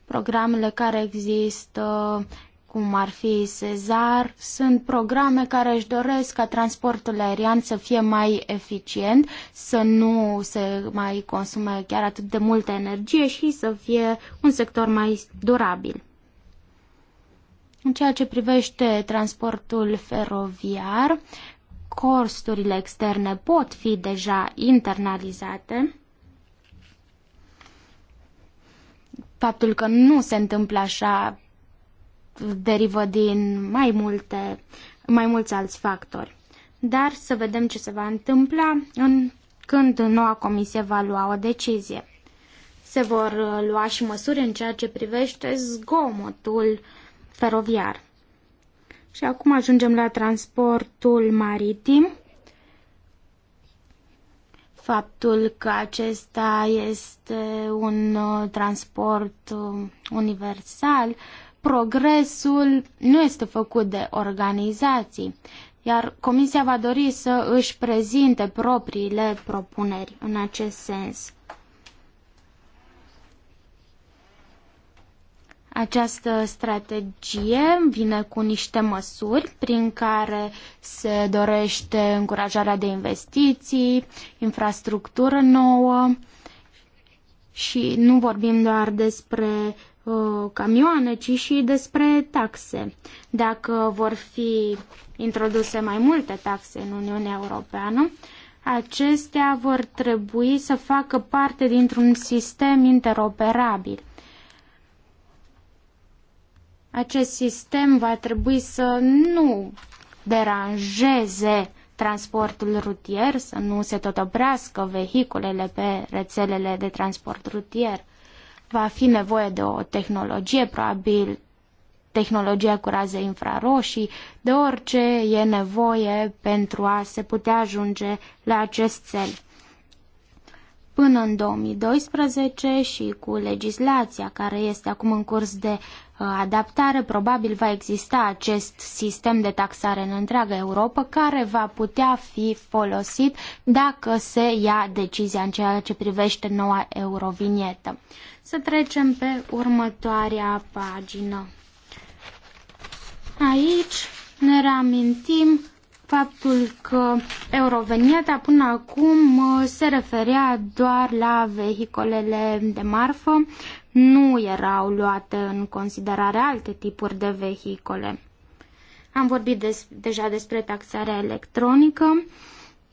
Programele care există, cum ar fi Cezar, sunt programe care își doresc ca transportul aerian să fie mai eficient, să nu se mai consume chiar atât de multă energie și să fie un sector mai durabil. În ceea ce privește transportul feroviar, costurile externe pot fi deja internalizate, faptul că nu se întâmplă așa derivă din mai multe, mai mulți alți factori. Dar să vedem ce se va întâmpla în, când noua comisie va lua o decizie. Se vor uh, lua și măsuri în ceea ce privește zgomotul feroviar. Și acum ajungem la transportul maritim. Faptul că acesta este un uh, transport uh, universal, progresul nu este făcut de organizații, iar Comisia va dori să își prezinte propriile propuneri în acest sens. Această strategie vine cu niște măsuri prin care se dorește încurajarea de investiții, infrastructură nouă și nu vorbim doar despre uh, camioane, ci și despre taxe. Dacă vor fi introduse mai multe taxe în Uniunea Europeană, acestea vor trebui să facă parte dintr-un sistem interoperabil acest sistem va trebui să nu deranjeze transportul rutier, să nu se tot oprească vehiculele pe rețelele de transport rutier. Va fi nevoie de o tehnologie, probabil tehnologia cu raze infraroșii, de orice e nevoie pentru a se putea ajunge la acest cel. Până în 2012 și cu legislația care este acum în curs de adaptare, probabil va exista acest sistem de taxare în întreaga Europa care va putea fi folosit dacă se ia decizia în ceea ce privește noua eurovinietă. Să trecem pe următoarea pagină. Aici ne reamintim faptul că eurovenieta până acum se referea doar la vehicolele de marfă, nu erau luate în considerare alte tipuri de vehicole. Am vorbit des, deja despre taxarea electronică.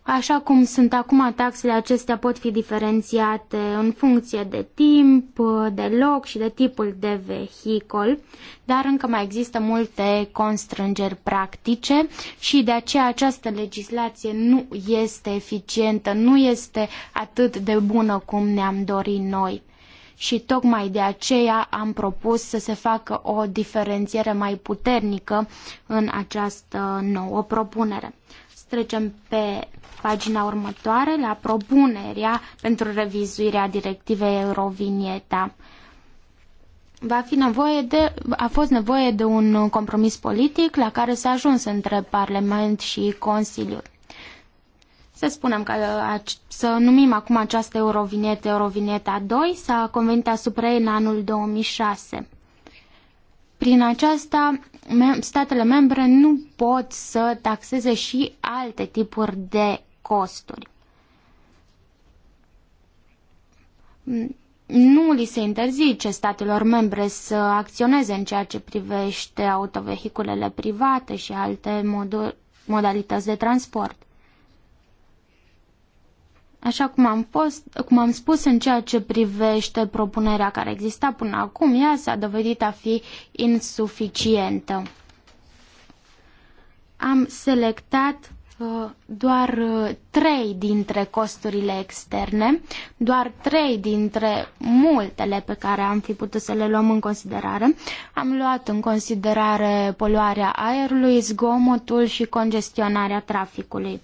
Așa cum sunt acum taxele acestea pot fi diferențiate în funcție de timp, de loc și de tipul de vehicol, dar încă mai există multe constrângeri practice și de aceea această legislație nu este eficientă, nu este atât de bună cum ne-am dorit noi și tocmai de aceea am propus să se facă o diferențiere mai puternică în această nouă propunere. trecem pe pagina următoare la propunerea pentru revizuirea directivei Eurovinieta. Va fi nevoie de, a fost nevoie de un compromis politic la care s-a ajuns între Parlament și Consiliul. Să spunem că uh, să numim acum această Eurovinete eurovineta 2, s-a convenit asupra ei în anul 2006. Prin aceasta, statele membre nu pot să taxeze și alte tipuri de costuri. Nu li se interzice statelor membre să acționeze în ceea ce privește autovehiculele private și alte modalități de transport. Așa cum am, fost, cum am spus în ceea ce privește propunerea care exista până acum, ea s-a dovedit a fi insuficientă. Am selectat uh, doar uh, trei dintre costurile externe, doar trei dintre multele pe care am fi putut să le luăm în considerare. Am luat în considerare poluarea aerului, zgomotul și congestionarea traficului.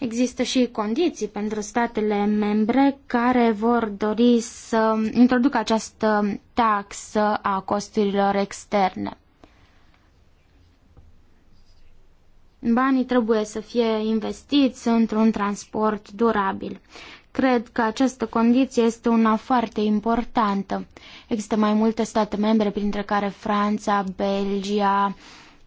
Există și condiții pentru statele membre care vor dori să introducă această taxă a costurilor externe. Banii trebuie să fie investiți într-un transport durabil. Cred că această condiție este una foarte importantă. Există mai multe state membre, printre care Franța, Belgia,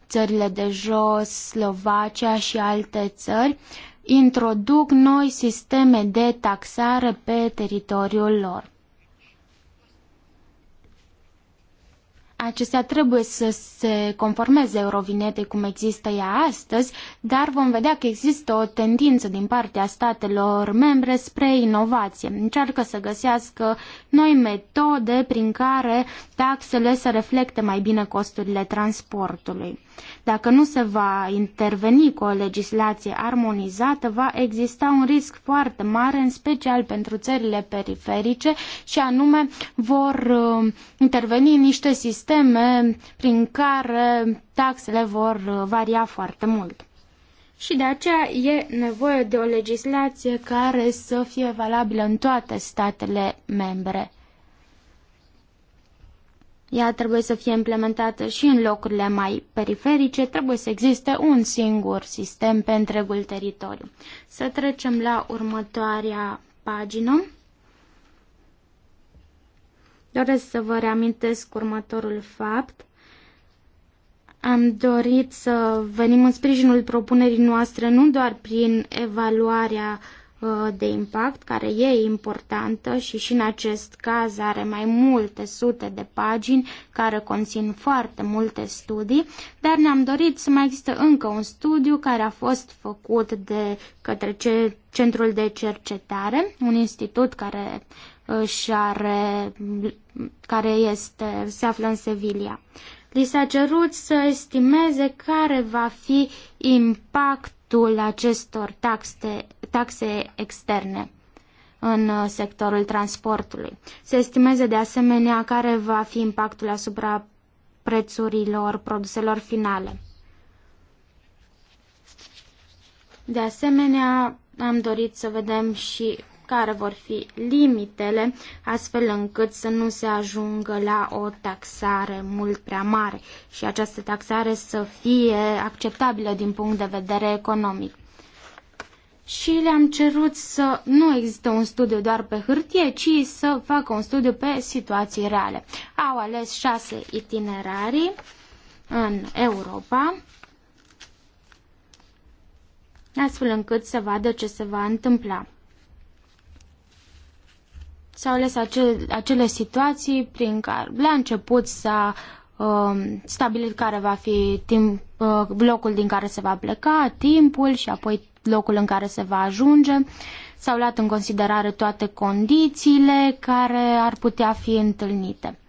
țările de jos, Slovacia și alte țări, introduc noi sisteme de taxare pe teritoriul lor. Acestea trebuie să se conformeze eurovinetei cum există ea astăzi, dar vom vedea că există o tendință din partea statelor membre spre inovație. Încearcă să găsească noi metode prin care taxele să reflecte mai bine costurile transportului. Dacă nu se va interveni cu o legislație armonizată, va exista un risc foarte mare, în special pentru țările periferice, și anume vor uh, interveni niște sisteme prin care taxele vor uh, varia foarte mult și de aceea e nevoie de o legislație care să fie valabilă în toate statele membre. Ea trebuie să fie implementată și în locurile mai periferice, trebuie să existe un singur sistem pe întregul teritoriu. Să trecem la următoarea pagină. Doresc să vă reamintesc următorul fapt. Am dorit să venim în sprijinul propunerii noastre nu doar prin evaluarea uh, Uh, de impact, care e importantă și și în acest caz are mai multe sute de pagini care conțin foarte multe studii, dar ne-am dorit să mai există încă un studiu care a fost făcut de către ce, Centrul de Cercetare, un institut care uh, și are, care este, se află în Sevilla. Li s-a cerut să estimeze care va fi impact efectul acestor taxe, taxe externe în uh, sectorul transportului. Se estimează de asemenea care va fi impactul asupra prețurilor produselor finale. De asemenea, am dorit să vedem și care vor fi limitele, astfel încât să nu se ajungă la o taxare mult prea mare și această taxare să fie acceptabilă din punct de vedere economic. Și le-am cerut să nu există un studiu doar pe hârtie, ci să facă un studiu pe situații reale. Au ales șase itinerarii în Europa, astfel încât să vadă ce se va întâmpla. S-au ales acele, acele situații prin care la început s-a uh, stabilit care va fi timp, uh, locul din care se va pleca, timpul și apoi locul în care se va ajunge. S-au luat în considerare toate condițiile care ar putea fi întâlnite.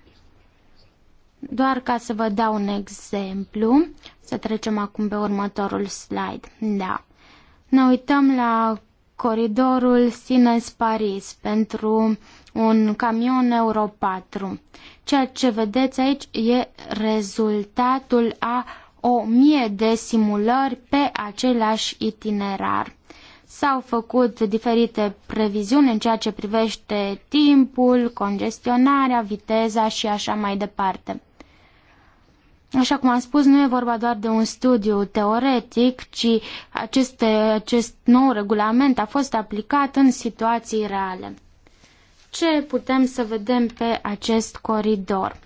Doar ca să vă dau un exemplu, să trecem acum pe următorul slide. Da. Ne uităm la coridorul Sines-Paris pentru un camion Euro 4. Ceea ce vedeți aici e rezultatul a o mie de simulări pe același itinerar. S-au făcut diferite previziuni în ceea ce privește timpul, congestionarea, viteza și așa mai departe. Așa cum am spus, nu e vorba doar de un studiu teoretic, ci aceste, acest nou regulament a fost aplicat în situații reale ce putem să vedem pe acest coridor.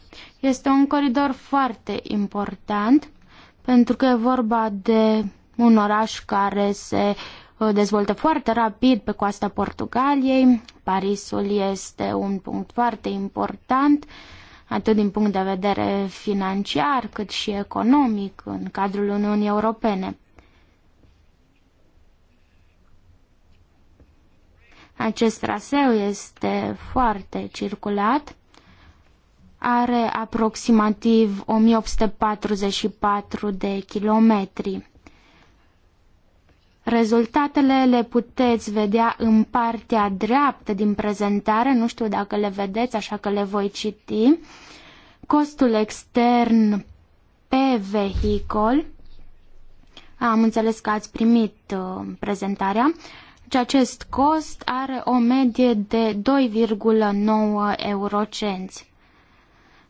Este un coridor foarte important pentru că e vorba de un oraș care se uh, dezvoltă foarte rapid pe coasta Portugaliei. Parisul este un punct foarte important atât din punct de vedere financiar cât și economic în cadrul Uniunii Europene. Acest traseu este foarte circulat, are aproximativ 1844 de kilometri. Rezultatele le puteți vedea în partea dreaptă din prezentare, nu știu dacă le vedeți, așa că le voi citi. Costul extern pe vehicol, am înțeles că ați primit uh, prezentarea, uh, și deci acest cost are o medie de 2,9 eurocenți.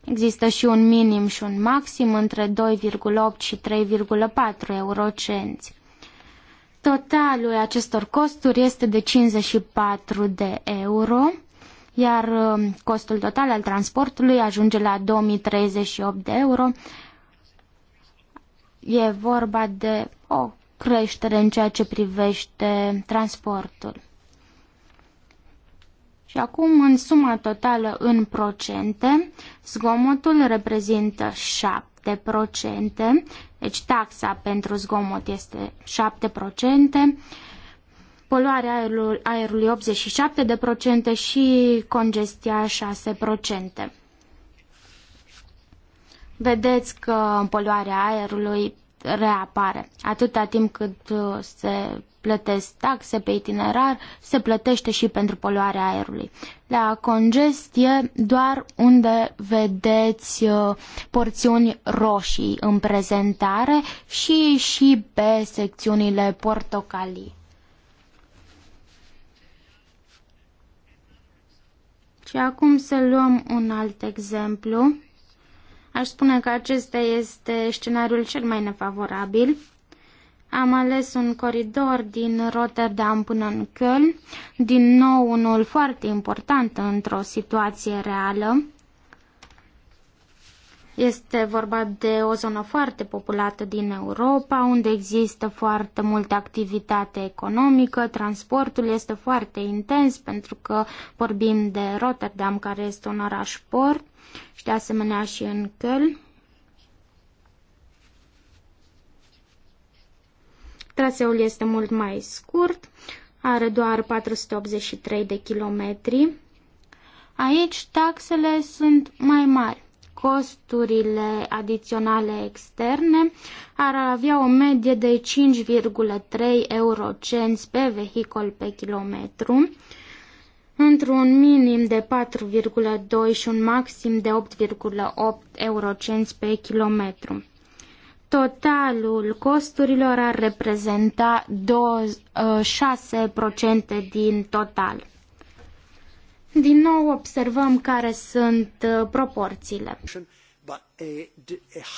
Există și un minim și un maxim între 2,8 și 3,4 eurocenți. Totalul acestor costuri este de 54 de euro, iar um, costul total al transportului ajunge la 2038 de euro. E vorba de o creștere în ceea ce privește transportul. Și acum, în suma totală în procente, zgomotul reprezintă 7%, deci taxa pentru zgomot este 7%, poluarea aerului, 87% și congestia 6%. Vedeți că poluarea aerului reapare. Atâta timp cât uh, se plătesc taxe pe itinerar, se plătește și pentru poluarea aerului. La congestie, doar unde vedeți uh, porțiuni roșii în prezentare și și pe secțiunile portocalii. Și acum să luăm un alt exemplu. Aș spune că acesta este scenariul cel mai nefavorabil. Am ales un coridor din Rotterdam până în Köln, din nou unul foarte important într-o situație reală. Este vorba de o zonă foarte populată din Europa, unde există foarte multă activitate economică, transportul este foarte intens pentru că vorbim de Rotterdam, care este un oraș port și de asemenea și în căl. Traseul este mult mai scurt, are doar 483 de kilometri. Aici taxele sunt mai mari. Costurile adiționale externe ar avea o medie de 5,3 eurocenți pe vehicol pe kilometru într-un minim de 4,2 și un maxim de 8,8 eurocenți pe kilometru. Totalul costurilor ar reprezenta 6% uh, din total. Din nou observăm care sunt uh, proporțiile. Uh,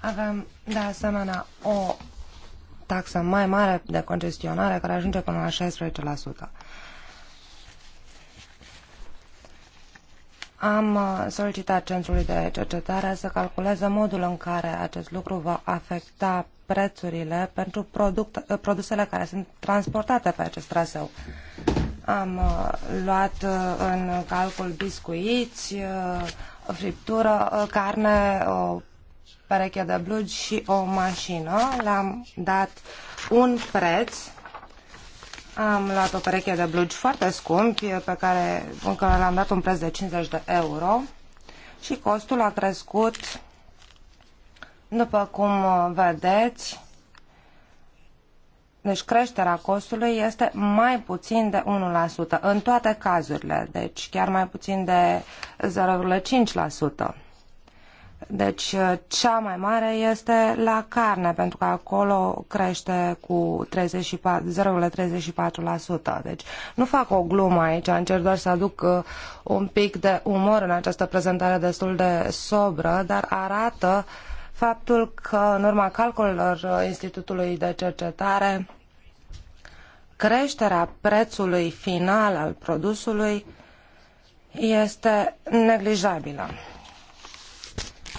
Avem de asemenea o taxă mai mare de congestionare care ajunge până la 16%. Am uh, solicitat Centrului de Cercetare să calculeze modul în care acest lucru va afecta prețurile pentru product, uh, produsele care sunt transportate pe acest traseu. Am uh, luat în calcul biscuiți, friptură, carne, pereche de blugi și o mașină. Le-am dat un preț. Am luat o pereche de blugi foarte scumpi, pe care încă le-am dat un preț de 50 de euro. Și costul a crescut, după cum uh, vedeți, deci creșterea costului este mai puțin de 1% în toate cazurile, deci chiar mai puțin de 0,5%. Deci uh, cea mai mare este la carne, pentru că acolo crește cu 0,34%. Deci nu fac o glumă aici, încerc doar să aduc uh, un pic de umor în această prezentare destul de sobră, dar arată faptul că în urma calculelor uh, Institutului de Cercetare creșterea prețului final al produsului este neglijabilă.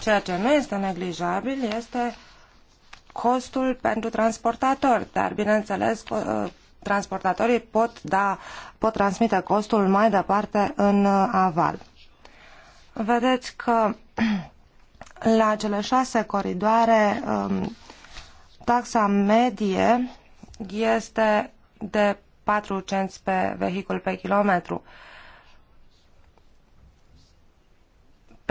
Ceea ce nu este neglijabil este costul pentru transportatori, dar bineînțeles ă, transportatorii pot, da, pot transmite costul mai departe în ă, aval. Vedeți că la cele șase coridoare ă, taxa medie este de 4 cenți pe vehicul pe kilometru. Uh,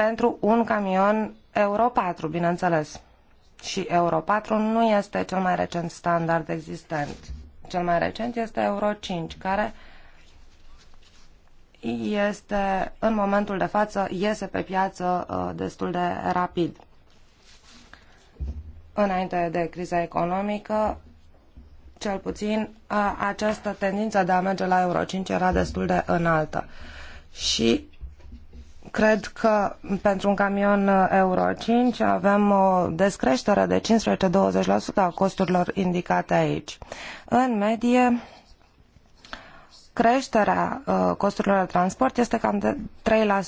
pentru un camion Euro 4, bineînțeles. Și Euro 4 nu este cel mai recent standard existent. Cel mai recent este Euro 5, care este în momentul de față, iese pe piață uh, destul de rapid. Înainte de criza economică, cel puțin uh, această tendință de a merge la Euro 5 era destul de înaltă. Și cred că pentru un camion uh, Euro 5 avem o descreștere de 15-20% a costurilor indicate aici. În medie, creșterea uh, costurilor de transport este cam de 3%,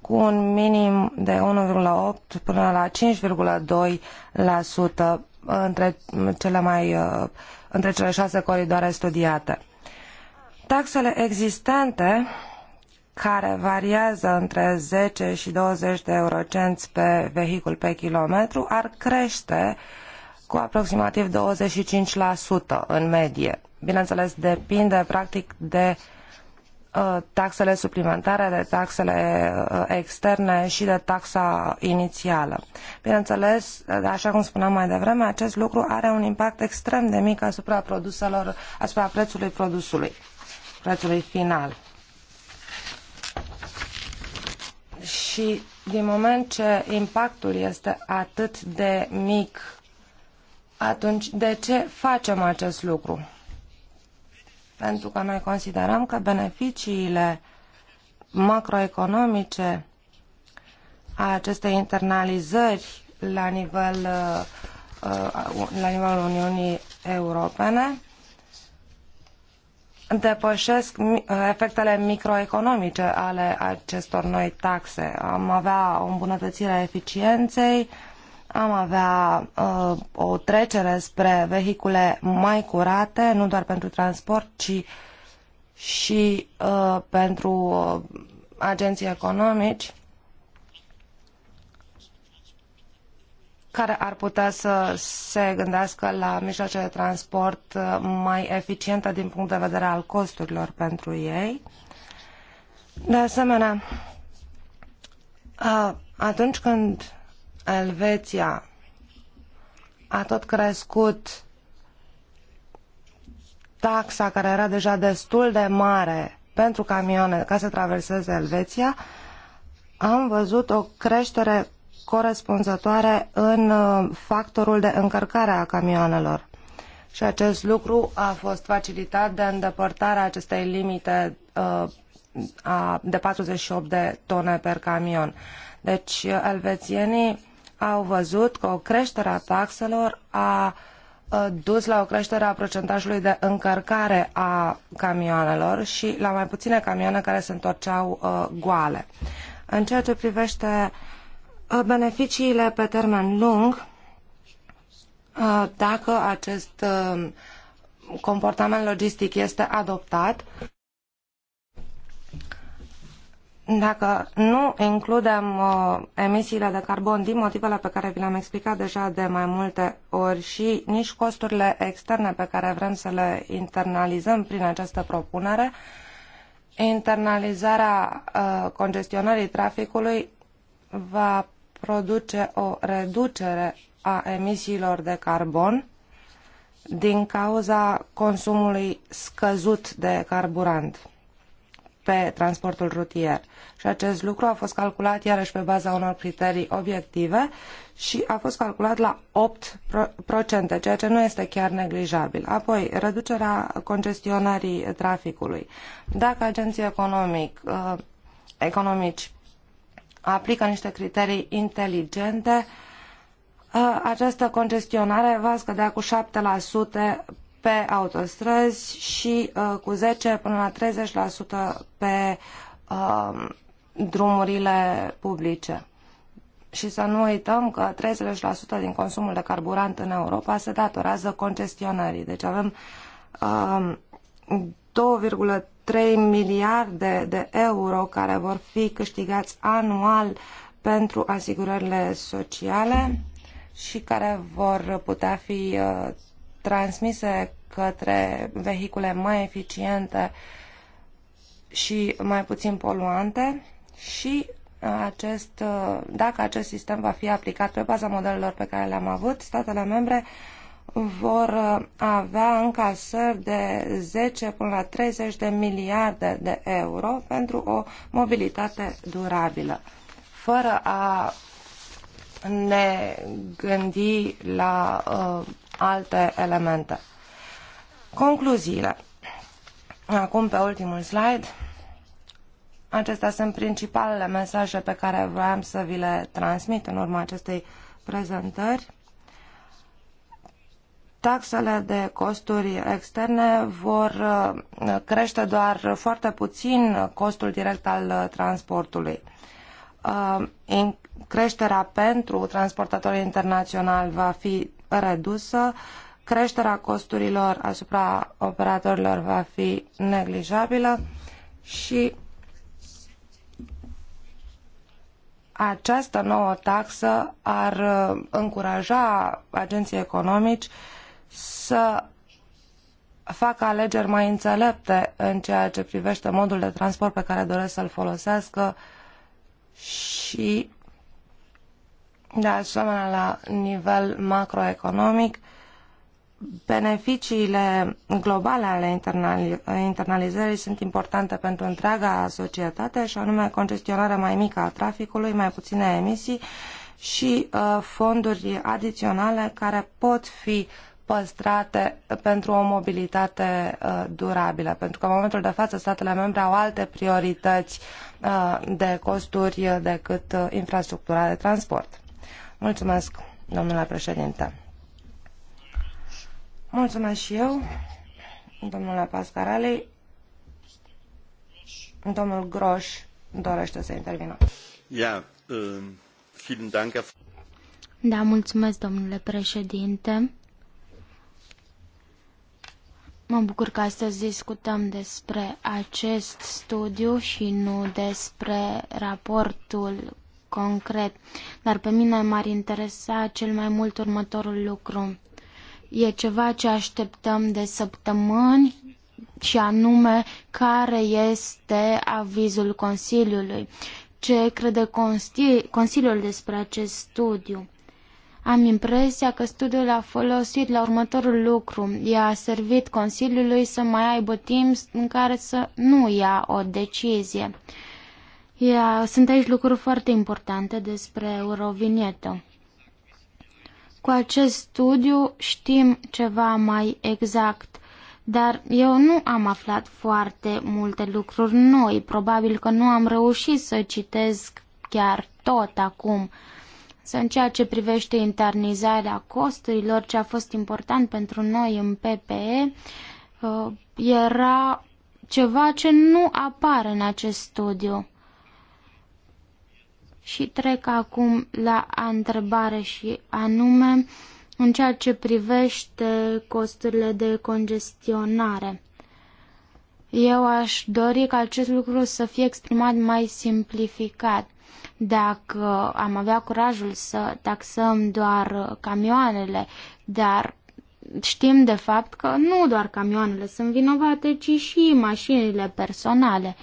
cu un minim de 1,8 până la 5,2% uh, între cele, mai, între cele șase coridoare studiate. Taxele existente care variază între 10 și 20 de eurocenți pe vehicul pe kilometru ar crește cu aproximativ 25% în medie. Bineînțeles, depinde practic de uh, taxele suplimentare, de taxele uh, externe și de taxa inițială. Bineînțeles, uh, așa cum spuneam mai devreme, acest lucru are un impact extrem de mic asupra produselor, asupra prețului produsului, prețului final. Și din moment ce impactul este atât de mic, atunci de ce facem acest lucru? Pentru că noi considerăm că beneficiile macroeconomice a acestei internalizări la nivel, uh, uh, la nivelul Uniunii Europene depășesc efectele microeconomice ale acestor noi taxe. Am avea o îmbunătățire a eficienței, am avea uh, o trecere spre vehicule mai curate, nu doar pentru transport, ci și uh, pentru uh, agenții economici care ar putea să se gândească la mijloace de transport uh, mai eficiente din punct de vedere al costurilor pentru ei. De asemenea, uh, atunci când Elveția a tot crescut taxa care era deja destul de mare pentru camioane ca să traverseze Elveția, am văzut o creștere corespunzătoare în uh, factorul de încărcare a camioanelor. Și acest lucru a fost facilitat de îndepărtarea acestei limite uh, de 48 de tone per camion. Deci, elvețienii au văzut că o creștere a taxelor a uh, dus la o creștere a procentajului de încărcare a camioanelor și la mai puține camioane care se întorceau uh, goale. În ceea ce privește Beneficiile pe termen lung, uh, dacă acest uh, comportament logistic este adoptat, dacă nu includem uh, emisiile de carbon din motivele pe care vi le-am explicat deja de mai multe ori și nici costurile externe pe care vrem să le internalizăm prin această propunere, internalizarea uh, congestionării traficului va produce o reducere a emisiilor de carbon din cauza consumului scăzut de carburant pe transportul rutier. Și acest lucru a fost calculat iarăși pe baza unor criterii obiective și a fost calculat la 8%, ceea ce nu este chiar neglijabil. Apoi, reducerea congestionării traficului. Dacă agenții economic, uh, economici aplică niște criterii inteligente, uh, această congestionare va scădea cu 7% pe autostrăzi și uh, cu 10 până la 30% pe uh, drumurile publice. Și să nu uităm că 30% din consumul de carburant în Europa se datorează congestionării. Deci avem 2,3 3 miliarde de euro care vor fi câștigați anual pentru asigurările sociale și care vor putea fi uh, transmise către vehicule mai eficiente și mai puțin poluante și uh, acest, uh, dacă acest sistem va fi aplicat pe baza modelelor pe care le-am avut, statele membre vor uh, avea încasări de 10 până la 30 de miliarde de euro pentru o mobilitate durabilă. Fără a ne gândi la uh, alte elemente. Concluziile. Acum, pe ultimul slide, acestea sunt principalele mesaje pe care vreau să vi le transmit în urma acestei prezentări taxele de costuri externe vor uh, crește doar foarte puțin costul direct al transportului. Uh, creșterea pentru transportatorii internațional va fi redusă, creșterea costurilor asupra operatorilor va fi neglijabilă și această nouă taxă ar uh, încuraja agenții economici uh, să facă alegeri mai înțelepte în ceea ce privește modul de transport pe care doresc să-l folosească și de asemenea la nivel macroeconomic beneficiile globale ale internalizării sunt importante pentru întreaga societate și anume congestionarea mai mică a traficului, mai puține emisii și uh, fonduri adiționale care pot fi păstrate pentru o mobilitate uh, durabilă, pentru că în momentul de față statele membre au alte priorități uh, de costuri uh, decât infrastructura de transport. Mulțumesc, domnule președinte. Mulțumesc și eu, domnule Pascarelli. Domnul Groș dorește să intervină. Ja, vielen Dank. Da, mulțumesc, domnule președinte. Mă bucur că astăzi discutăm despre acest studiu și nu despre raportul concret, dar pe mine m-ar interesa cel mai mult următorul lucru. E ceva ce așteptăm de săptămâni și anume care este avizul Consiliului. Ce crede Consiliul despre acest studiu? Am impresia că studiul a folosit la următorul lucru. I-a servit Consiliului să mai aibă timp în care să nu ia o decizie. Ia, sunt aici lucruri foarte importante despre Eurovinietă. Cu acest studiu știm ceva mai exact, dar eu nu am aflat foarte multe lucruri noi. Probabil că nu am reușit să citesc chiar tot acum. Să în ceea ce privește internizarea costurilor, ce a fost important pentru noi în PPE, uh, era ceva ce nu apare în acest studiu. Și trec acum la întrebare și anume în ceea ce privește costurile de congestionare. Eu aș dori ca acest lucru să fie exprimat mai simplificat. Dacă am avea curajul să taxăm doar camioanele, dar știm de fapt că nu doar camioanele sunt vinovate, ci și mașinile personale.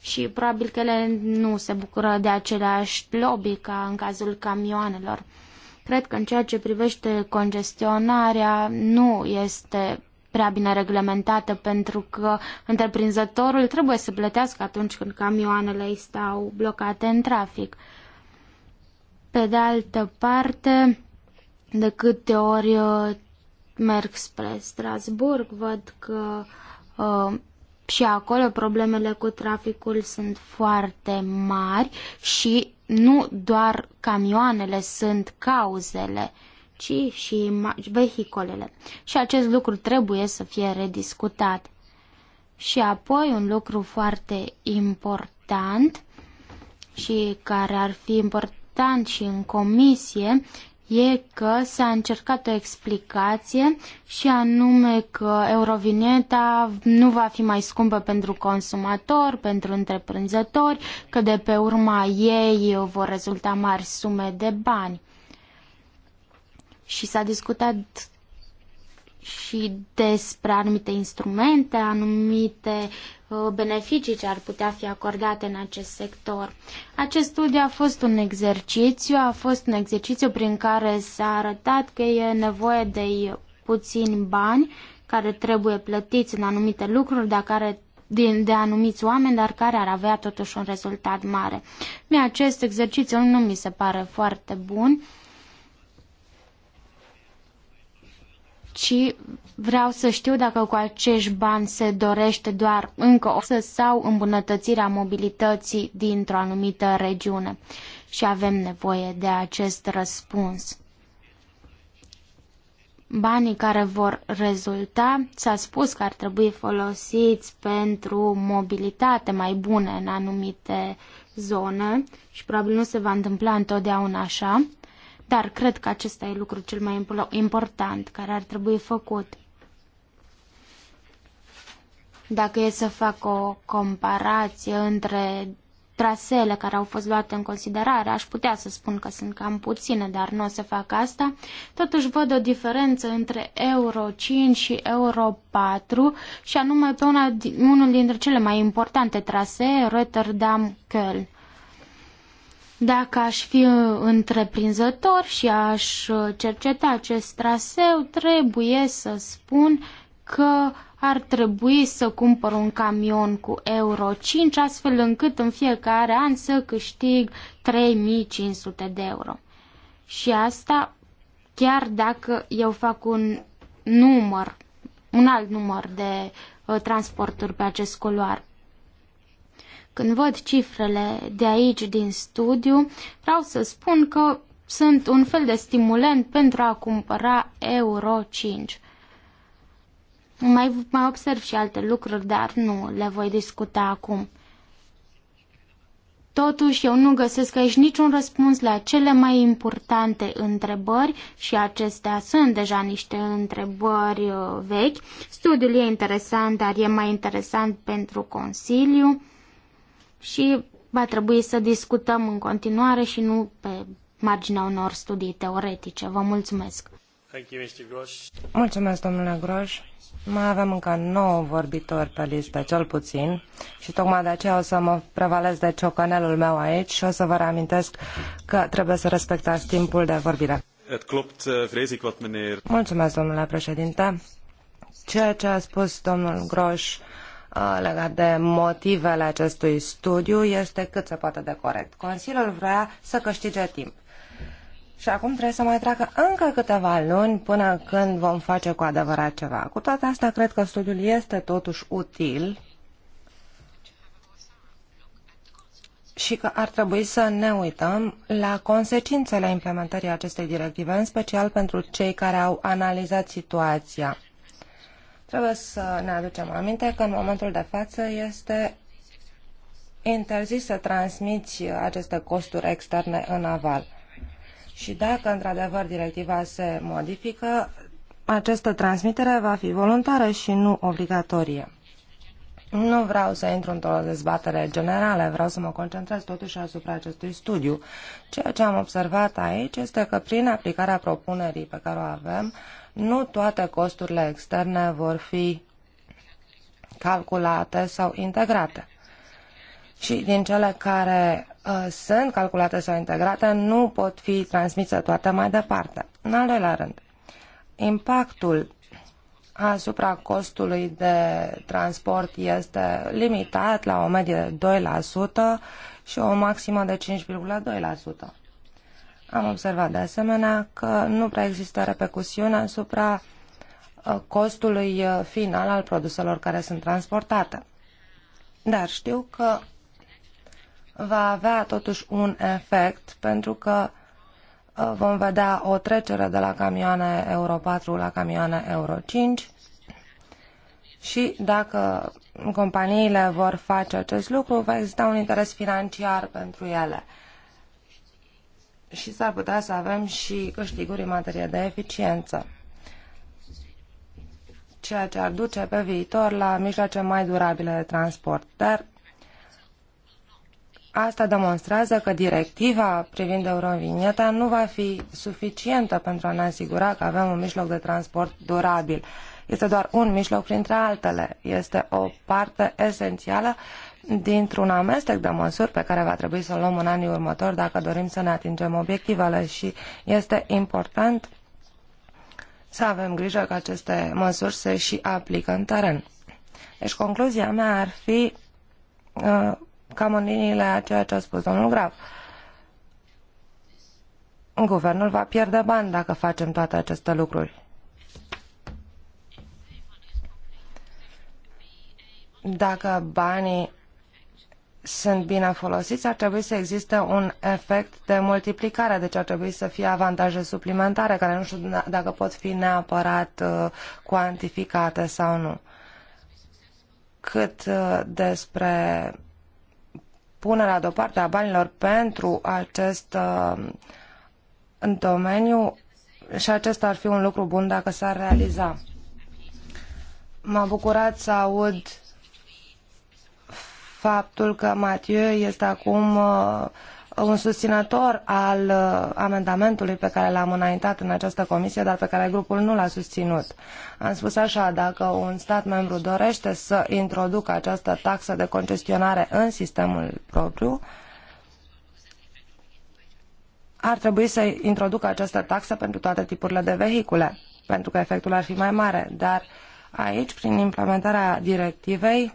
Și probabil că ele nu se bucură de aceleași lobby ca în cazul camioanelor. Cred că în ceea ce privește congestionarea nu este prea bine reglementată pentru că întreprinzătorul trebuie să plătească atunci când camioanele îi stau blocate în trafic. Pe de altă parte, de câte ori uh, merg spre Strasburg, văd că uh, și acolo problemele cu traficul sunt foarte mari și nu doar camioanele sunt cauzele uh, ci și vehicolele. Și acest lucru trebuie să fie rediscutat. Și apoi un lucru foarte important și care ar fi important și în comisie e că s-a încercat o explicație și anume că eurovineta nu va fi mai scumpă pentru consumator, pentru întreprinzători, că de pe urma ei vor rezulta mari sume de bani și s-a discutat și despre anumite instrumente, anumite uh, beneficii ce ar putea fi acordate în acest sector. Acest studiu a fost un exercițiu, a fost un exercițiu prin care s-a arătat că e nevoie de puțini bani care trebuie plătiți în anumite lucruri, dar care din, de anumiți oameni, dar care ar avea totuși un rezultat mare. Mie acest exercițiu nu mi se pare foarte bun. Uh, ci vreau să știu dacă cu acești bani se dorește doar încă o să sau îmbunătățirea mobilității dintr-o anumită regiune. Și avem nevoie de acest răspuns. Banii care vor rezulta, s-a spus că ar trebui folosiți pentru mobilitate mai bună în anumite zone și probabil nu se va întâmpla întotdeauna așa dar cred că acesta e lucrul cel mai important care ar trebui făcut. Dacă e să fac o comparație între traseele care au fost luate în considerare, aș putea să spun că sunt cam puține, dar nu o să fac asta, totuși văd o diferență între Euro 5 și Euro 4 și anume pe una, unul dintre cele mai importante trasee, Rotterdam-Köln. Dacă aș fi uh, întreprinzător și aș uh, cerceta acest traseu, trebuie să spun că ar trebui să cumpăr un camion cu euro 5, astfel încât în fiecare an să câștig 3500 de euro. Și asta chiar dacă eu fac un număr, un alt număr de uh, transporturi pe acest coloar. Când văd cifrele de aici din studiu, vreau să spun că sunt un fel de stimulent pentru a cumpăra Euro 5. Mai, mai observ și alte lucruri, dar nu le voi discuta acum. Totuși, eu nu găsesc aici niciun răspuns la cele mai importante întrebări și acestea sunt deja niște întrebări uh, vechi. Studiul e interesant, dar e mai interesant pentru Consiliu și va trebui să discutăm în continuare și nu pe marginea unor studii teoretice. Vă mulțumesc! Mulțumesc, domnule Groș. Mai avem încă 9 vorbitori pe listă, cel puțin, și tocmai de aceea o să mă prevalez de ciocanelul meu aici și o să vă reamintesc că trebuie să respectați timpul de vorbire. Eh, mulțumesc, domnule președinte. Ceea ce a spus domnul Groș Uh, legat de motivele acestui studiu este cât se poate de corect. Consiliul vrea să câștige timp. Și acum trebuie să mai treacă încă câteva luni până când vom face cu adevărat ceva. Cu toate astea, cred că studiul este totuși util și că ar trebui să ne uităm la consecințele implementării acestei directive, în special pentru cei care au analizat situația Trebuie să ne aducem aminte că în momentul de față este interzis să transmiți aceste costuri externe în aval. Și dacă într-adevăr directiva se modifică, această transmitere va fi voluntară și nu obligatorie. Nu vreau să intru într-o dezbatere generală, vreau să mă concentrez totuși asupra acestui studiu. Ceea ce am observat aici este că prin aplicarea propunerii pe care o avem, nu toate costurile externe vor fi calculate sau integrate. Și din cele care uh, sunt calculate sau integrate, nu pot fi transmise toate mai departe. În al doilea rând, impactul asupra costului de transport este limitat la o medie de 2% și o maximă de 5,2%. Am observat de asemenea că nu prea există repercusiune asupra uh, costului uh, final al produselor care sunt transportate. Dar știu că va avea totuși un efect pentru că uh, vom vedea o trecere de la camioane Euro 4 la camioane Euro 5 și dacă companiile vor face acest lucru, va exista un interes financiar pentru ele și s-ar putea să avem și câștiguri în materie de eficiență, ceea ce ar duce pe viitor la mijloace mai durabile de transport. Dar Asta demonstrează că directiva privind eurovinieta nu va fi suficientă pentru a ne asigura că avem un mijloc de transport durabil. Este doar un mijloc printre altele. Este o parte esențială dintr-un amestec de măsuri pe care va trebui să-l luăm în anii următori dacă dorim să ne atingem obiectivele și este important să avem grijă că aceste măsuri se și aplică în teren. Deci concluzia mea ar fi uh, cam în liniile a ceea ce a spus domnul Grav. Guvernul va pierde bani dacă facem toate aceste lucruri. Dacă banii sunt bine folosiți, ar trebui să existe un efect de multiplicare, deci ar trebui să fie avantaje suplimentare, care nu știu dacă pot fi neapărat uh, cuantificate sau nu. Cât uh, despre punerea deoparte a banilor pentru acest uh, domeniu, și acesta ar fi un lucru bun dacă s-ar realiza. M-a bucurat să aud faptul că Mathieu este acum uh, un susținător al uh, amendamentului pe care l-am înaintat în această comisie, dar pe care grupul nu l-a susținut. Am spus așa, dacă un stat membru dorește să introducă această taxă de congestionare în sistemul propriu, ar trebui să introducă această taxă pentru toate tipurile de vehicule, pentru că efectul ar fi mai mare. Dar aici, prin implementarea directivei,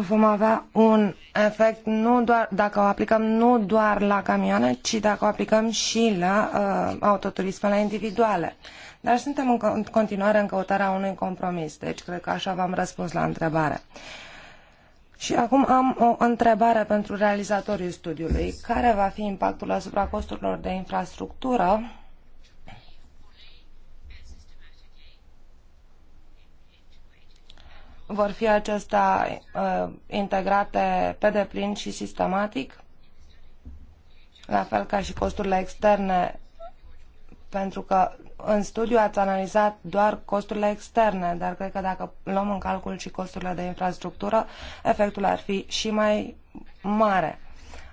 vom avea un efect nu doar dacă o aplicăm nu doar la camioane, ci dacă o aplicăm și la uh, autoturismele individuale. Dar suntem în continuare în căutarea unui compromis, deci cred că așa v-am răspuns la întrebare. Și acum am o întrebare pentru realizatorii studiului. Care va fi impactul asupra costurilor de infrastructură vor fi acestea uh, integrate pe deplin și sistematic, la fel ca și costurile externe, pentru că în studiu ați analizat doar costurile externe, dar cred că dacă luăm în calcul și costurile de infrastructură, efectul ar fi și mai mare.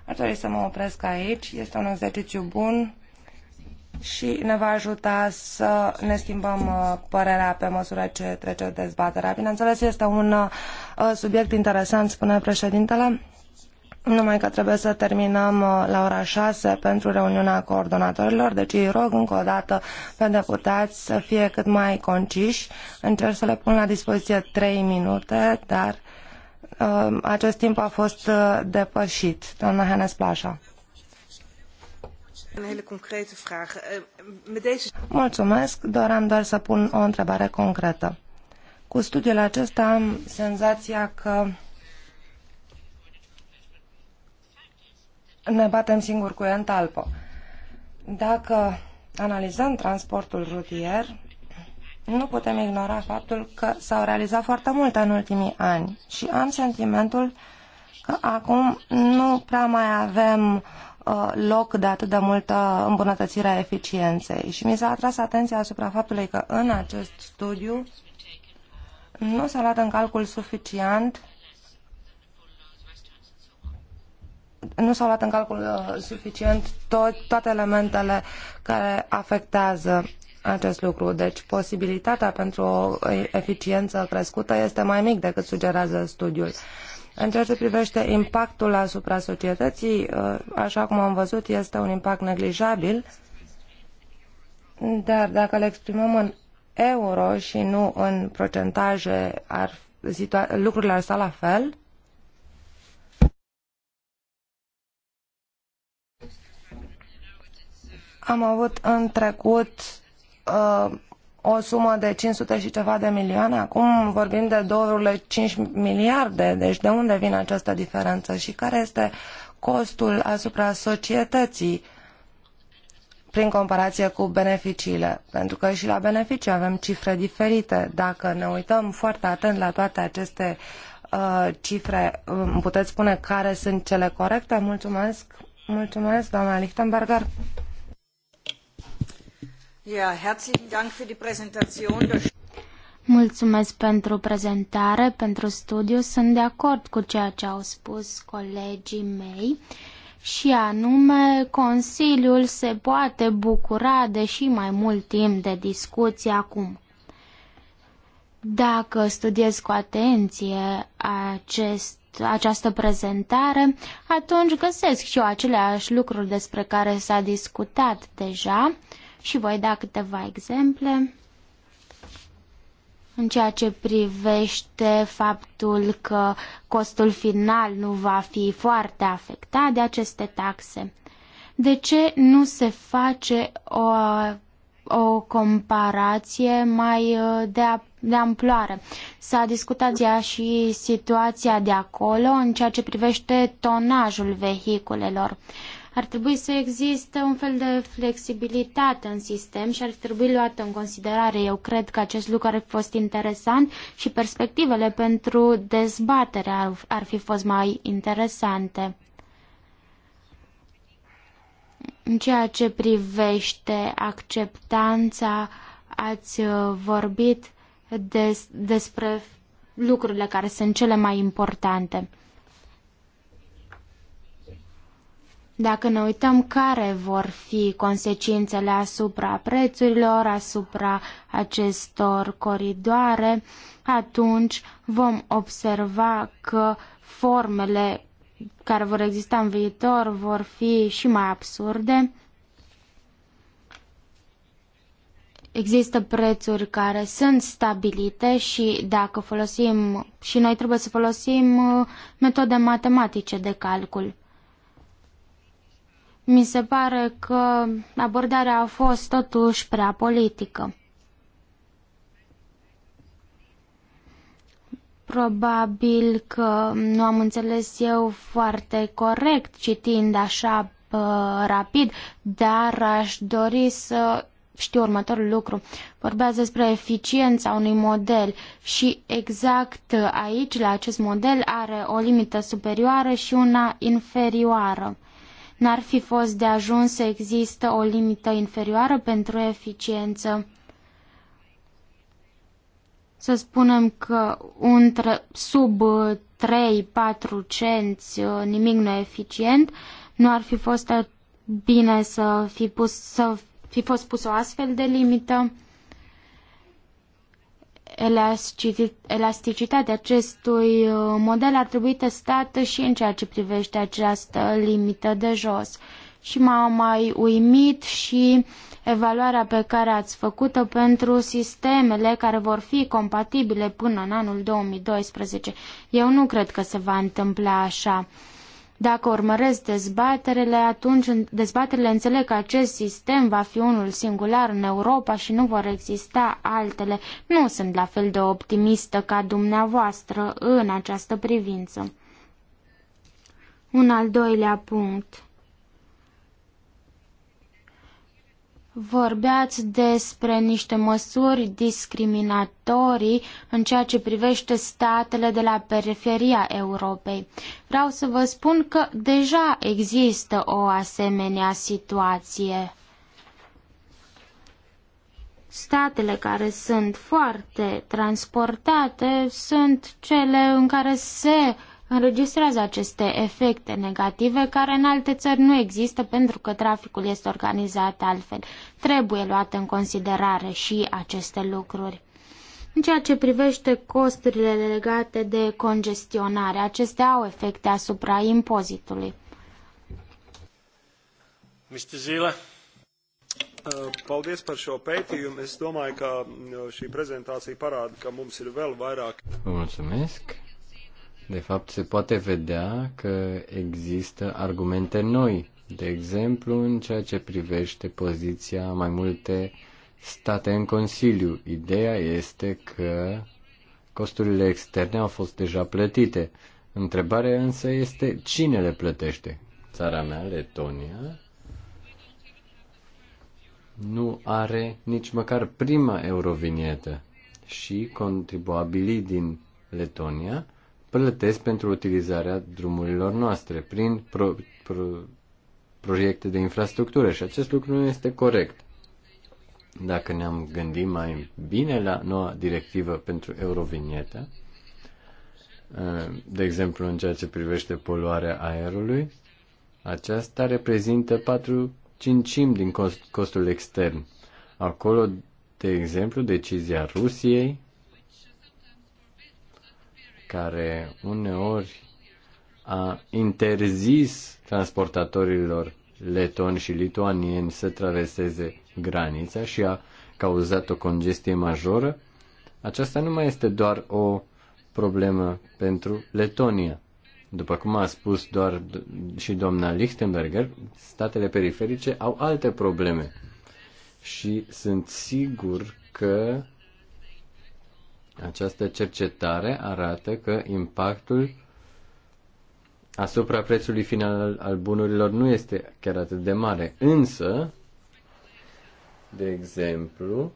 Ar trebui să mă opresc aici. Este un exercițiu bun și ne va ajuta să ne schimbăm uh, părerea pe măsură ce trece dezbaterea. Bineînțeles, este un uh, subiect interesant, spune președintele, numai că trebuie să terminăm uh, la ora 6 pentru reuniunea coordonatorilor, deci îi rog încă o dată pe deputați să fie cât mai conciși. Încerc să le pun la dispoziție 3 minute, dar acest timp a fost depășit. Doamna Hennes Plașa. Eh, Mulțumesc, am doar să pun o întrebare concretă. Cu studiul acesta am senzația că ne batem singur cu în talpă. Dacă analizăm transportul rutier, nu putem ignora faptul că s-au realizat foarte multe în ultimii ani și am sentimentul că acum nu prea mai avem Uh, loc de atât de multă îmbunătățire a eficienței. Și mi s-a atras atenția asupra faptului că în acest studiu nu s-a luat în calcul suficient nu s-au luat în calcul uh, suficient tot, toate elementele care afectează acest lucru. Deci posibilitatea pentru o eficiență crescută este mai mic decât sugerează studiul. În ceea ce privește impactul asupra societății, uh, așa cum am văzut, este un impact neglijabil, dar dacă le exprimăm în euro și nu în procentaje, ar, lucrurile ar sta la fel? Am avut în trecut uh, o sumă de 500 și ceva de milioane, acum vorbim de 2,5 miliarde, deci de unde vine această diferență și care este costul asupra societății prin comparație cu beneficiile, pentru că și la beneficii avem cifre diferite. Dacă ne uităm foarte atent la toate aceste uh, cifre, um, puteți spune care sunt cele corecte? Mulțumesc, mulțumesc, doamna Lichtenberger. Mulțumesc pentru prezentare, pentru studiu. Sunt de acord cu ceea ce au spus colegii mei și anume Consiliul se poate bucura de și mai mult timp de discuție acum. Dacă studiez cu atenție acest, această prezentare, atunci găsesc și eu aceleași lucruri despre care s-a discutat deja și voi da câteva exemple în ceea ce privește faptul că costul final nu va fi foarte afectat de aceste taxe. De ce nu se face o, o comparație mai uh, de, de amploare? S-a discutat ea și situația de acolo în ceea ce privește tonajul vehiculelor. Ar trebui să existe un fel de flexibilitate în sistem și ar trebui luată în considerare. Eu cred că acest lucru ar fi fost interesant și perspectivele pentru dezbatere ar, ar fi fost mai interesante. În ceea ce privește acceptanța, ați uh, vorbit des, despre lucrurile care sunt cele mai importante. Dacă ne uităm care vor fi consecințele asupra prețurilor, asupra acestor coridoare, atunci vom observa că formele care vor exista în viitor vor fi și mai absurde. Există prețuri care sunt stabilite și dacă folosim și noi trebuie să folosim uh, metode matematice de calcul. Mi se pare că abordarea a fost totuși prea politică. Probabil că nu am înțeles eu foarte corect citind așa pă, rapid, dar aș dori să știu următorul lucru. Vorbeați despre eficiența unui model și exact aici, la acest model, are o limită superioară și una inferioară. N-ar fi fost de ajuns să există o limită inferioară pentru eficiență? Să spunem că între, sub 3-4 cenți uh, nimic nu e eficient, nu ar fi fost bine să fi, pus, să fi fost pus o astfel de limită? elasticitatea acestui uh, model ar trebui testată și în ceea ce privește această limită de jos. Și m-a mai uimit și evaluarea pe care ați făcut-o pentru sistemele care vor fi compatibile până în anul 2012. Eu nu cred că se va întâmpla așa. Dacă urmăresc dezbaterele, atunci dezbaterele înțeleg că acest sistem va fi unul singular în Europa și nu vor exista altele. Nu sunt la fel de optimistă ca dumneavoastră în această privință. Un al doilea punct. Vorbeați despre niște măsuri discriminatorii în ceea ce privește statele de la periferia Europei. Vreau să vă spun că deja există o asemenea situație. Statele care sunt foarte transportate sunt cele în care se înregistrează aceste efecte negative care în alte țări nu există pentru că traficul este organizat altfel. Trebuie luate în considerare și aceste lucruri. În ceea ce privește costurile legate de congestionare, acestea au efecte asupra impozitului. Mr. Zila. Uh, paldies par šo pētījumu. Es domāju, ka uh, šī prezentācija parāda, ka mums ir vēl vairāk. Mulțumesc. De fapt, se poate vedea că există argumente noi, de exemplu, în ceea ce privește poziția mai multe state în Consiliu. Ideea este că costurile externe au fost deja plătite. Întrebarea însă este cine le plătește? Țara mea, Letonia, nu are nici măcar prima eurovinietă și contribuabilii din Letonia plătesc pentru utilizarea drumurilor noastre prin pro, pro, proiecte de infrastructură și acest lucru nu este corect. Dacă ne-am gândit mai bine la noua directivă pentru eurovinietă, eh, de exemplu în ceea ce privește poluarea aerului, aceasta reprezintă 4 5 din cost, costul extern. Acolo, de exemplu, decizia Rusiei care uneori a interzis transportatorilor letoni și lituanieni să traverseze granița și a cauzat o congestie majoră, aceasta nu mai este doar o problemă pentru Letonia. După cum a spus doar și doamna Lichtenberger, statele periferice au alte probleme și sunt sigur că această cercetare arată că impactul asupra prețului final al bunurilor nu este chiar atât de mare, însă, de exemplu,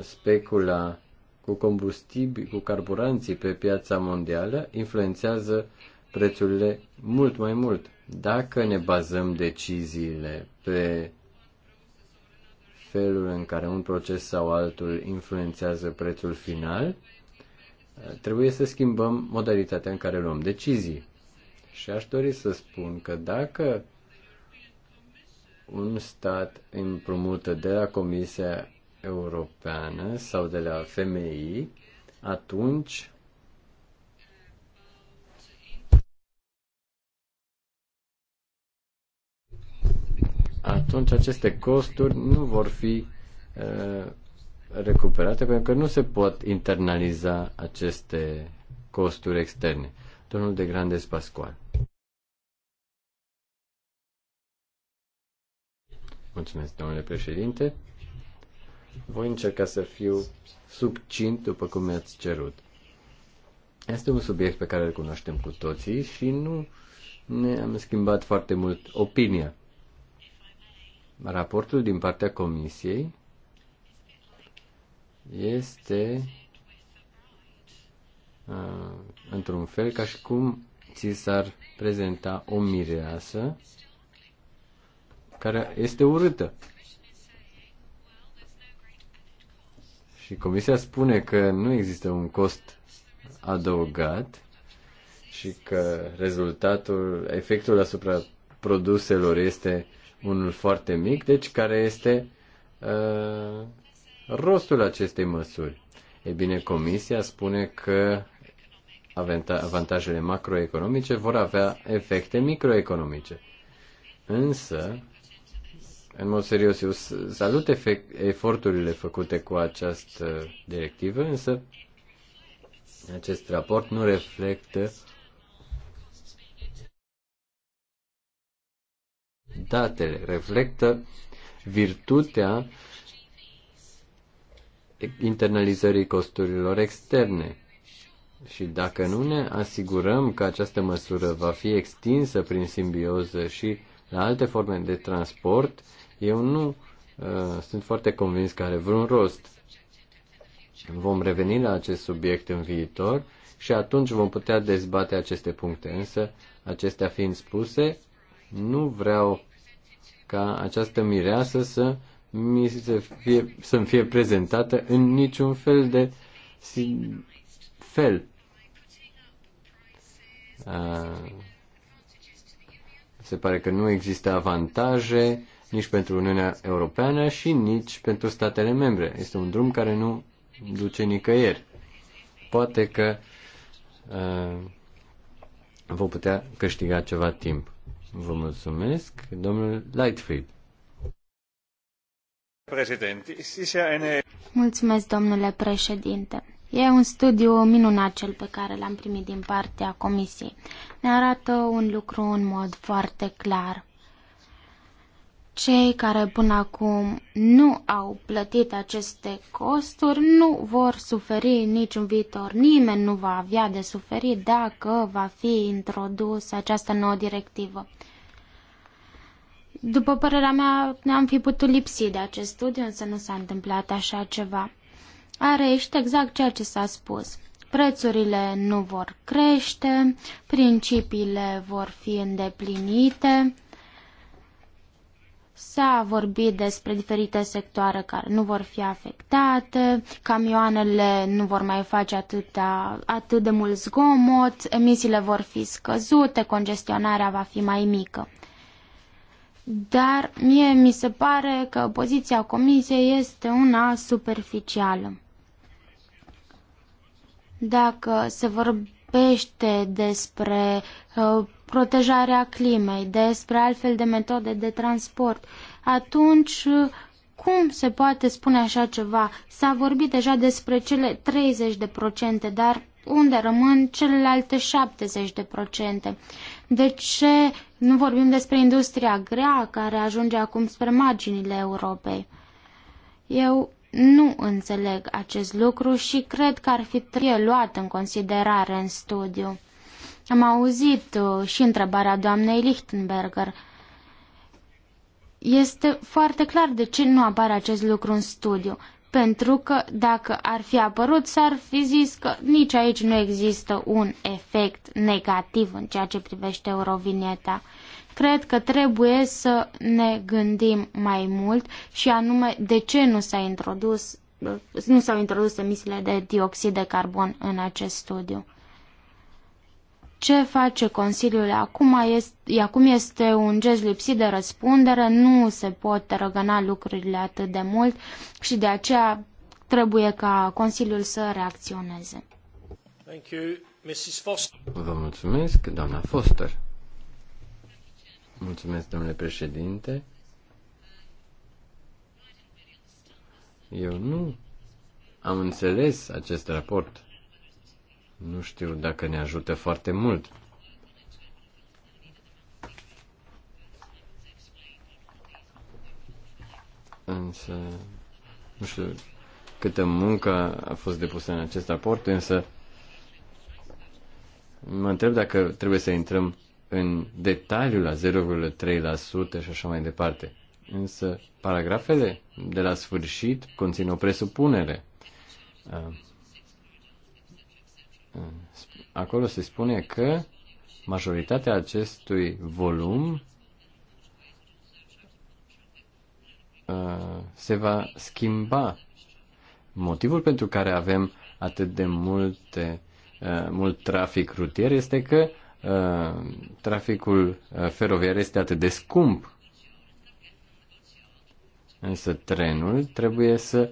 specula cu combustibili, cu carburanții pe piața mondială influențează prețurile mult mai mult. Dacă ne bazăm deciziile pe felul în care un proces sau altul influențează prețul final, trebuie să schimbăm modalitatea în care luăm decizii. Și aș dori să spun că dacă un stat împrumută de la Comisia Europeană sau de la FMI, atunci atunci aceste costuri nu vor fi uh, recuperate pentru că nu se pot internaliza aceste costuri externe. Domnul de Grandes Pascual. Mulțumesc, domnule președinte. Voi încerca să fiu subcint, după cum mi-ați cerut. Este un subiect pe care îl cunoaștem cu toții și nu ne-am schimbat foarte mult opinia raportul din partea Comisiei este uh, într-un fel ca și cum ți s-ar prezenta o mireasă care este urâtă. Și Comisia spune că nu există un cost adăugat și că rezultatul, efectul asupra produselor este uh, unul foarte mic, deci care este uh, rostul acestei măsuri? E bine, Comisia spune că avantajele macroeconomice vor avea efecte microeconomice. Însă, în mod serios, eu salut efect, eforturile făcute cu această directivă, însă acest raport nu reflectă datele, reflectă virtutea internalizării costurilor externe. Și dacă nu ne asigurăm că această măsură va fi extinsă prin simbioză și la alte forme de transport, eu nu uh, sunt foarte convins că are vreun rost. Vom reveni la acest subiect în viitor și atunci vom putea dezbate aceste puncte. Însă, acestea fiind spuse, nu vreau ca această mireasă să mi se fie, să-mi fie prezentată în niciun fel de fel. A, se pare că nu există avantaje nici pentru Uniunea Europeană și nici pentru statele membre. Este un drum care nu duce nicăieri. Poate că a, vă putea câștiga ceva timp. Vă mulțumesc, domnul Lightfield. Mulțumesc, domnule președinte. E un studiu minunat cel pe care l-am primit din partea comisiei. Ne arată un lucru în mod foarte clar. Cei care până acum nu au plătit aceste costuri nu vor suferi niciun viitor. Nimeni nu va avea de suferit dacă va fi introdus această nouă directivă. După părerea mea, ne-am fi putut lipsi de acest studiu, însă nu s-a întâmplat așa ceva. Are, reieșit exact ceea ce s-a spus. Prețurile nu vor crește, principiile vor fi îndeplinite, S-a vorbit despre diferite sectoare care nu vor fi afectate, camioanele nu vor mai face atâta, atât de mult zgomot, emisiile vor fi scăzute, congestionarea va fi mai mică. Dar mie mi se pare că poziția comisiei este una superficială. Dacă se vorbește despre uh, protejarea climei, despre altfel de metode de transport, atunci cum se poate spune așa ceva? S-a vorbit deja despre cele 30%, dar unde rămân celelalte 70%? De ce nu vorbim despre industria grea care ajunge acum spre marginile Europei? Eu nu înțeleg acest lucru și cred că ar fi trebuit luat în considerare în studiu. Am auzit uh, și întrebarea doamnei Lichtenberger. Este foarte clar de ce nu apare acest lucru în studiu pentru că dacă ar fi apărut, s-ar fi zis că nici aici nu există un efect negativ în ceea ce privește eurovineta. Cred că trebuie să ne gândim mai mult și anume de ce nu s-a introdus nu s-au introdus emisiile de dioxid de carbon în acest studiu. Ce face Consiliul acum este, acum este un gest lipsit de răspundere, nu se pot răgăna lucrurile atât de mult și de aceea trebuie ca Consiliul să reacționeze. Thank you. Mrs. Foster. Vă mulțumesc, doamna Foster. Mulțumesc, domnule președinte. Eu nu am înțeles acest raport nu știu dacă ne ajută foarte mult. Însă, nu știu câtă muncă a fost depusă în acest raport, însă mă întreb dacă trebuie să intrăm în detaliu la 0,3% și așa mai departe. Însă, paragrafele de la sfârșit conțin o presupunere acolo se spune că majoritatea acestui volum uh, se va schimba. Motivul pentru care avem atât de multe, uh, mult trafic rutier este că uh, traficul feroviar este atât de scump. Însă trenul trebuie să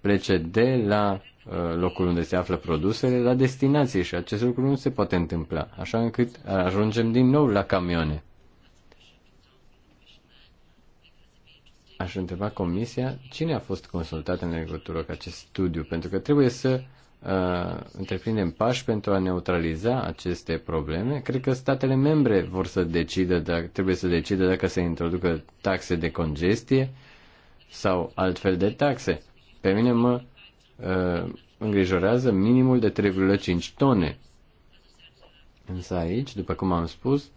plece de la Uh, locul unde se află produsele la destinație și acest lucru nu se poate întâmpla, așa încât ajungem din nou la camioane. Aș întreba comisia cine a fost consultat în legătură cu acest studiu, pentru că trebuie să uh, întreprindem pași pentru a neutraliza aceste probleme. Cred că statele membre vor să decidă, dacă, trebuie să decidă dacă se introducă taxe de congestie sau altfel de taxe. Pe mine mă uh, Uh, îngrijorează minimul de 3,5 tone. Însă aici, după cum am spus,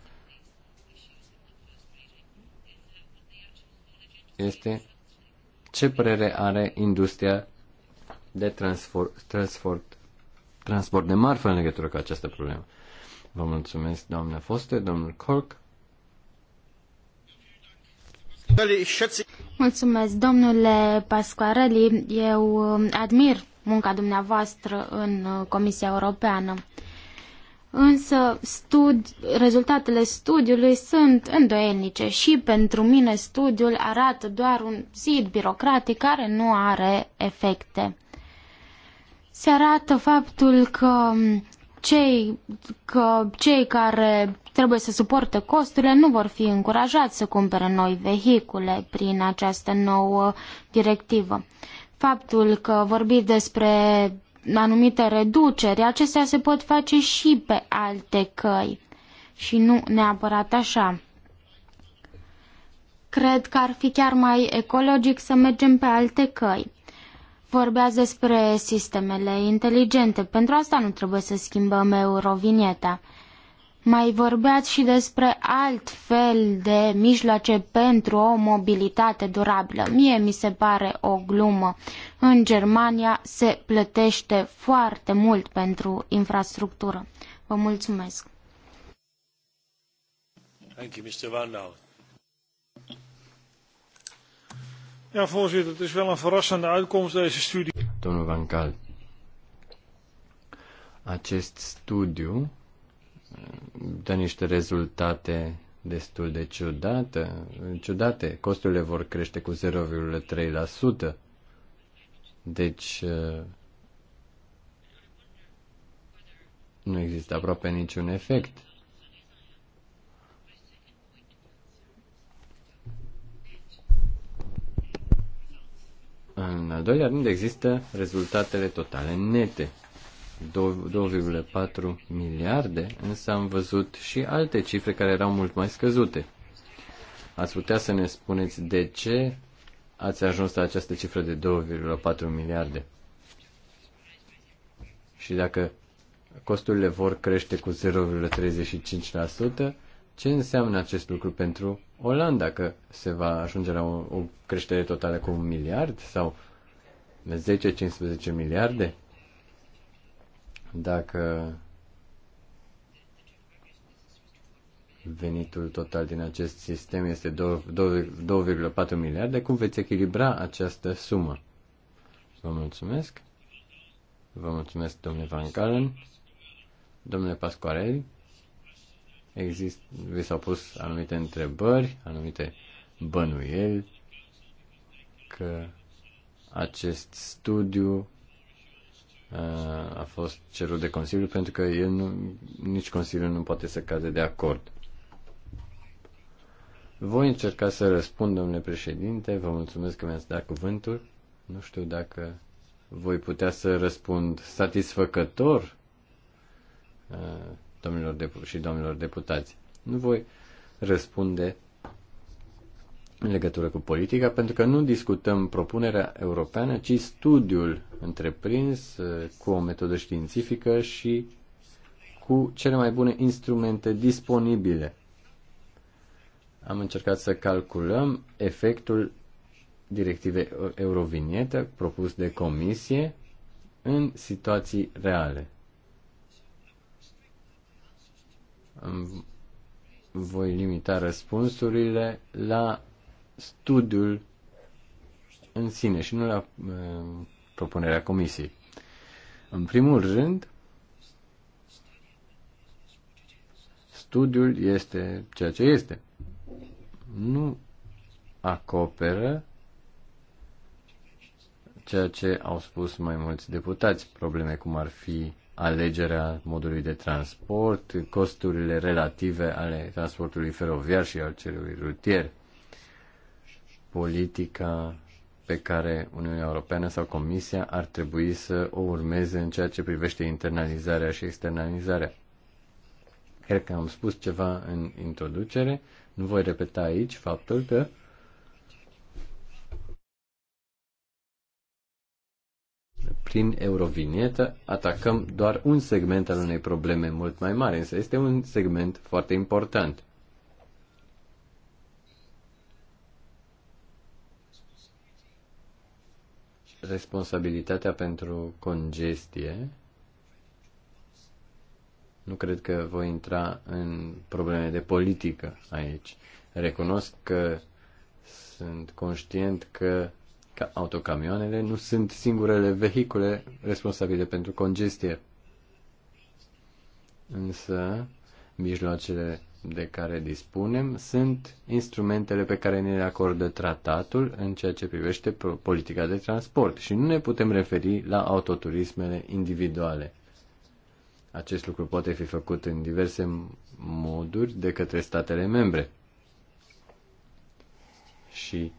este ce părere are industria de transport, transport, transport de marfă în legătură cu această problemă. Vă mulțumesc, doamna Foste, domnul Cork. Mulțumesc, domnule Pascuarelli. Eu um, admir munca dumneavoastră în uh, Comisia Europeană. Însă studi, rezultatele studiului sunt îndoielnice și pentru mine studiul arată doar un zid birocratic care nu are efecte. Se arată faptul că um, cei, că cei care trebuie să suporte costurile nu vor fi încurajați să cumpere noi vehicule prin această nouă directivă. Faptul că vorbiți despre anumite reduceri, acestea se pot face și pe alte căi și nu neapărat așa. Cred că ar fi chiar mai ecologic să mergem pe alte căi vorbeați despre sistemele inteligente. Pentru asta nu trebuie să schimbăm eurovinieta. Mai vorbeați și despre alt fel de mijloace pentru o mobilitate durabilă. Mie mi se pare o glumă. În Germania se plătește foarte mult pentru infrastructură. Vă mulțumesc. Thank you, Mr. Van Ja, voorzitter, het is wel een verrassende uitkomst deze studie. Domnul Van Gaal, acest studiu mm, dă niște rezultate destul de ciudate. ciudate. Costurile vor crește cu 0,3%. Deci mm, nu există aproape niciun efect. În al doilea rând există rezultatele totale nete. 2,4 miliarde, însă am văzut și alte cifre care erau mult mai scăzute. Ați putea să ne spuneți de ce ați ajuns la această cifră de 2,4 miliarde? Și dacă costurile vor crește cu 0,35%, ce înseamnă acest lucru pentru Olanda, că se va ajunge la o, o creștere totală cu un miliard sau 10-15 miliarde? Dacă venitul total din acest sistem este 2,4 miliarde, cum veți echilibra această sumă? Vă mulțumesc. Vă mulțumesc, domnule Van Calen. Domnule Pascoarelli. Exist, vi s-au pus anumite întrebări, anumite bănuieli că acest studiu uh, a fost cerut de Consiliu pentru că el nu, nici Consiliul nu poate să caze de acord. Voi încerca să răspund, domnule președinte, vă mulțumesc că mi-ați dat cuvântul. Nu știu dacă voi putea să răspund satisfăcător uh, domnilor și domnilor deputați. Nu voi răspunde în legătură cu politica, pentru că nu discutăm propunerea europeană, ci studiul întreprins uh, cu o metodă științifică și cu cele mai bune instrumente disponibile. Am încercat să calculăm efectul directivei Eurovinietă propus de comisie în situații reale. voi limita răspunsurile la studiul în sine și nu la uh, propunerea comisiei. În primul rând, studiul este ceea ce este. Nu acoperă ceea ce au spus mai mulți deputați, probleme cum ar fi alegerea modului de transport, costurile relative ale transportului feroviar și al celui rutier, politica pe care Uniunea Europeană sau Comisia ar trebui să o urmeze în ceea ce privește internalizarea și externalizarea. Cred că am spus ceva în introducere, nu voi repeta aici faptul că prin eurovinietă atacăm doar un segment al unei probleme mult mai mari, însă este un segment foarte important. Responsabilitatea pentru congestie nu cred că voi intra în probleme de politică aici. Recunosc că sunt conștient că că autocamioanele nu sunt singurele vehicule responsabile pentru congestie. Însă, mijloacele de care dispunem sunt instrumentele pe care ne le acordă tratatul în ceea ce privește politica de transport și nu ne putem referi la autoturismele individuale. Acest lucru poate fi făcut în diverse moduri de către statele membre. Și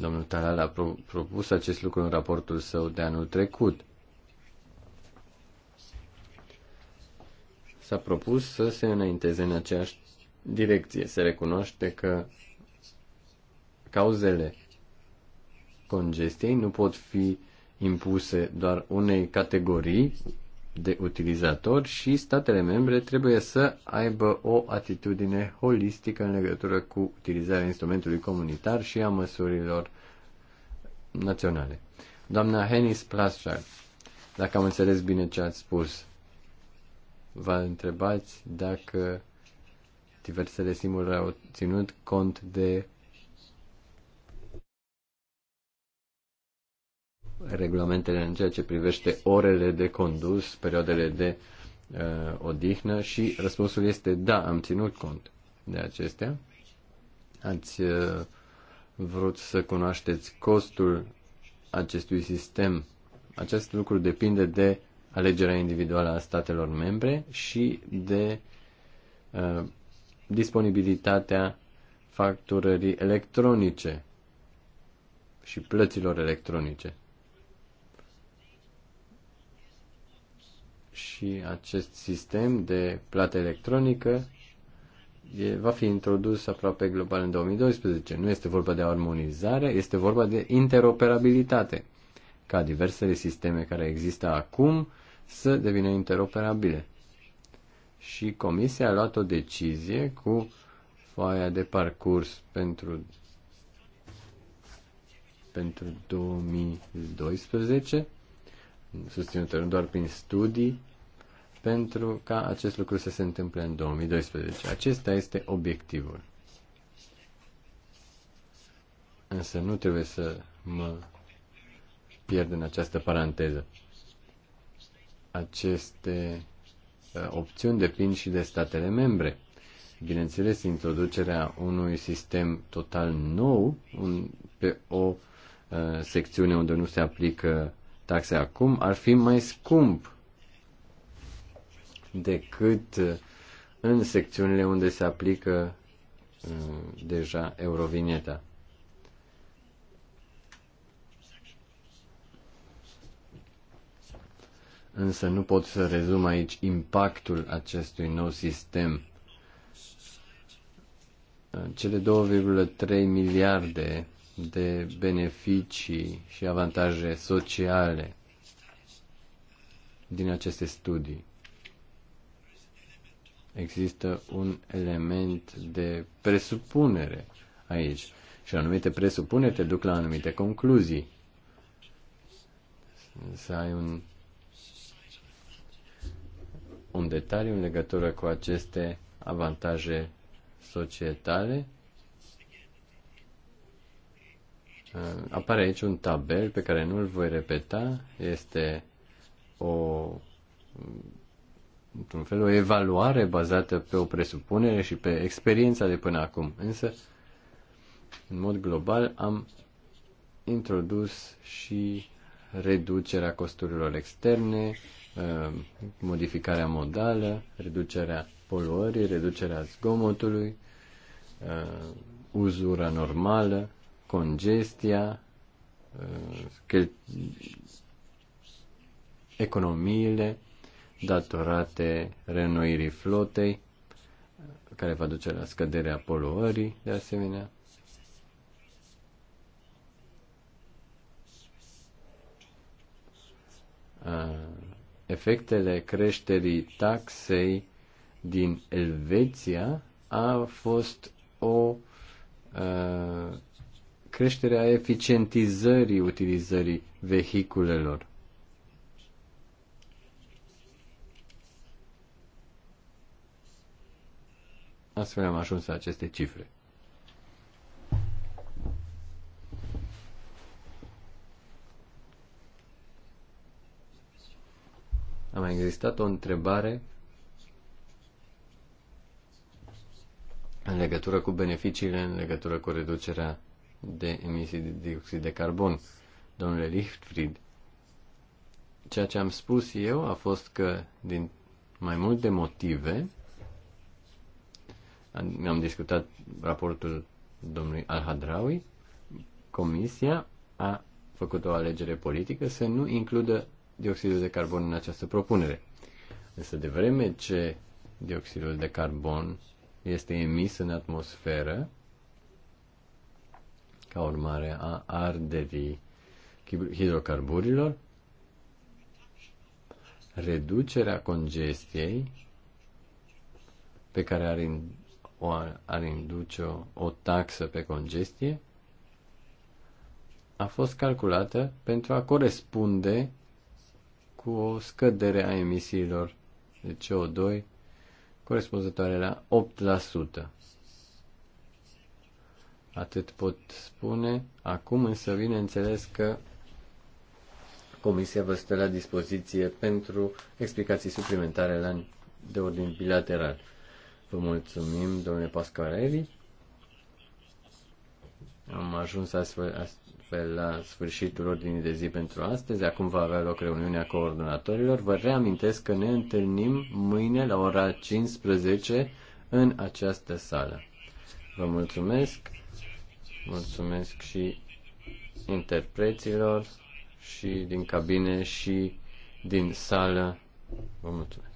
Domnul Talal a pro- propus acest lucru în raportul său de anul trecut. S-a propus să se înainteze în aceeași direcție. Se recunoaște că cauzele congestiei nu pot fi impuse doar unei categorii de utilizator și statele membre trebuie să aibă o atitudine holistică în legătură cu utilizarea instrumentului comunitar și a măsurilor naționale. Doamna Henis Plaschard, dacă am înțeles bine ce ați spus, vă întrebați dacă diversele simuluri au ținut cont de regulamentele în ceea ce privește orele de condus, perioadele de uh, odihnă și răspunsul este da, am ținut cont de acestea. Ați uh, vrut să cunoașteți costul acestui sistem. Acest lucru depinde de alegerea individuală a statelor membre și de uh, disponibilitatea facturării electronice și plăților electronice. și acest sistem de plată electronică va fi introdus aproape global în 2012. Nu este vorba de armonizare, este vorba de interoperabilitate, ca diversele sisteme care există acum să devină interoperabile. Și Comisia a luat o decizie cu foaia de parcurs pentru pentru 2012 susținută nu doar prin studii, pentru ca acest lucru să se întâmple în 2012. Acesta este obiectivul. Însă nu trebuie să mă pierd în această paranteză. Aceste uh, opțiuni depind și de statele membre. Bineînțeles, introducerea unui sistem total nou un, pe o uh, secțiune unde nu se aplică taxe acum ar fi mai scump decât uh, în secțiunile unde se aplică uh, deja eurovineta. Însă nu pot să rezum aici impactul acestui nou sistem. Uh, cele 2,3 miliarde de beneficii și avantaje sociale din aceste studii. Există un element de presupunere aici și anumite presupuneri te duc la anumite concluzii. Să ai un, un detaliu în legătură cu aceste avantaje societale Uh, apare aici un tabel pe care nu îl voi repeta. Este o într-un fel o evaluare bazată pe o presupunere și pe experiența de până acum. Însă, în mod global, am introdus și reducerea costurilor externe, uh, modificarea modală, reducerea poluării, reducerea zgomotului, uh, uzura normală congestia, uh, economiile datorate reînnoirii flotei, care va duce la scăderea poluării, de asemenea. Uh, efectele creșterii taxei din Elveția a fost o uh, creșterea eficientizării utilizării vehiculelor. Astfel am ajuns la aceste cifre. A mai existat o întrebare în legătură cu beneficiile, în legătură cu reducerea de emisii de dioxid de carbon. Domnule Lichtfried, ceea ce am spus eu a fost că din mai multe motive am discutat raportul domnului Al-Hadraui, Comisia a făcut o alegere politică să nu includă dioxidul de carbon în această propunere. Însă de vreme ce dioxidul de carbon este emis în atmosferă, ca urmare a arderii hidrocarburilor, reducerea congestiei pe care ar, o, ar induce o, o taxă pe congestie a fost calculată pentru a corespunde cu o scădere a emisiilor de CO2 corespunzătoare la 8%. Atât pot spune. Acum însă, bineînțeles că Comisia vă stă la dispoziție pentru explicații suplimentare la, de ordin bilateral. Vă mulțumim, domnule Pascarelli. Am ajuns astfel, astfel la sfârșitul ordinii de zi pentru astăzi. Acum va avea loc reuniunea coordonatorilor. Vă reamintesc că ne întâlnim mâine la ora 15 în această sală. Vă mulțumesc. Mulțumesc și interpreților și din cabine și din sală. Vă mulțumesc.